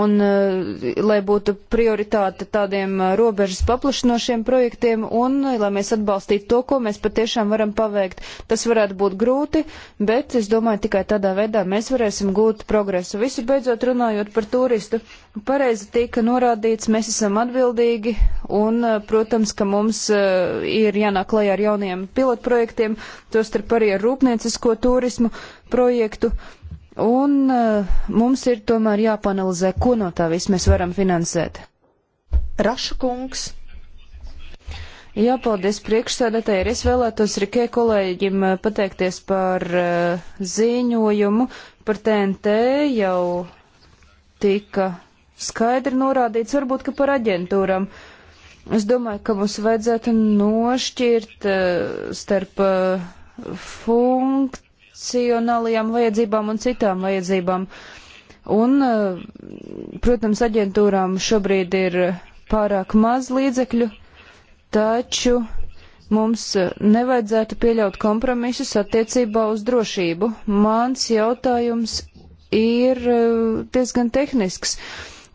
un uh, lai būtu prioritāte tādiem eh, robežas paplašinošiem projektiem, un eh, lai mēs atbalstītu to, ko mēs patiešām varam paveikt. Tas varētu būt grūti, bet es domāju, tikai tādā veidā mēs varēsim gūt progresu. Visu beidzot runājot par turistu. Uh, Pareizi tika norādīts, mēs esam atbildīgi un, eh, protams, ka mums eh, ir jānāk klajā ar jauniem pilotprojektiem, tostarp arī ar rūpniecisko turismu projektu. Un eh, mums ir tomēr jāpanalizē, ko no tā viss mēs varam finansēt. Raša kungs. Jā, paldies priekšsēdētāji. Es vēlētos Rikē kolēģim pateikties par ziņojumu par TNT jau tika skaidri norādīts, varbūt, ka par aģentūram. Es domāju, ka mums vajadzētu nošķirt eh, starp eh, funkcionālajām vajadzībām un citām vajadzībām. Un, eh, protams, aģentūrām šobrīd ir pārāk maz līdzekļu, taču mums nevajadzētu pieļaut kompromisus attiecībā uz drošību. Mans jautājums ir diezgan tehnisks.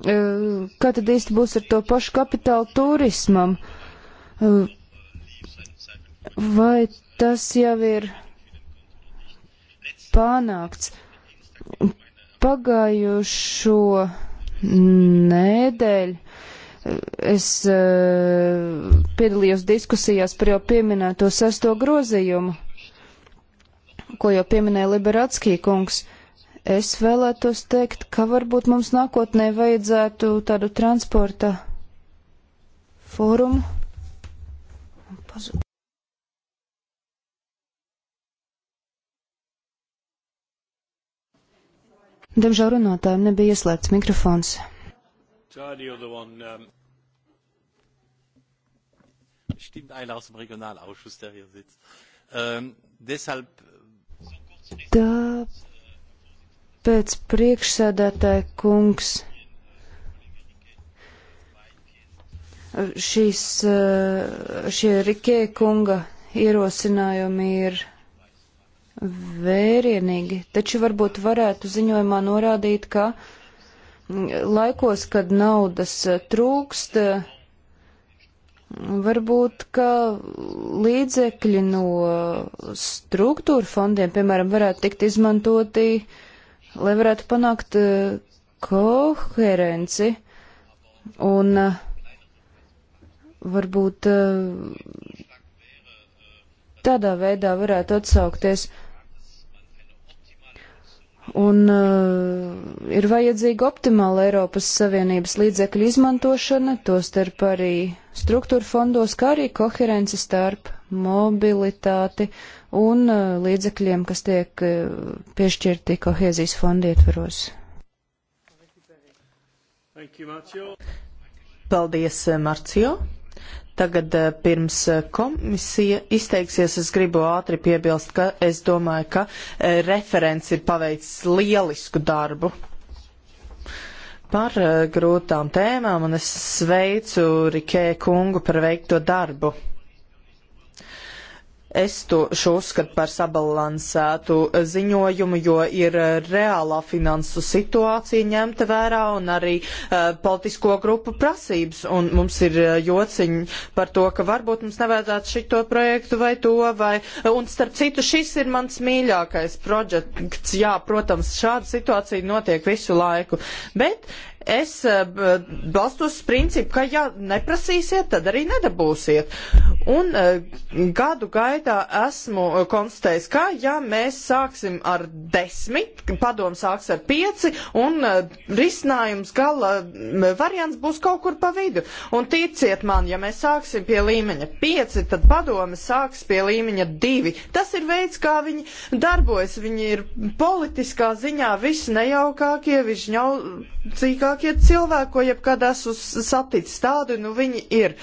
Eh, kā tad īsti būs ar to pašu kapitālu turismam? Eh, vai tas jau ir panākts? Pagājušo nedēļu eh, es piedalījos diskusijās par jau pieminēto sesto grozījumu, ko jau pieminēja Liberatskī kungs. Es vēlētos teikt, ka varbūt mums nākotnē vajadzētu tādu transporta fórumu. Pazud. Diemžēl runātājiem nebija ieslēgts mikrofons. Tāpēc Tāpēc priekšsēdētāja kungs šīs, eh, šie Rikē kunga ierosinājumi ir vērienīgi, taču varbūt varētu ziņojumā norādīt, ka laikos, kad naudas trūkst, Varbūt, ka līdzekļi no struktūra fondiem, piemēram, varētu tikt izmantoti uh, lai varētu panākt uh, koherenci un uh, varbūt uh, tādā veidā varētu atsaukties. Un uh, ir vajadzīga optimāla Eiropas Savienības līdzekļu izmantošana, tostarp arī struktūra fondos, kā arī koherence starp mobilitāti, uh, un uh, līdzekļiem, kas tiek uh, piešķirti kohēzijas fonda ietvaros.
Paldies, uh, Marcio! Tagad pirms komisija izteiksies, es gribu ātri piebilst, ka es domāju, ka referents ir paveicis lielisku darbu par grūtām tēmām, un es sveicu Rikē kungu par veikto darbu. Es to šo uzskatu par sabalansētu ziņojumu, jo ir reālā finansu situācija ņemta vērā un arī uh, politisko grupu prasības. Un mums ir uh, jociņi par to, ka varbūt mums nevajadzētu šito projektu vai to. Vai, un starp citu, šis ir mans mīļākais projekts. Jā, protams, šāda situācija notiek visu laiku. Bet es eh, balstos uz principu, ka ja neprasīsiet, tad arī nedabūsiet. Un eh, gadu gaidā esmu eh, konstatējis, ka ja mēs sāksim ar desmit, padomu sāks ar pieci, un risinājums gala variants būs kaut kur pa vidu. Un ticiet man, ja mēs sāksim pie līmeņa pieci, tad padome sāks pie līmeņa divi. Tas ir veids, kā viņi darbojas. Viņi ir politiskā ziņā visnejaukākie, visņaucīgākie labākie cilvēki, ko jebkad esmu saticis tādi, nu viņi ir.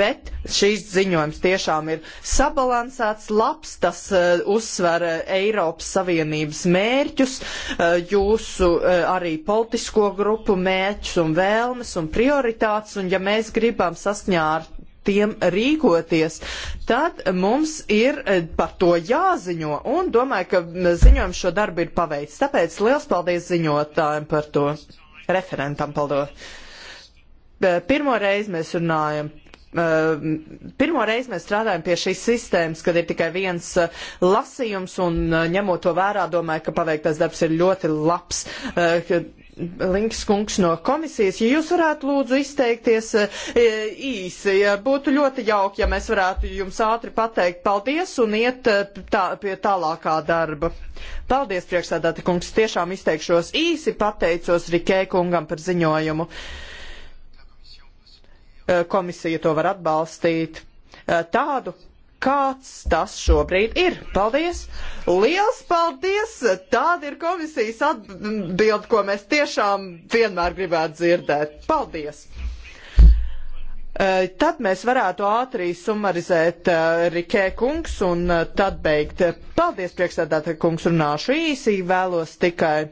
Bet šīs ziņojums tiešām ir sabalansēts, labs, tas uh, uzsver uh, Eiropas Savienības mērķus, uh, jūsu uh, arī politisko grupu mērķus un vēlmes un prioritātes, un ja mēs gribam sasņārt tiem rīkoties, tad mums ir par to jāziņo. Un domāju, ka ziņojums šo darbu ir paveicis. Tāpēc liels paldies ziņotājiem par to referentam paldies. Pirmo reizi mēs runājam pirmo reizi mēs strādājam pie šīs sistēmas, kad ir tikai viens uh, lasījums un uh, ņemot to vērā, domāju, ka paveiktais darbs ir ļoti labs. Uh, Links kungs no komisijas, ja jūs varētu lūdzu izteikties e, īsi, būtu ļoti jauki, ja mēs varētu jums ātri pateikt paldies un iet e, tā, pie tālākā darba. Paldies, priekšsēdētāji kungs, tiešām izteikšos īsi, pateicos Rikē kungam par ziņojumu. E, komisija to var atbalstīt. Tādu kāds tas šobrīd ir. Paldies! Liels paldies! Tāda ir komisijas atbilde, ko mēs tiešām vienmēr gribētu dzirdēt. Paldies! Tad mēs varētu ātri sumarizēt Rikē kungs un tad beigt. Paldies, priekšsēdētāji kungs, runāšu īsi, vēlos tikai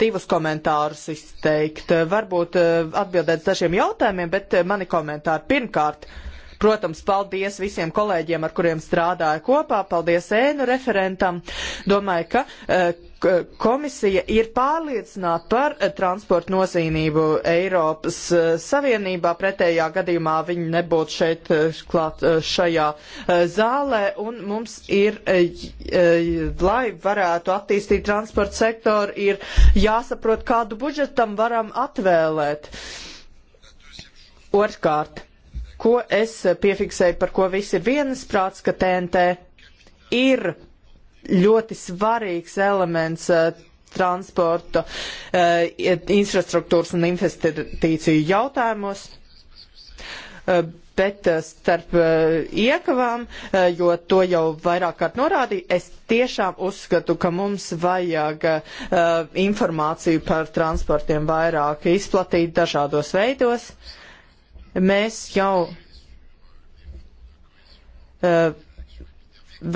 divus komentārus izteikt. Varbūt atbildēt dažiem jautājumiem, bet mani komentāri pirmkārt. Uh, Protams, paldies visiem kolēģiem, ar kuriem strādāju kopā, paldies ēnu referentam. Domāju, ka eh, komisija ir pārliecināta par eh, transportu nozīmību Eiropas eh, Savienībā. Pretējā gadījumā viņi nebūtu šeit klāt šajā zālē. Un mums ir, lai varētu attīstīt transportu sektoru, ir jāsaprot, kādu budžetam varam atvēlēt. Otrkārt ko es piefiksēju, par ko visi ir viensprāts, ka TNT ir ļoti svarīgs elements eh, transporta eh, infrastruktūras un investīciju jautājumos eh, bet starp iekavām, jo to jau vairāk kārt norādīju, es tiešām uzskatu, ka mums vajag informāciju par transportiem vairāk izplatīt dažādos veidos. Uh, Mēs jau uh,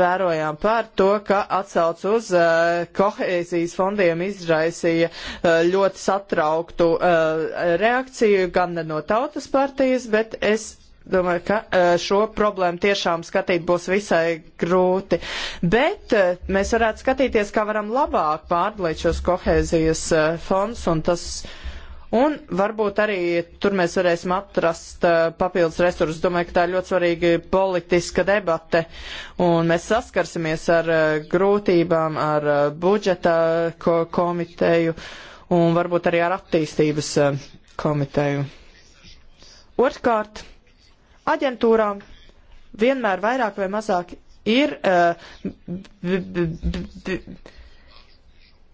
vērojām par to, ka atsauc uz uh, kohēzijas fondiem izraisīja uh, ļoti satrauktu reakciju gan no tautas partijas, bet es domāju, ka šo problēmu tiešām skatīt būs visai grūti. Bet mēs varētu skatīties, kā varam labāk pārdalīt šos kohēzijas fondus, un tas Un varbūt arī tur mēs varēsim atrast uh, papildus resursus. Domāju, ka tā ir ļoti svarīga politiska debate. Un mēs saskarsimies ar uh, grūtībām, ar uh, budžeta ko komiteju un varbūt arī ar attīstības uh, komiteju. Otrkārt, aģentūrām vienmēr vairāk vai mazāk ir. Uh, b, b, b, b,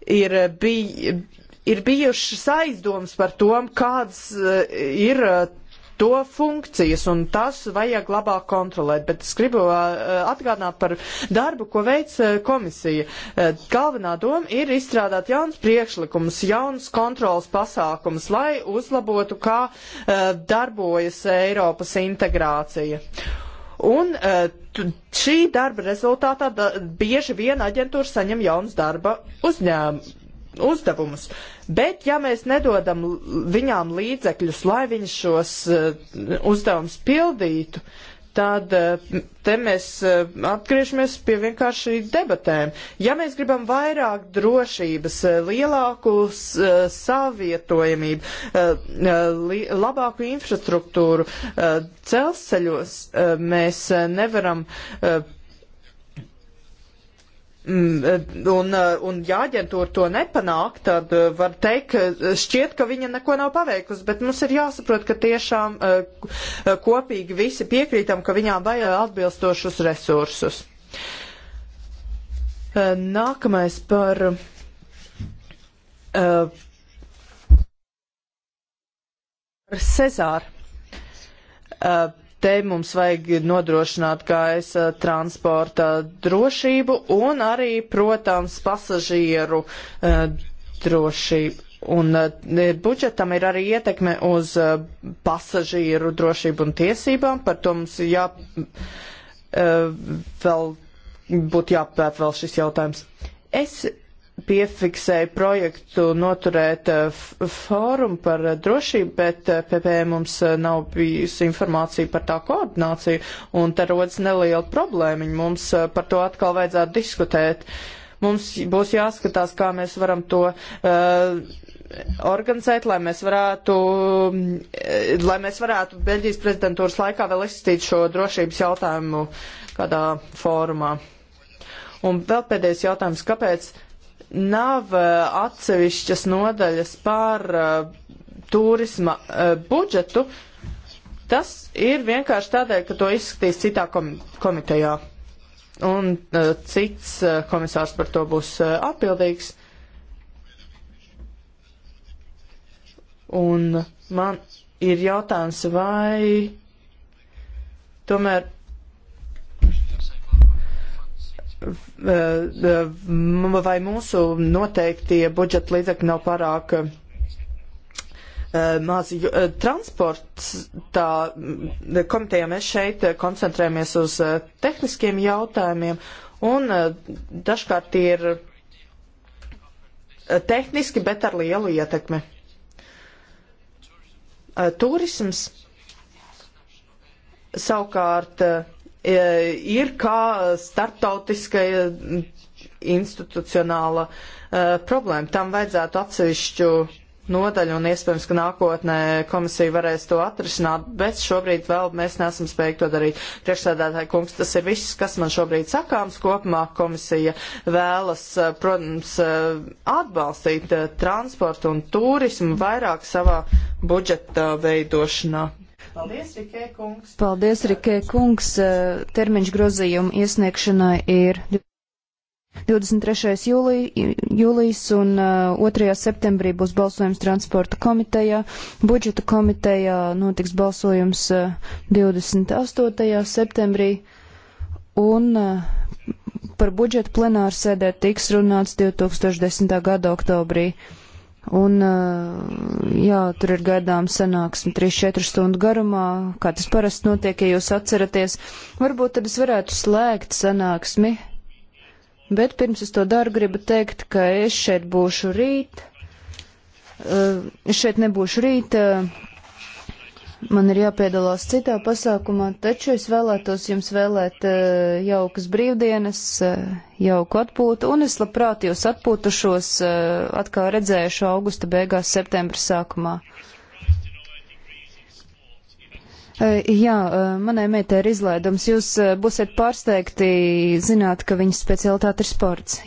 ir bij, ir bijušas aizdomas par to, kādas eh, ir eh, to funkcijas, un tas vajag labāk kontrolēt. Bet es gribu eh, atgādināt par darbu, ko veic komisija. Galvenā doma ir izstrādāt jaunas priekšlikumus, jaunas kontrolas pasākumus, lai uzlabotu, kā darbojas Eiropas integrācija. Un šī darba rezultātā bieži vien aģentūra saņem jaunas darba uzņēmumus uzdevumus. Bet, ja mēs nedodam viņām līdzekļus, lai viņas šos eh, uzdevumus pildītu, tad eh, te mēs eh, atgriežamies pie vienkārši debatēm. Ja mēs gribam vairāk drošības, lielāku savietojamību, labāku infrastruktūru celsceļos, mēs nevaram Mm, un, eh, un ja aģentūra to nepanāk, tad eh, var teikt, ka eh, šķiet, ka viņa neko nav paveikusi, bet mums ir jāsaprot, ka tiešām kopīgi visi piekrītam, ka viņām vajag atbilstošus resursus. Nākamais par. Cezāru. Uh, Te mums vajag nodrošināt gaisa eh, transporta drošību un arī, protams, pasažieru uh, drošību. Un uh, budžetam ir arī ietekme uz uh, pasažieru drošību un tiesībām. Par to mums jā, uh, vēl būtu jāpēta vēl šis jautājums. Es piefiksēja projektu noturēt eh, fórumu par eh, drošību, bet PP eh, e mums nav bijusi informācija par tā koordināciju, un te rodas neliela problēma. Mums par to atkal vajadzētu diskutēt. Mums būs jāskatās, kā mēs varam to uh, organizēt, lai mēs varētu, mm, lai mēs varētu Beļģijas prezidentūras laikā vēl izstīt šo drošības jautājumu kādā fórumā. Un vēl pēdējais jautājums, kāpēc uh, nav eh, atsevišķas nodaļas par eh, turisma eh, budžetu. Tas ir vienkārši tādēļ, ka to izskatīs citā komitejā. Un cits komisārs par to būs atbildīgs. Un man ir jautājums, vai tomēr vai mūsu noteiktie budžeta līdzekļi nav pārāk eh, mazi. Eh, Transporta komitejā mēs šeit koncentrējamies uz eh, tehniskiem jautājumiem, un dažkārt ir tehniski, bet ar lielu ietekmi. Turisms savukārt E, ir kā starptautiska e, institucionāla e, problēma. Tam vajadzētu atsevišķu nodaļu un iespējams, ka nākotnē komisija varēs to atrisināt, bet šobrīd vēl mēs nesam spējīgi to darīt. Priekšsēdētāji kungs, tas ir viss, kas man šobrīd sakāms. Kopumā komisija vēlas, protams, atbalstīt transportu un turismu vairāk savā budžeta veidošanā. Paldies, Rikē kungs.
Paldies, Rikē kungs. Eh, termiņš grozījuma iesniegšanai ir 23. Jūlij, jūlijas un 2. Eh, septembrī būs balsojums transporta komitejā. Budžeta komitejā notiks balsojums 28. Eh, septembrī. Un par budžetu plenāru sēdē tiks runāts 2010. gada oktobrī. Un, eh, jā, tur ir gaidām sanāksme 3-4 stundu garumā, kā tas parasti notiek, ja jūs atceraties. Varbūt tad es varētu slēgt sanāksmi, bet pirms es to daru, gribu teikt, ka es šeit būšu rīt. Eh, es šeit nebūšu rīt, eh, Man ir jāpiedalās citā pasākumā, taču es vēlētos jums vēlēt eh, jaukas brīvdienas, eh, jauku atpūtu, un es labprāt jūs atpūtušos eh, atkal redzējušu augusta beigās, septembra sākumā. Jā, manai meitai ir izlaidums. Jūs būsiet pārsteigti zināt, ka viņas specialitāte ir sports.